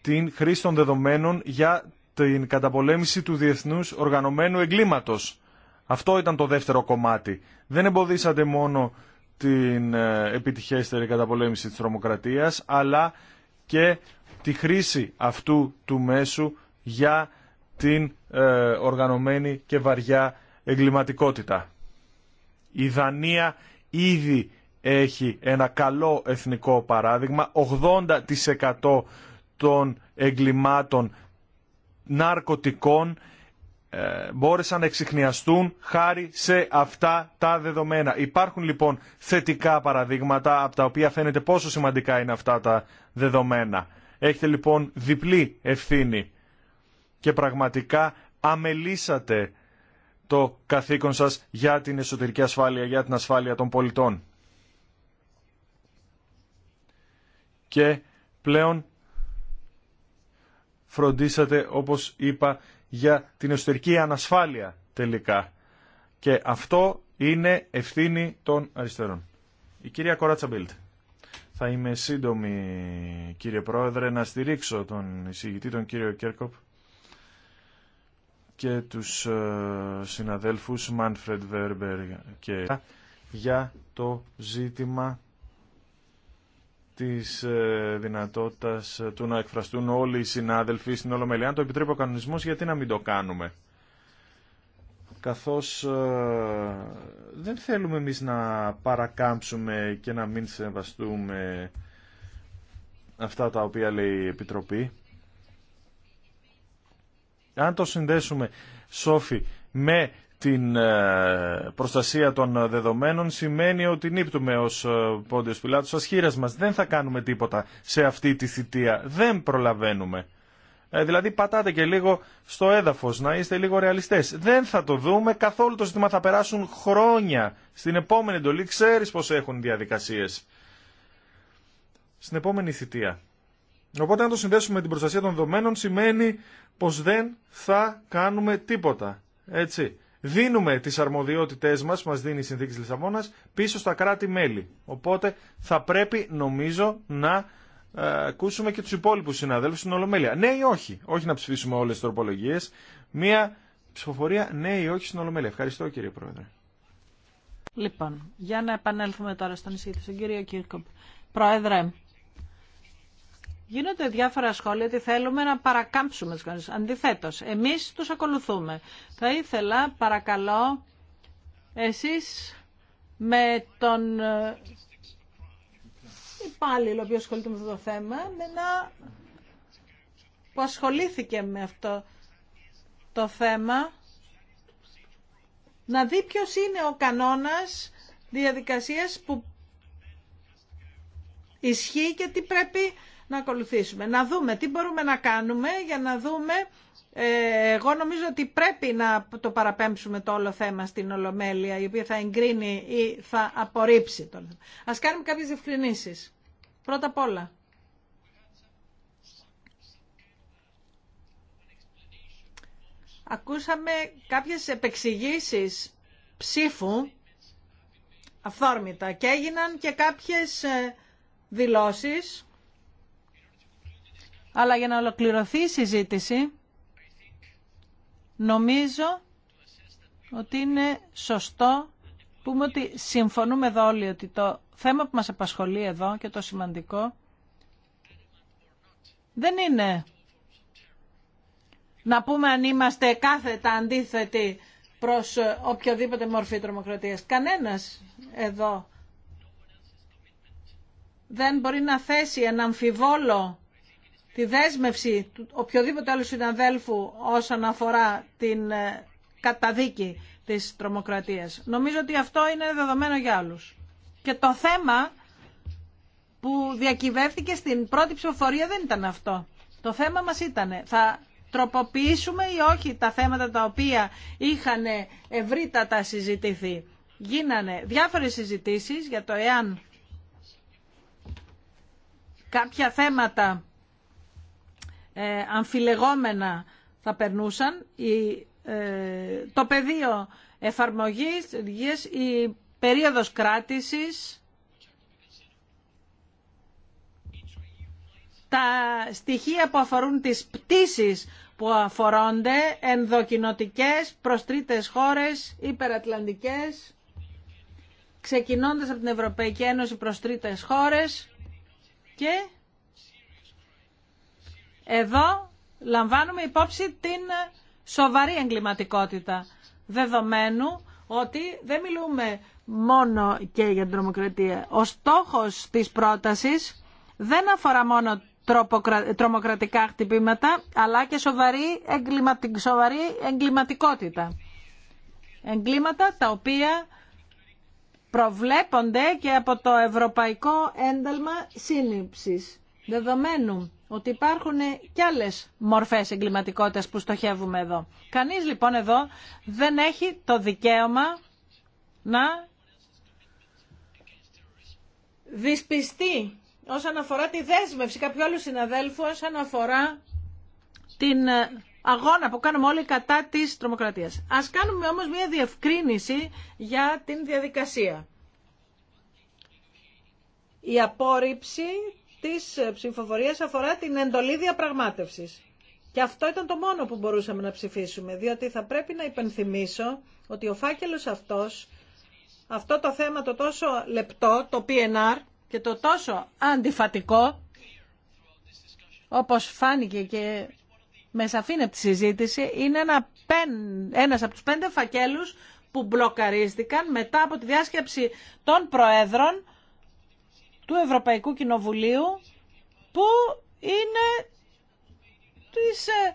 την χρήση των δεδομένων για την καταπολέμηση του διεθνούς οργανωμένου εγκλήματος. Αυτό ήταν το δεύτερο κομμάτι. Δεν εμποδίσατε μόνο την ε, επιτυχέστερη καταπολέμηση της τρομοκρατίας, αλλά και τη χρήση αυτού του μέσου για την ε, οργανωμένη και βαριά εγκληματικότητα. Η Δανία ήδη έχει ένα καλό εθνικό παράδειγμα. 80% των εγκλημάτων ναρκωτικών ε, μπόρεσαν να εξηχνιαστούν χάρη σε αυτά τα δεδομένα. Υπάρχουν λοιπόν θετικά παραδείγματα από τα οποία φαίνεται πόσο σημαντικά είναι αυτά τα δεδομένα. Έχετε λοιπόν διπλή ευθύνη και πραγματικά αμελήσατε το καθήκον σας για την εσωτερική ασφάλεια, για την ασφάλεια των πολιτών. Και πλέον φροντίσατε, όπως είπα, για την εσωτερική ανασφάλεια τελικά. Και αυτό είναι ευθύνη των αριστερών. Η κυρία Κοράτσα Μπίλτ. Θα είμαι σύντομη, κύριε Πρόεδρε, να στηρίξω τον εισηγητή, τον κύριο Κέρκοπ και τους ε, συναδέλφους Μάνφρεντ Βέρμπερ και για το ζήτημα της ε, δυνατότητας ε, του να εκφραστούν όλοι οι συνάδελφοι στην Ολομελία. Αν το επιτρέπει ο κανονισμός, γιατί να μην το κάνουμε. Καθώς ε, δεν θέλουμε εμείς να παρακάμψουμε και να μην σεβαστούμε αυτά τα οποία λέει η Επιτροπή. Αν το συνδέσουμε, Σόφη, με την ε, προστασία των δεδομένων σημαίνει ότι νύπτουμε ως ε, πόντιος πιλάτος ασχήρας μας. Δεν θα κάνουμε τίποτα σε αυτή τη θητεία. Δεν προλαβαίνουμε. Ε, δηλαδή πατάτε και λίγο στο έδαφος, να είστε λίγο ρεαλιστές. Δεν θα το δούμε καθόλου το ζήτημα, θα περάσουν χρόνια. Στην επόμενη εντολή ξέρεις πως έχουν διαδικασίες. Στην επόμενη θητεία. Οπότε αν το συνδέσουμε με την προστασία των δεδομένων σημαίνει πως δεν θα κάνουμε τίποτα. Έτσι δίνουμε τις αρμοδιότητές μας μας δίνει η συνθήκη της Λισαβόνα, πίσω στα κράτη-μέλη. Οπότε θα πρέπει νομίζω να ε, ακούσουμε και τους υπόλοιπους συναδέλφους στην Ολομέλεια. Ναι ή όχι. Όχι να ψηφίσουμε όλες τις τροπολογίες. Μία ψηφοφορία ναι ή όχι στην Ολομέλεια. Ευχαριστώ κύριε Πρόεδρε. Λοιπόν, για να επανέλθουμε τώρα στον εισηγητή, στον κύριο Κύρκοπ. Πρόεδρε, Γίνονται διάφορα σχόλια ότι θέλουμε να παρακάμψουμε τους κανόνες. Αντιθέτως, εμείς τους ακολουθούμε. Θα ήθελα, παρακαλώ, εσείς με τον ε, υπάλληλο που ασχολείται με αυτό το θέμα, με που ασχολήθηκε με αυτό το θέμα, να δει ποιος είναι ο κανόνας διαδικασίας που ισχύει και τι πρέπει να ακολουθήσουμε. Να δούμε τι μπορούμε να κάνουμε για να δούμε... Ε, εγώ νομίζω ότι πρέπει να το παραπέμψουμε το όλο θέμα στην Ολομέλεια, η οποία θα εγκρίνει ή θα απορρίψει το θέμα. Ας κάνουμε κάποιες διευκρινήσεις. Πρώτα απ' όλα. Ακούσαμε κάποιες επεξηγήσεις ψήφου αυθόρμητα και έγιναν και κάποιες ε, δηλώσεις αλλά για να ολοκληρωθεί η συζήτηση, νομίζω ότι είναι σωστό πούμε ότι συμφωνούμε εδώ όλοι ότι το θέμα που μας απασχολεί εδώ και το σημαντικό δεν είναι να πούμε αν είμαστε κάθετα αντίθετοι προς οποιοδήποτε μορφή τρομοκρατίας. Κανένας εδώ δεν μπορεί να θέσει ένα αμφιβόλο τη δέσμευση του οποιοδήποτε άλλου συναδέλφου όσον αφορά την ε, καταδίκη της τρομοκρατίας. Νομίζω ότι αυτό είναι δεδομένο για όλους. Και το θέμα που διακυβεύτηκε στην πρώτη ψηφοφορία δεν ήταν αυτό. Το θέμα μας ήταν θα τροποποιήσουμε ή όχι τα θέματα τα οποία είχαν ευρύτατα συζητηθεί. Γίνανε διάφορες συζητήσεις για το εάν κάποια θέματα ε, αμφιλεγόμενα θα περνούσαν. Ε, το πεδίο εφαρμογής, η περίοδος κράτησης, τα στοιχεία που αφορούν τις πτήσεις που αφορώνται ενδοκινοτικές προς τρίτες χώρες, υπερατλαντικές, ξεκινώντας από την Ευρωπαϊκή Ένωση προς χώρες και εδώ λαμβάνουμε υπόψη την ε, σοβαρή εγκληματικότητα, δεδομένου ότι δεν μιλούμε μόνο και για την τρομοκρατία. Ο στόχος της πρότασης δεν αφορά μόνο τρομοκρατικά χτυπήματα, αλλά και σοβαρή, σοβαρή εγκληματικότητα. Εγκλήματα τα οποία προβλέπονται και από το Ευρωπαϊκό Ένταλμα Σύνυψης. Δεδομένου ότι υπάρχουν κι άλλες μορφές εγκληματικότητας που στοχεύουμε εδώ. Κανείς λοιπόν εδώ δεν έχει το δικαίωμα να δυσπιστεί όσον αφορά τη δέσμευση κάποιου άλλου συναδέλφου όσον αφορά την ε, αγώνα που κάνουμε όλοι κατά της τρομοκρατίας. Ας κάνουμε όμως μια διευκρίνηση για την διαδικασία. Η απόρριψη της ε, ψηφοφορίας αφορά την εντολή διαπραγμάτευσης. Και αυτό ήταν το μόνο που μπορούσαμε να ψηφίσουμε, διότι θα πρέπει να υπενθυμίσω ότι ο φάκελος αυτός, αυτό το θέμα το τόσο λεπτό, το PNR και το τόσο αντιφατικό, όπως φάνηκε και με σαφήν από τη συζήτηση, είναι ένα πεν, ένας από τους πέντε φακέλους που μπλοκαρίστηκαν μετά από τη διάσκεψη των Προέδρων του Ευρωπαϊκού Κοινοβουλίου που είναι τις, ε,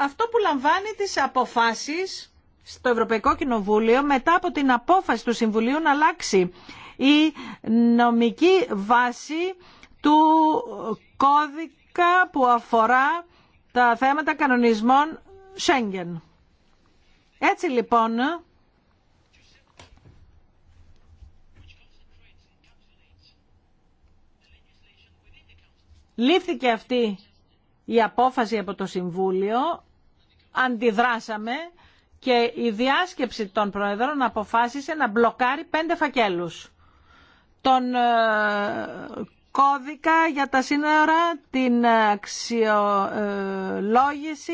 αυτό που λαμβάνει τις αποφάσεις στο Ευρωπαϊκό Κοινοβούλιο μετά από την απόφαση του Συμβουλίου να αλλάξει η νομική βάση του κώδικα που αφορά τα θέματα κανονισμών Schengen. Έτσι λοιπόν Λήφθηκε αυτή η απόφαση από το Συμβούλιο, αντιδράσαμε και η διάσκεψη των Προεδρών αποφάσισε να μπλοκάρει πέντε φακέλους. Τον ε, κώδικα για τα σύνορα, την αξιολόγηση,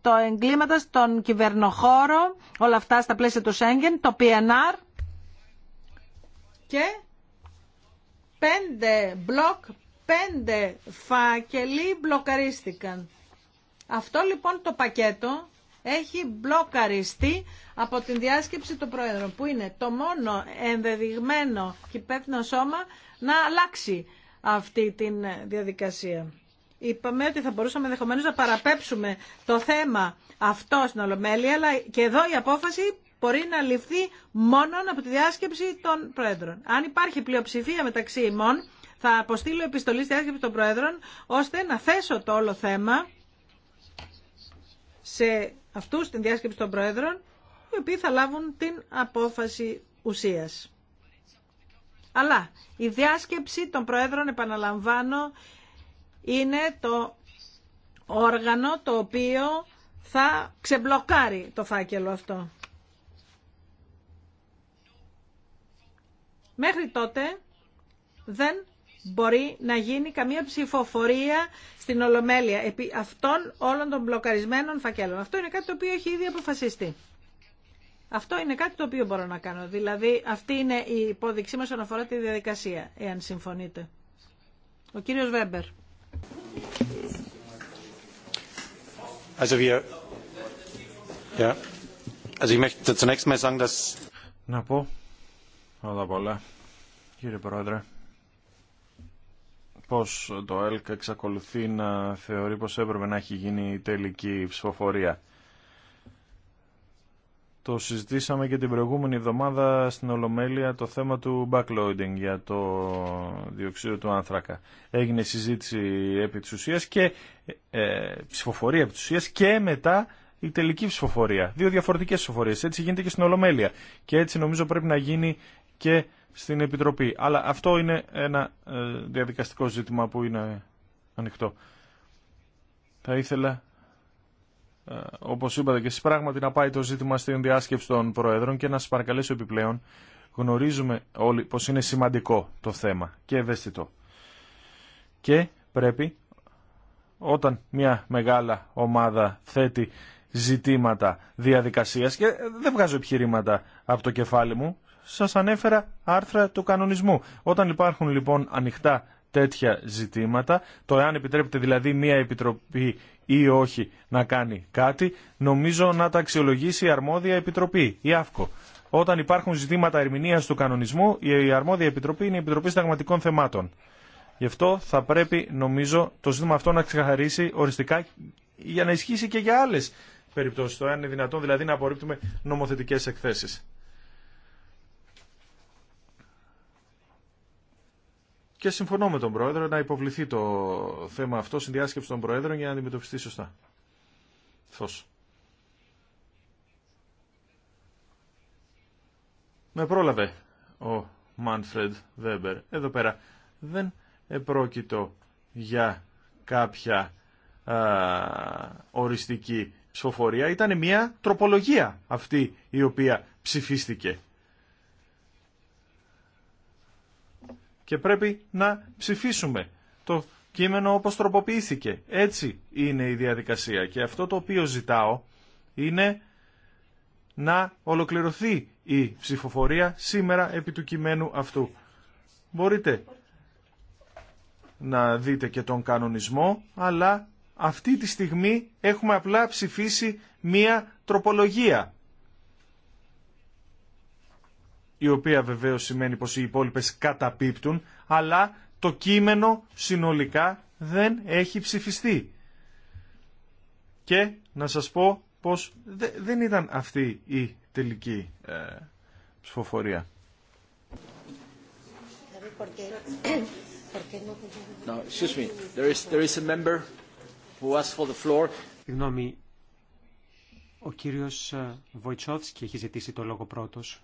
το εγκλήματα στον κυβερνοχώρο, όλα αυτά στα πλαίσια του Σέγγεν, το PNR και πέντε μπλοκ πέντε φάκελοι μπλοκαρίστηκαν. Αυτό λοιπόν το πακέτο έχει μπλοκαριστεί από την διάσκεψη του Πρόεδρου, που είναι το μόνο ενδεδειγμένο και υπεύθυνο σώμα να αλλάξει αυτή τη διαδικασία. Είπαμε ότι θα μπορούσαμε ενδεχομένω να παραπέψουμε το θέμα αυτό στην Ολομέλεια, αλλά και εδώ η απόφαση μπορεί να ληφθεί μόνο από τη διάσκεψη των Πρόεδρων. Αν υπάρχει πλειοψηφία μεταξύ ημών, θα αποστείλω επιστολή στη διάσκεψη των Προέδρων ώστε να θέσω το όλο θέμα σε αυτούς την διάσκεψη των Προέδρων οι οποίοι θα λάβουν την απόφαση ουσίας. Αλλά η διάσκεψη των Προέδρων, επαναλαμβάνω, είναι το όργανο το οποίο θα ξεμπλοκάρει το φάκελο αυτό. Μέχρι τότε δεν μπορεί να γίνει καμία ψηφοφορία στην Ολομέλεια επί αυτών όλων των μπλοκαρισμένων φακέλων. Αυτό είναι κάτι το οποίο έχει ήδη αποφασιστεί. Αυτό είναι κάτι το οποίο μπορώ να κάνω. Δηλαδή αυτή είναι η υπόδειξή μας όσον αφορά τη διαδικασία, εάν συμφωνείτε. Ο κύριος Βέμπερ. Να πω όλα πολλά, κύριε Πρόεδρε πως το ΕΛΚ εξακολουθεί να θεωρεί πως έπρεπε να έχει γίνει η τελική ψηφοφορία. Το συζητήσαμε και την προηγούμενη εβδομάδα στην Ολομέλεια το θέμα του backloading για το διοξείδιο του άνθρακα. Έγινε συζήτηση επί της ουσίας και ε, ψηφοφορία επί της ουσίας και μετά η τελική ψηφοφορία. Δύο διαφορετικές ψηφοφορίες. Έτσι γίνεται και στην Ολομέλεια. Και έτσι νομίζω πρέπει να γίνει και στην Επιτροπή. Αλλά αυτό είναι ένα ε, διαδικαστικό ζήτημα που είναι ανοιχτό. Θα ήθελα, ε, όπως είπατε και εσείς πράγματι, να πάει το ζήτημα στην διάσκεψη των Προέδρων και να σας παρακαλέσω επιπλέον. Γνωρίζουμε όλοι πως είναι σημαντικό το θέμα και ευαίσθητο. Και πρέπει όταν μια μεγάλα ομάδα θέτει ζητήματα διαδικασίας και δεν βγάζω επιχειρήματα από το κεφάλι μου σας ανέφερα άρθρα του κανονισμού. Όταν υπάρχουν λοιπόν ανοιχτά τέτοια ζητήματα, το εάν επιτρέπεται δηλαδή μια επιτροπή ή όχι να κάνει κάτι, νομίζω να τα αξιολογήσει η αρμόδια επιτροπή, η ΑΦΚΟ. Όταν υπάρχουν ζητήματα ερμηνείας του κανονισμού, η αρμόδια επιτροπή είναι η Επιτροπή Συνταγματικών Θεμάτων. Γι' αυτό θα πρέπει, νομίζω, το ζήτημα αυτό να ξεχαρίσει οριστικά για να ισχύσει και για άλλε περιπτώσεις, το αν είναι δυνατόν δηλαδή να απορρίπτουμε νομοθετικές εκθέσεις. Και συμφωνώ με τον Πρόεδρο να υποβληθεί το θέμα αυτό στην διάσκεψη των Προέδρων για να αντιμετωπιστεί σωστά. Με πρόλαβε ο Μάνφρεντ Βέμπερ. Εδώ πέρα δεν επρόκειτο για κάποια α, οριστική ψηφοφορία. Ήταν μια τροπολογία αυτή η οποία ψηφίστηκε. και πρέπει να ψηφίσουμε το κείμενο όπως τροποποιήθηκε. Έτσι είναι η διαδικασία και αυτό το οποίο ζητάω είναι να ολοκληρωθεί η ψηφοφορία σήμερα επί του κειμένου αυτού. Μπορείτε να δείτε και τον κανονισμό, αλλά αυτή τη στιγμή έχουμε απλά ψηφίσει μία τροπολογία η οποία βεβαίως σημαίνει πως οι υπόλοιπες καταπίπτουν, αλλά το κείμενο συνολικά δεν έχει ψηφιστεί. Και να σας πω πως δεν ήταν αυτή η τελική ε, ψηφοφορία. Συγγνώμη, ο κύριος ε, Βοητσόφσκι έχει ζητήσει το λόγο πρώτος.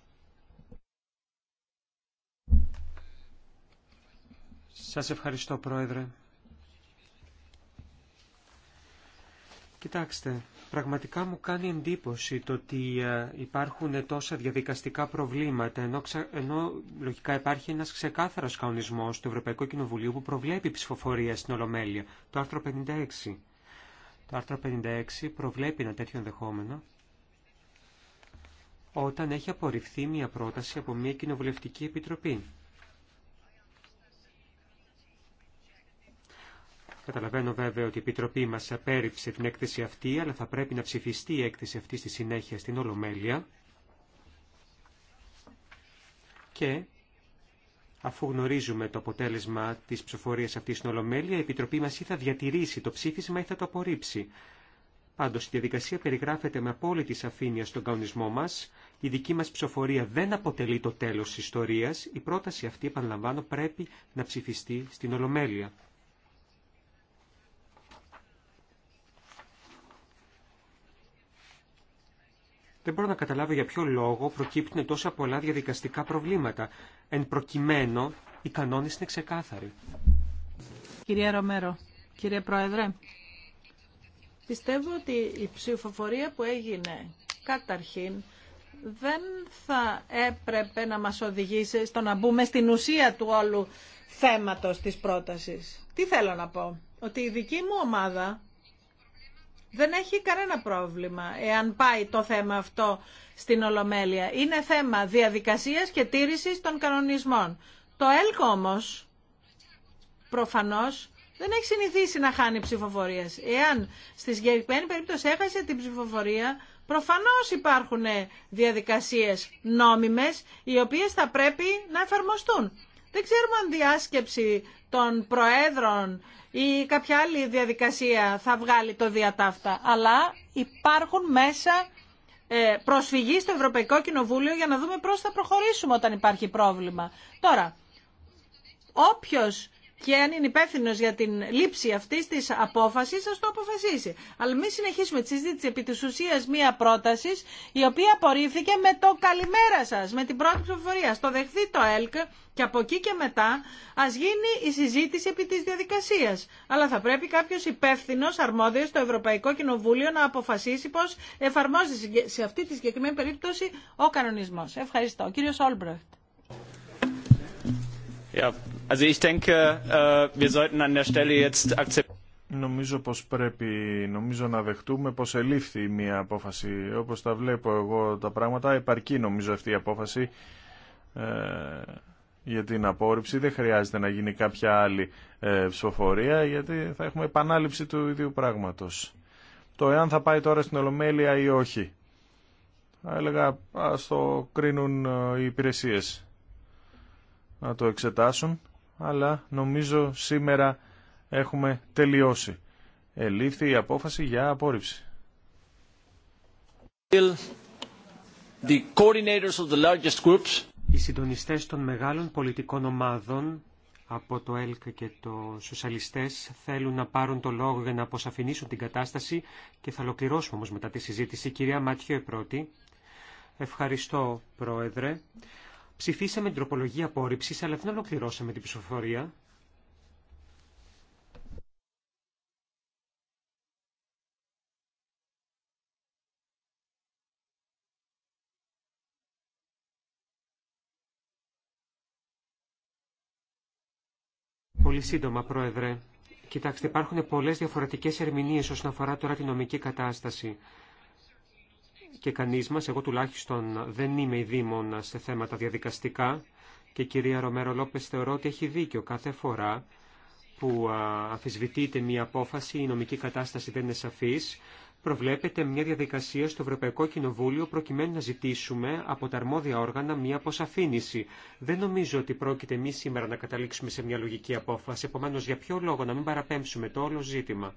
Σας ευχαριστώ, Πρόεδρε. Κοιτάξτε, πραγματικά μου κάνει εντύπωση το ότι ε, υπάρχουν τόσα διαδικαστικά προβλήματα, ενώ, ενώ λογικά υπάρχει ένας ξεκάθαρος κανονισμός του Ευρωπαϊκού Κοινοβουλίου που προβλέπει ψηφοφορία στην Ολομέλεια, το άρθρο 56. Το άρθρο 56 προβλέπει ένα τέτοιο ενδεχόμενο όταν έχει απορριφθεί μια πρόταση από μια κοινοβουλευτική επιτροπή. Καταλαβαίνω βέβαια ότι η Επιτροπή μας απέρριψε την έκθεση αυτή, αλλά θα πρέπει να ψηφιστεί η έκθεση αυτή στη συνέχεια στην Ολομέλεια. Και αφού γνωρίζουμε το αποτέλεσμα της ψηφοφορίας αυτής στην Ολομέλεια, η Επιτροπή μας ή θα διατηρήσει το ψήφισμα ή θα το απορρίψει. Πάντως, η διαδικασία περιγράφεται με απόλυτη σαφήνεια στον κανονισμό μας. Η δική μας ψηφοφορία δεν αποτελεί το τέλος της ιστορίας. Η πρόταση αυτή, επαναλαμβάνω, πρέπει να ψηφιστεί στην Ολομέλεια. Δεν μπορώ να καταλάβω για ποιο λόγο προκύπτουν τόσα πολλά διαδικαστικά προβλήματα. Εν προκειμένου, οι κανόνε είναι ξεκάθαροι. Κυρία Ρομέρο, κύριε Πρόεδρε, πιστεύω ότι η ψηφοφορία που έγινε καταρχήν δεν θα έπρεπε να μας οδηγήσει στο να μπούμε στην ουσία του όλου θέματος της πρότασης. Τι θέλω να πω, ότι η δική μου ομάδα δεν έχει κανένα πρόβλημα εάν πάει το θέμα αυτό στην Ολομέλεια. Είναι θέμα διαδικασίας και τήρησης των κανονισμών. Το ΕΛΚ όμως, προφανώς, δεν έχει συνηθίσει να χάνει ψηφοφορίες. Εάν στη συγκεκριμένη περίπτωση έχασε την ψηφοφορία, προφανώς υπάρχουν διαδικασίες νόμιμες οι οποίες θα πρέπει να εφαρμοστούν. Δεν ξέρουμε αν διάσκεψη των προέδρων ή κάποια άλλη διαδικασία θα βγάλει το διατάφτα. Αλλά υπάρχουν μέσα ε, προσφυγή στο Ευρωπαϊκό Κοινοβούλιο για να δούμε πώς θα προχωρήσουμε όταν υπάρχει πρόβλημα. Τώρα, όποιος και αν είναι υπεύθυνο για την λήψη αυτή τη απόφαση, α το αποφασίσει. Αλλά μην συνεχίσουμε τη συζήτηση επί τη ουσία μία πρόταση η οποία απορρίφθηκε με το καλημέρα σα, με την πρώτη ψηφοφορία. Το δεχθεί το ΕΛΚ και από εκεί και μετά α γίνει η συζήτηση επί τη διαδικασία. Αλλά θα πρέπει κάποιο υπεύθυνο, αρμόδιο στο Ευρωπαϊκό Κοινοβούλιο να αποφασίσει πώ εφαρμόζει σε αυτή τη συγκεκριμένη περίπτωση ο κανονισμό. Ευχαριστώ. Κύριο Όλμπρεχτ. Νομίζω πως πρέπει νομίζω να δεχτούμε πως ελήφθη μια απόφαση. Όπως τα βλέπω εγώ τα πράγματα, επαρκεί νομίζω αυτή η απόφαση ε, για την απόρριψη. Δεν χρειάζεται να γίνει κάποια άλλη ε, ψηφοφορία γιατί θα έχουμε επανάληψη του ίδιου πράγματος. Το εάν θα πάει τώρα στην Ολομέλεια ή όχι. Θα έλεγα ας το κρίνουν ε, οι υπηρεσίες να το εξετάσουν αλλά νομίζω σήμερα έχουμε τελειώσει. Ελήφθη η απόφαση για απόρριψη. Οι συντονιστές των μεγάλων πολιτικών ομάδων από το ΕΛΚ και το Σοσιαλιστές θέλουν να πάρουν το λόγο για να αποσαφηνίσουν την κατάσταση και θα ολοκληρώσουμε όμως μετά τη συζήτηση. Κυρία Μάτιο πρώτη. Ευχαριστώ Πρόεδρε. Ψηφίσαμε την τροπολογία απόρριψη, αλλά δεν ολοκληρώσαμε την ψηφοφορία. Πολύ σύντομα, Πρόεδρε. Κοιτάξτε, υπάρχουν πολλές διαφορετικές ερμηνείες όσον αφορά τώρα την νομική κατάσταση και κανείς μας, εγώ τουλάχιστον δεν είμαι δήμονα σε θέματα διαδικαστικά και η κυρία Ρομέρο Λόπες θεωρώ ότι έχει δίκιο κάθε φορά που αφισβητείται μια απόφαση, η νομική κατάσταση δεν είναι σαφής, προβλέπεται μια διαδικασία στο Ευρωπαϊκό Κοινοβούλιο προκειμένου να ζητήσουμε από τα αρμόδια όργανα μια αποσαφήνιση. Δεν νομίζω ότι πρόκειται εμεί σήμερα να καταλήξουμε σε μια λογική απόφαση, επομένω για ποιο λόγο να μην παραπέμψουμε το όλο ζήτημα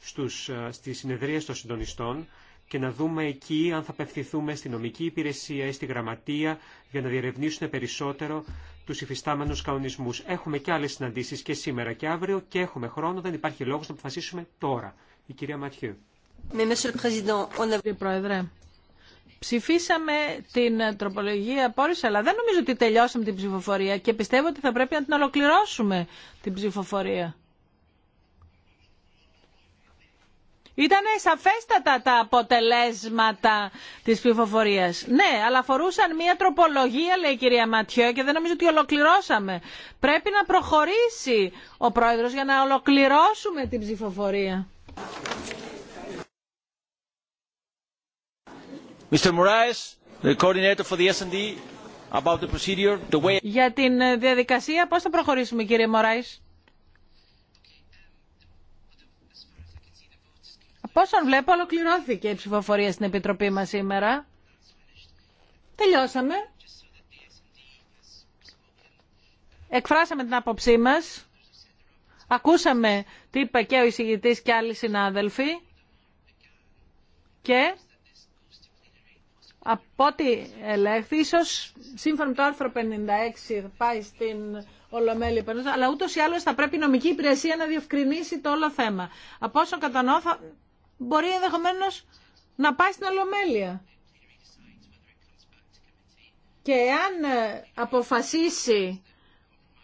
στους, στις των συντονιστών και να δούμε εκεί αν θα απευθυνθούμε στη νομική υπηρεσία ή στη γραμματεία για να διερευνήσουν περισσότερο τους υφιστάμενους κανονισμούς. Έχουμε και άλλες συναντήσεις και σήμερα και αύριο και έχουμε χρόνο, δεν υπάρχει λόγος να αποφασίσουμε τώρα. Η κυρία Ματιού. Κύριε Πρόεδρε, ψηφίσαμε την τροπολογία πόλη, αλλά δεν νομίζω ότι τελειώσαμε την ψηφοφορία και πιστεύω ότι θα πρέπει να την ολοκληρώσουμε την ψηφοφορία. Ήταν σαφέστατα τα αποτελέσματα της ψηφοφορία. Ναι, αλλά αφορούσαν μια τροπολογία, λέει η κυρία Ματιό, και δεν νομίζω ότι ολοκληρώσαμε. Πρέπει να προχωρήσει ο πρόεδρος για να ολοκληρώσουμε την ψηφοφορία. Mr. Moraes, the coordinator for the about the procedure, the way... Για την ε, διαδικασία, πώς θα προχωρήσουμε κύριε Μωράης. Από βλέπω ολοκληρώθηκε η ψηφοφορία στην Επιτροπή μας σήμερα. Τελειώσαμε. Εκφράσαμε την άποψή μας. Ακούσαμε τι είπε και ο εισηγητής και άλλοι συνάδελφοι. Και από ό,τι ελέγχθη, ίσω σύμφωνα με το άρθρο 56 πάει στην Ολομέλη αλλά ούτω ή άλλω θα πρέπει η νομική υπηρεσία να διευκρινίσει το όλο θέμα. Από όσο κατανοώ, θα πρεπει η νομικη υπηρεσια να διευκρινισει το ολο θεμα απο οσο κατανοω μπορεί ενδεχομένω να πάει στην Ολομέλεια. Και αν ε, αποφασίσει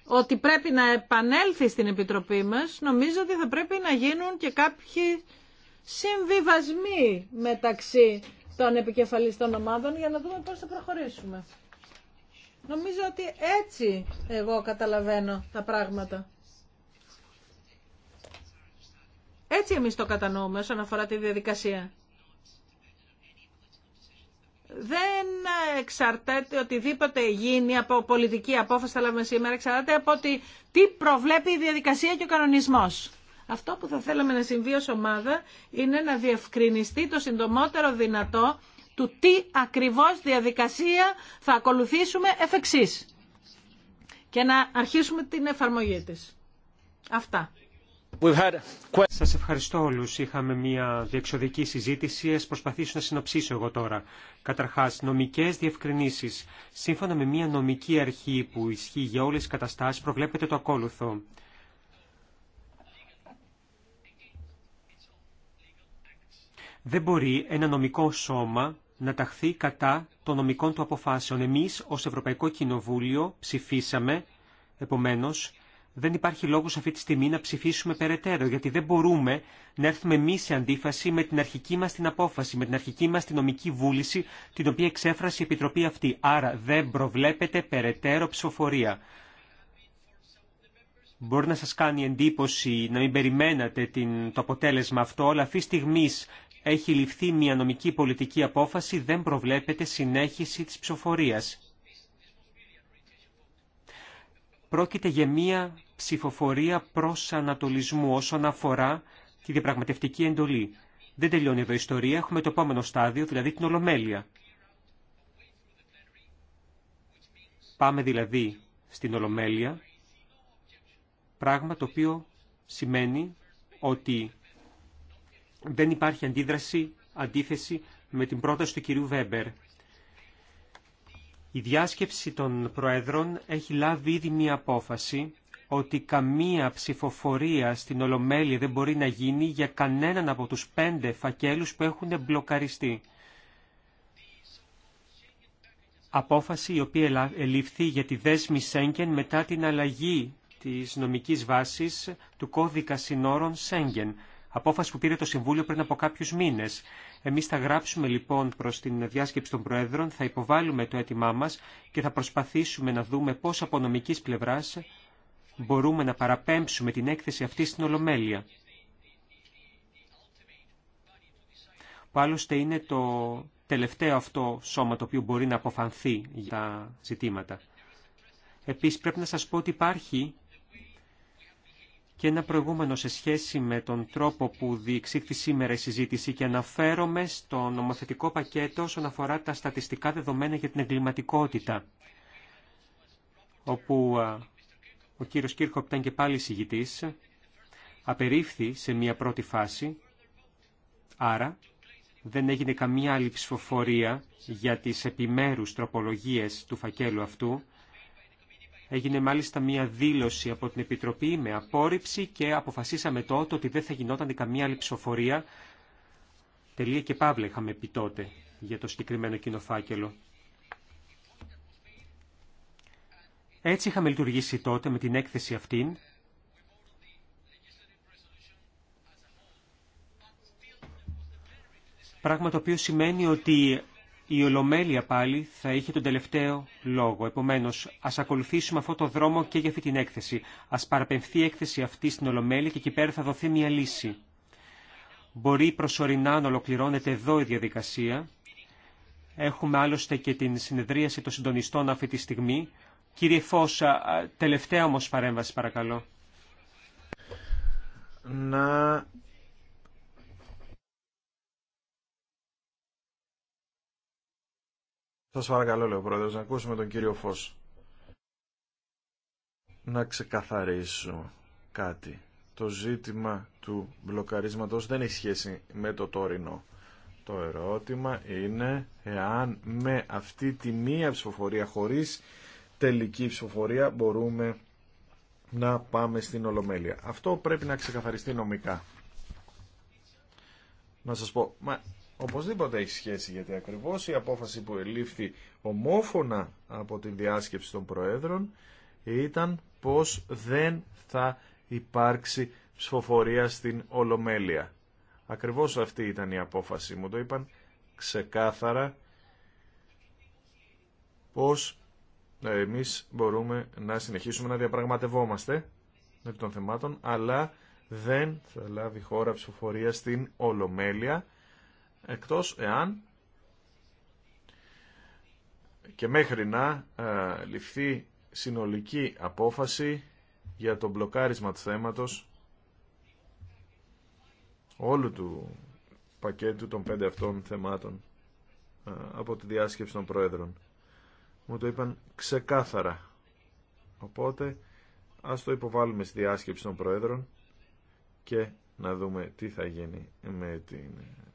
ότι πρέπει να επανέλθει στην Επιτροπή μας, νομίζω ότι θα πρέπει να γίνουν και κάποιοι συμβιβασμοί μεταξύ των επικεφαλίστων ομάδων για να δούμε πώς θα προχωρήσουμε. Νομίζω ότι έτσι εγώ καταλαβαίνω τα πράγματα. Έτσι εμείς το κατανοούμε όσον αφορά τη διαδικασία. Δεν εξαρτάται οτιδήποτε γίνει από πολιτική απόφαση θα λάβουμε σήμερα, εξαρτάται από τι προβλέπει η διαδικασία και ο κανονισμός. Αυτό που θα θέλαμε να συμβεί ως ομάδα είναι να διευκρινιστεί το συντομότερο δυνατό του τι ακριβώς διαδικασία θα ακολουθήσουμε εφ' εξής και να αρχίσουμε την εφαρμογή της. Αυτά. Σας ευχαριστώ όλους. Είχαμε μια διεξοδική συζήτηση. Ας προσπαθήσω να συνοψίσω εγώ τώρα. Καταρχάς, νομικές διευκρινήσεις. Σύμφωνα με μια νομική αρχή που ισχύει για όλες τις καταστάσεις, προβλέπεται το ακόλουθο. Δεν μπορεί ένα νομικό σώμα να ταχθεί κατά των νομικών του αποφάσεων. Εμείς ως Ευρωπαϊκό Κοινοβούλιο ψηφίσαμε, επομένως, δεν υπάρχει λόγος αυτή τη στιγμή να ψηφίσουμε περαιτέρω, γιατί δεν μπορούμε να έρθουμε εμεί σε αντίφαση με την αρχική μας την απόφαση, με την αρχική μας την νομική βούληση, την οποία εξέφρασε η Επιτροπή αυτή. Άρα δεν προβλέπεται περαιτέρω ψηφοφορία. Μπορεί να σας κάνει εντύπωση να μην περιμένατε την, το αποτέλεσμα αυτό, αλλά αυτή τη στιγμή έχει ληφθεί μια νομική πολιτική απόφαση, δεν προβλέπεται συνέχιση της ψηφοφορίας πρόκειται για μία ψηφοφορία προς ανατολισμού όσον αφορά τη διαπραγματευτική εντολή. Δεν τελειώνει εδώ η ιστορία, έχουμε το επόμενο στάδιο, δηλαδή την Ολομέλεια. Πάμε δηλαδή στην Ολομέλεια, πράγμα το οποίο σημαίνει ότι δεν υπάρχει αντίδραση, αντίθεση με την πρόταση του κυρίου Βέμπερ. Η διάσκεψη των Προέδρων έχει λάβει ήδη μία απόφαση ότι καμία ψηφοφορία στην Ολομέλη δεν μπορεί να γίνει για κανέναν από τους πέντε φακέλους που έχουν μπλοκαριστεί. Απόφαση η οποία ελήφθη για τη δέσμη Σέγγεν μετά την αλλαγή της νομικής βάσης του κώδικα συνόρων Σέγγεν. Απόφαση που πήρε το Συμβούλιο πριν από κάποιους μήνες. Εμείς θα γράψουμε λοιπόν προς την διάσκεψη των Προέδρων, θα υποβάλουμε το αίτημά μας και θα προσπαθήσουμε να δούμε πώς από νομικής πλευράς μπορούμε να παραπέμψουμε την έκθεση αυτή στην Ολομέλεια. Που άλλωστε είναι το τελευταίο αυτό σώμα το οποίο μπορεί να αποφανθεί για τα ζητήματα. Επίσης πρέπει να σας πω ότι υπάρχει και ένα προηγούμενο σε σχέση με τον τρόπο που διεξήχθη σήμερα η συζήτηση και αναφέρομαι στο νομοθετικό πακέτο όσον αφορά τα στατιστικά δεδομένα για την εγκληματικότητα, όπου ο κύριος Κίρχοπ ήταν και πάλι συγητής, απερίφθη σε μία πρώτη φάση, άρα δεν έγινε καμία άλλη ψηφοφορία για τις επιμέρους τροπολογίες του φακέλου αυτού, Έγινε μάλιστα μία δήλωση από την Επιτροπή με απόρριψη και αποφασίσαμε τότε ότι δεν θα γινόταν καμία άλλη ψηφοφορία. Τελεία και παύλα είχαμε πει τότε για το συγκεκριμένο κοινοφάκελο. Έτσι είχαμε λειτουργήσει τότε με την έκθεση αυτήν. Πράγμα το οποίο σημαίνει ότι η Ολομέλεια πάλι θα είχε τον τελευταίο λόγο. Επομένως, ας ακολουθήσουμε αυτό το δρόμο και για αυτή την έκθεση. Ας παραπεμφθεί η έκθεση αυτή στην Ολομέλεια και εκεί πέρα θα δοθεί μια λύση. Μπορεί προσωρινά να ολοκληρώνεται εδώ η διαδικασία. Έχουμε άλλωστε και την συνεδρίαση των συντονιστών αυτή τη στιγμή. Κύριε Φώσα, τελευταία όμως παρέμβαση παρακαλώ. Να Σας παρακαλώ, λέει ο Πρόεδρος, να ακούσουμε τον κύριο Φως. Να ξεκαθαρίσω κάτι. Το ζήτημα του μπλοκαρίσματος δεν έχει σχέση με το τωρινό. Το ερώτημα είναι εάν με αυτή τη μία ψηφοφορία χωρίς τελική ψηφοφορία μπορούμε να πάμε στην Ολομέλεια. Αυτό πρέπει να ξεκαθαριστεί νομικά. Να σας πω, Οπωσδήποτε έχει σχέση γιατί ακριβώς η απόφαση που ελήφθη ομόφωνα από τη διάσκεψη των Προέδρων ήταν πως δεν θα υπάρξει ψηφοφορία στην Ολομέλεια. Ακριβώς αυτή ήταν η απόφαση μου. Το είπαν ξεκάθαρα πως ε, εμείς μπορούμε να συνεχίσουμε να διαπραγματευόμαστε επί των θεμάτων, αλλά δεν θα λάβει χώρα ψηφοφορία στην Ολομέλεια εκτός εάν και μέχρι να ε, ληφθεί συνολική απόφαση για τον μπλοκάρισμα του θέματος όλου του πακέτου των πέντε αυτών θεμάτων ε, από τη διάσκεψη των Πρόεδρων. Μου το είπαν ξεκάθαρα. Οπότε ας το υποβάλουμε στη διάσκεψη των Πρόεδρων και να δούμε τι θα γίνει με την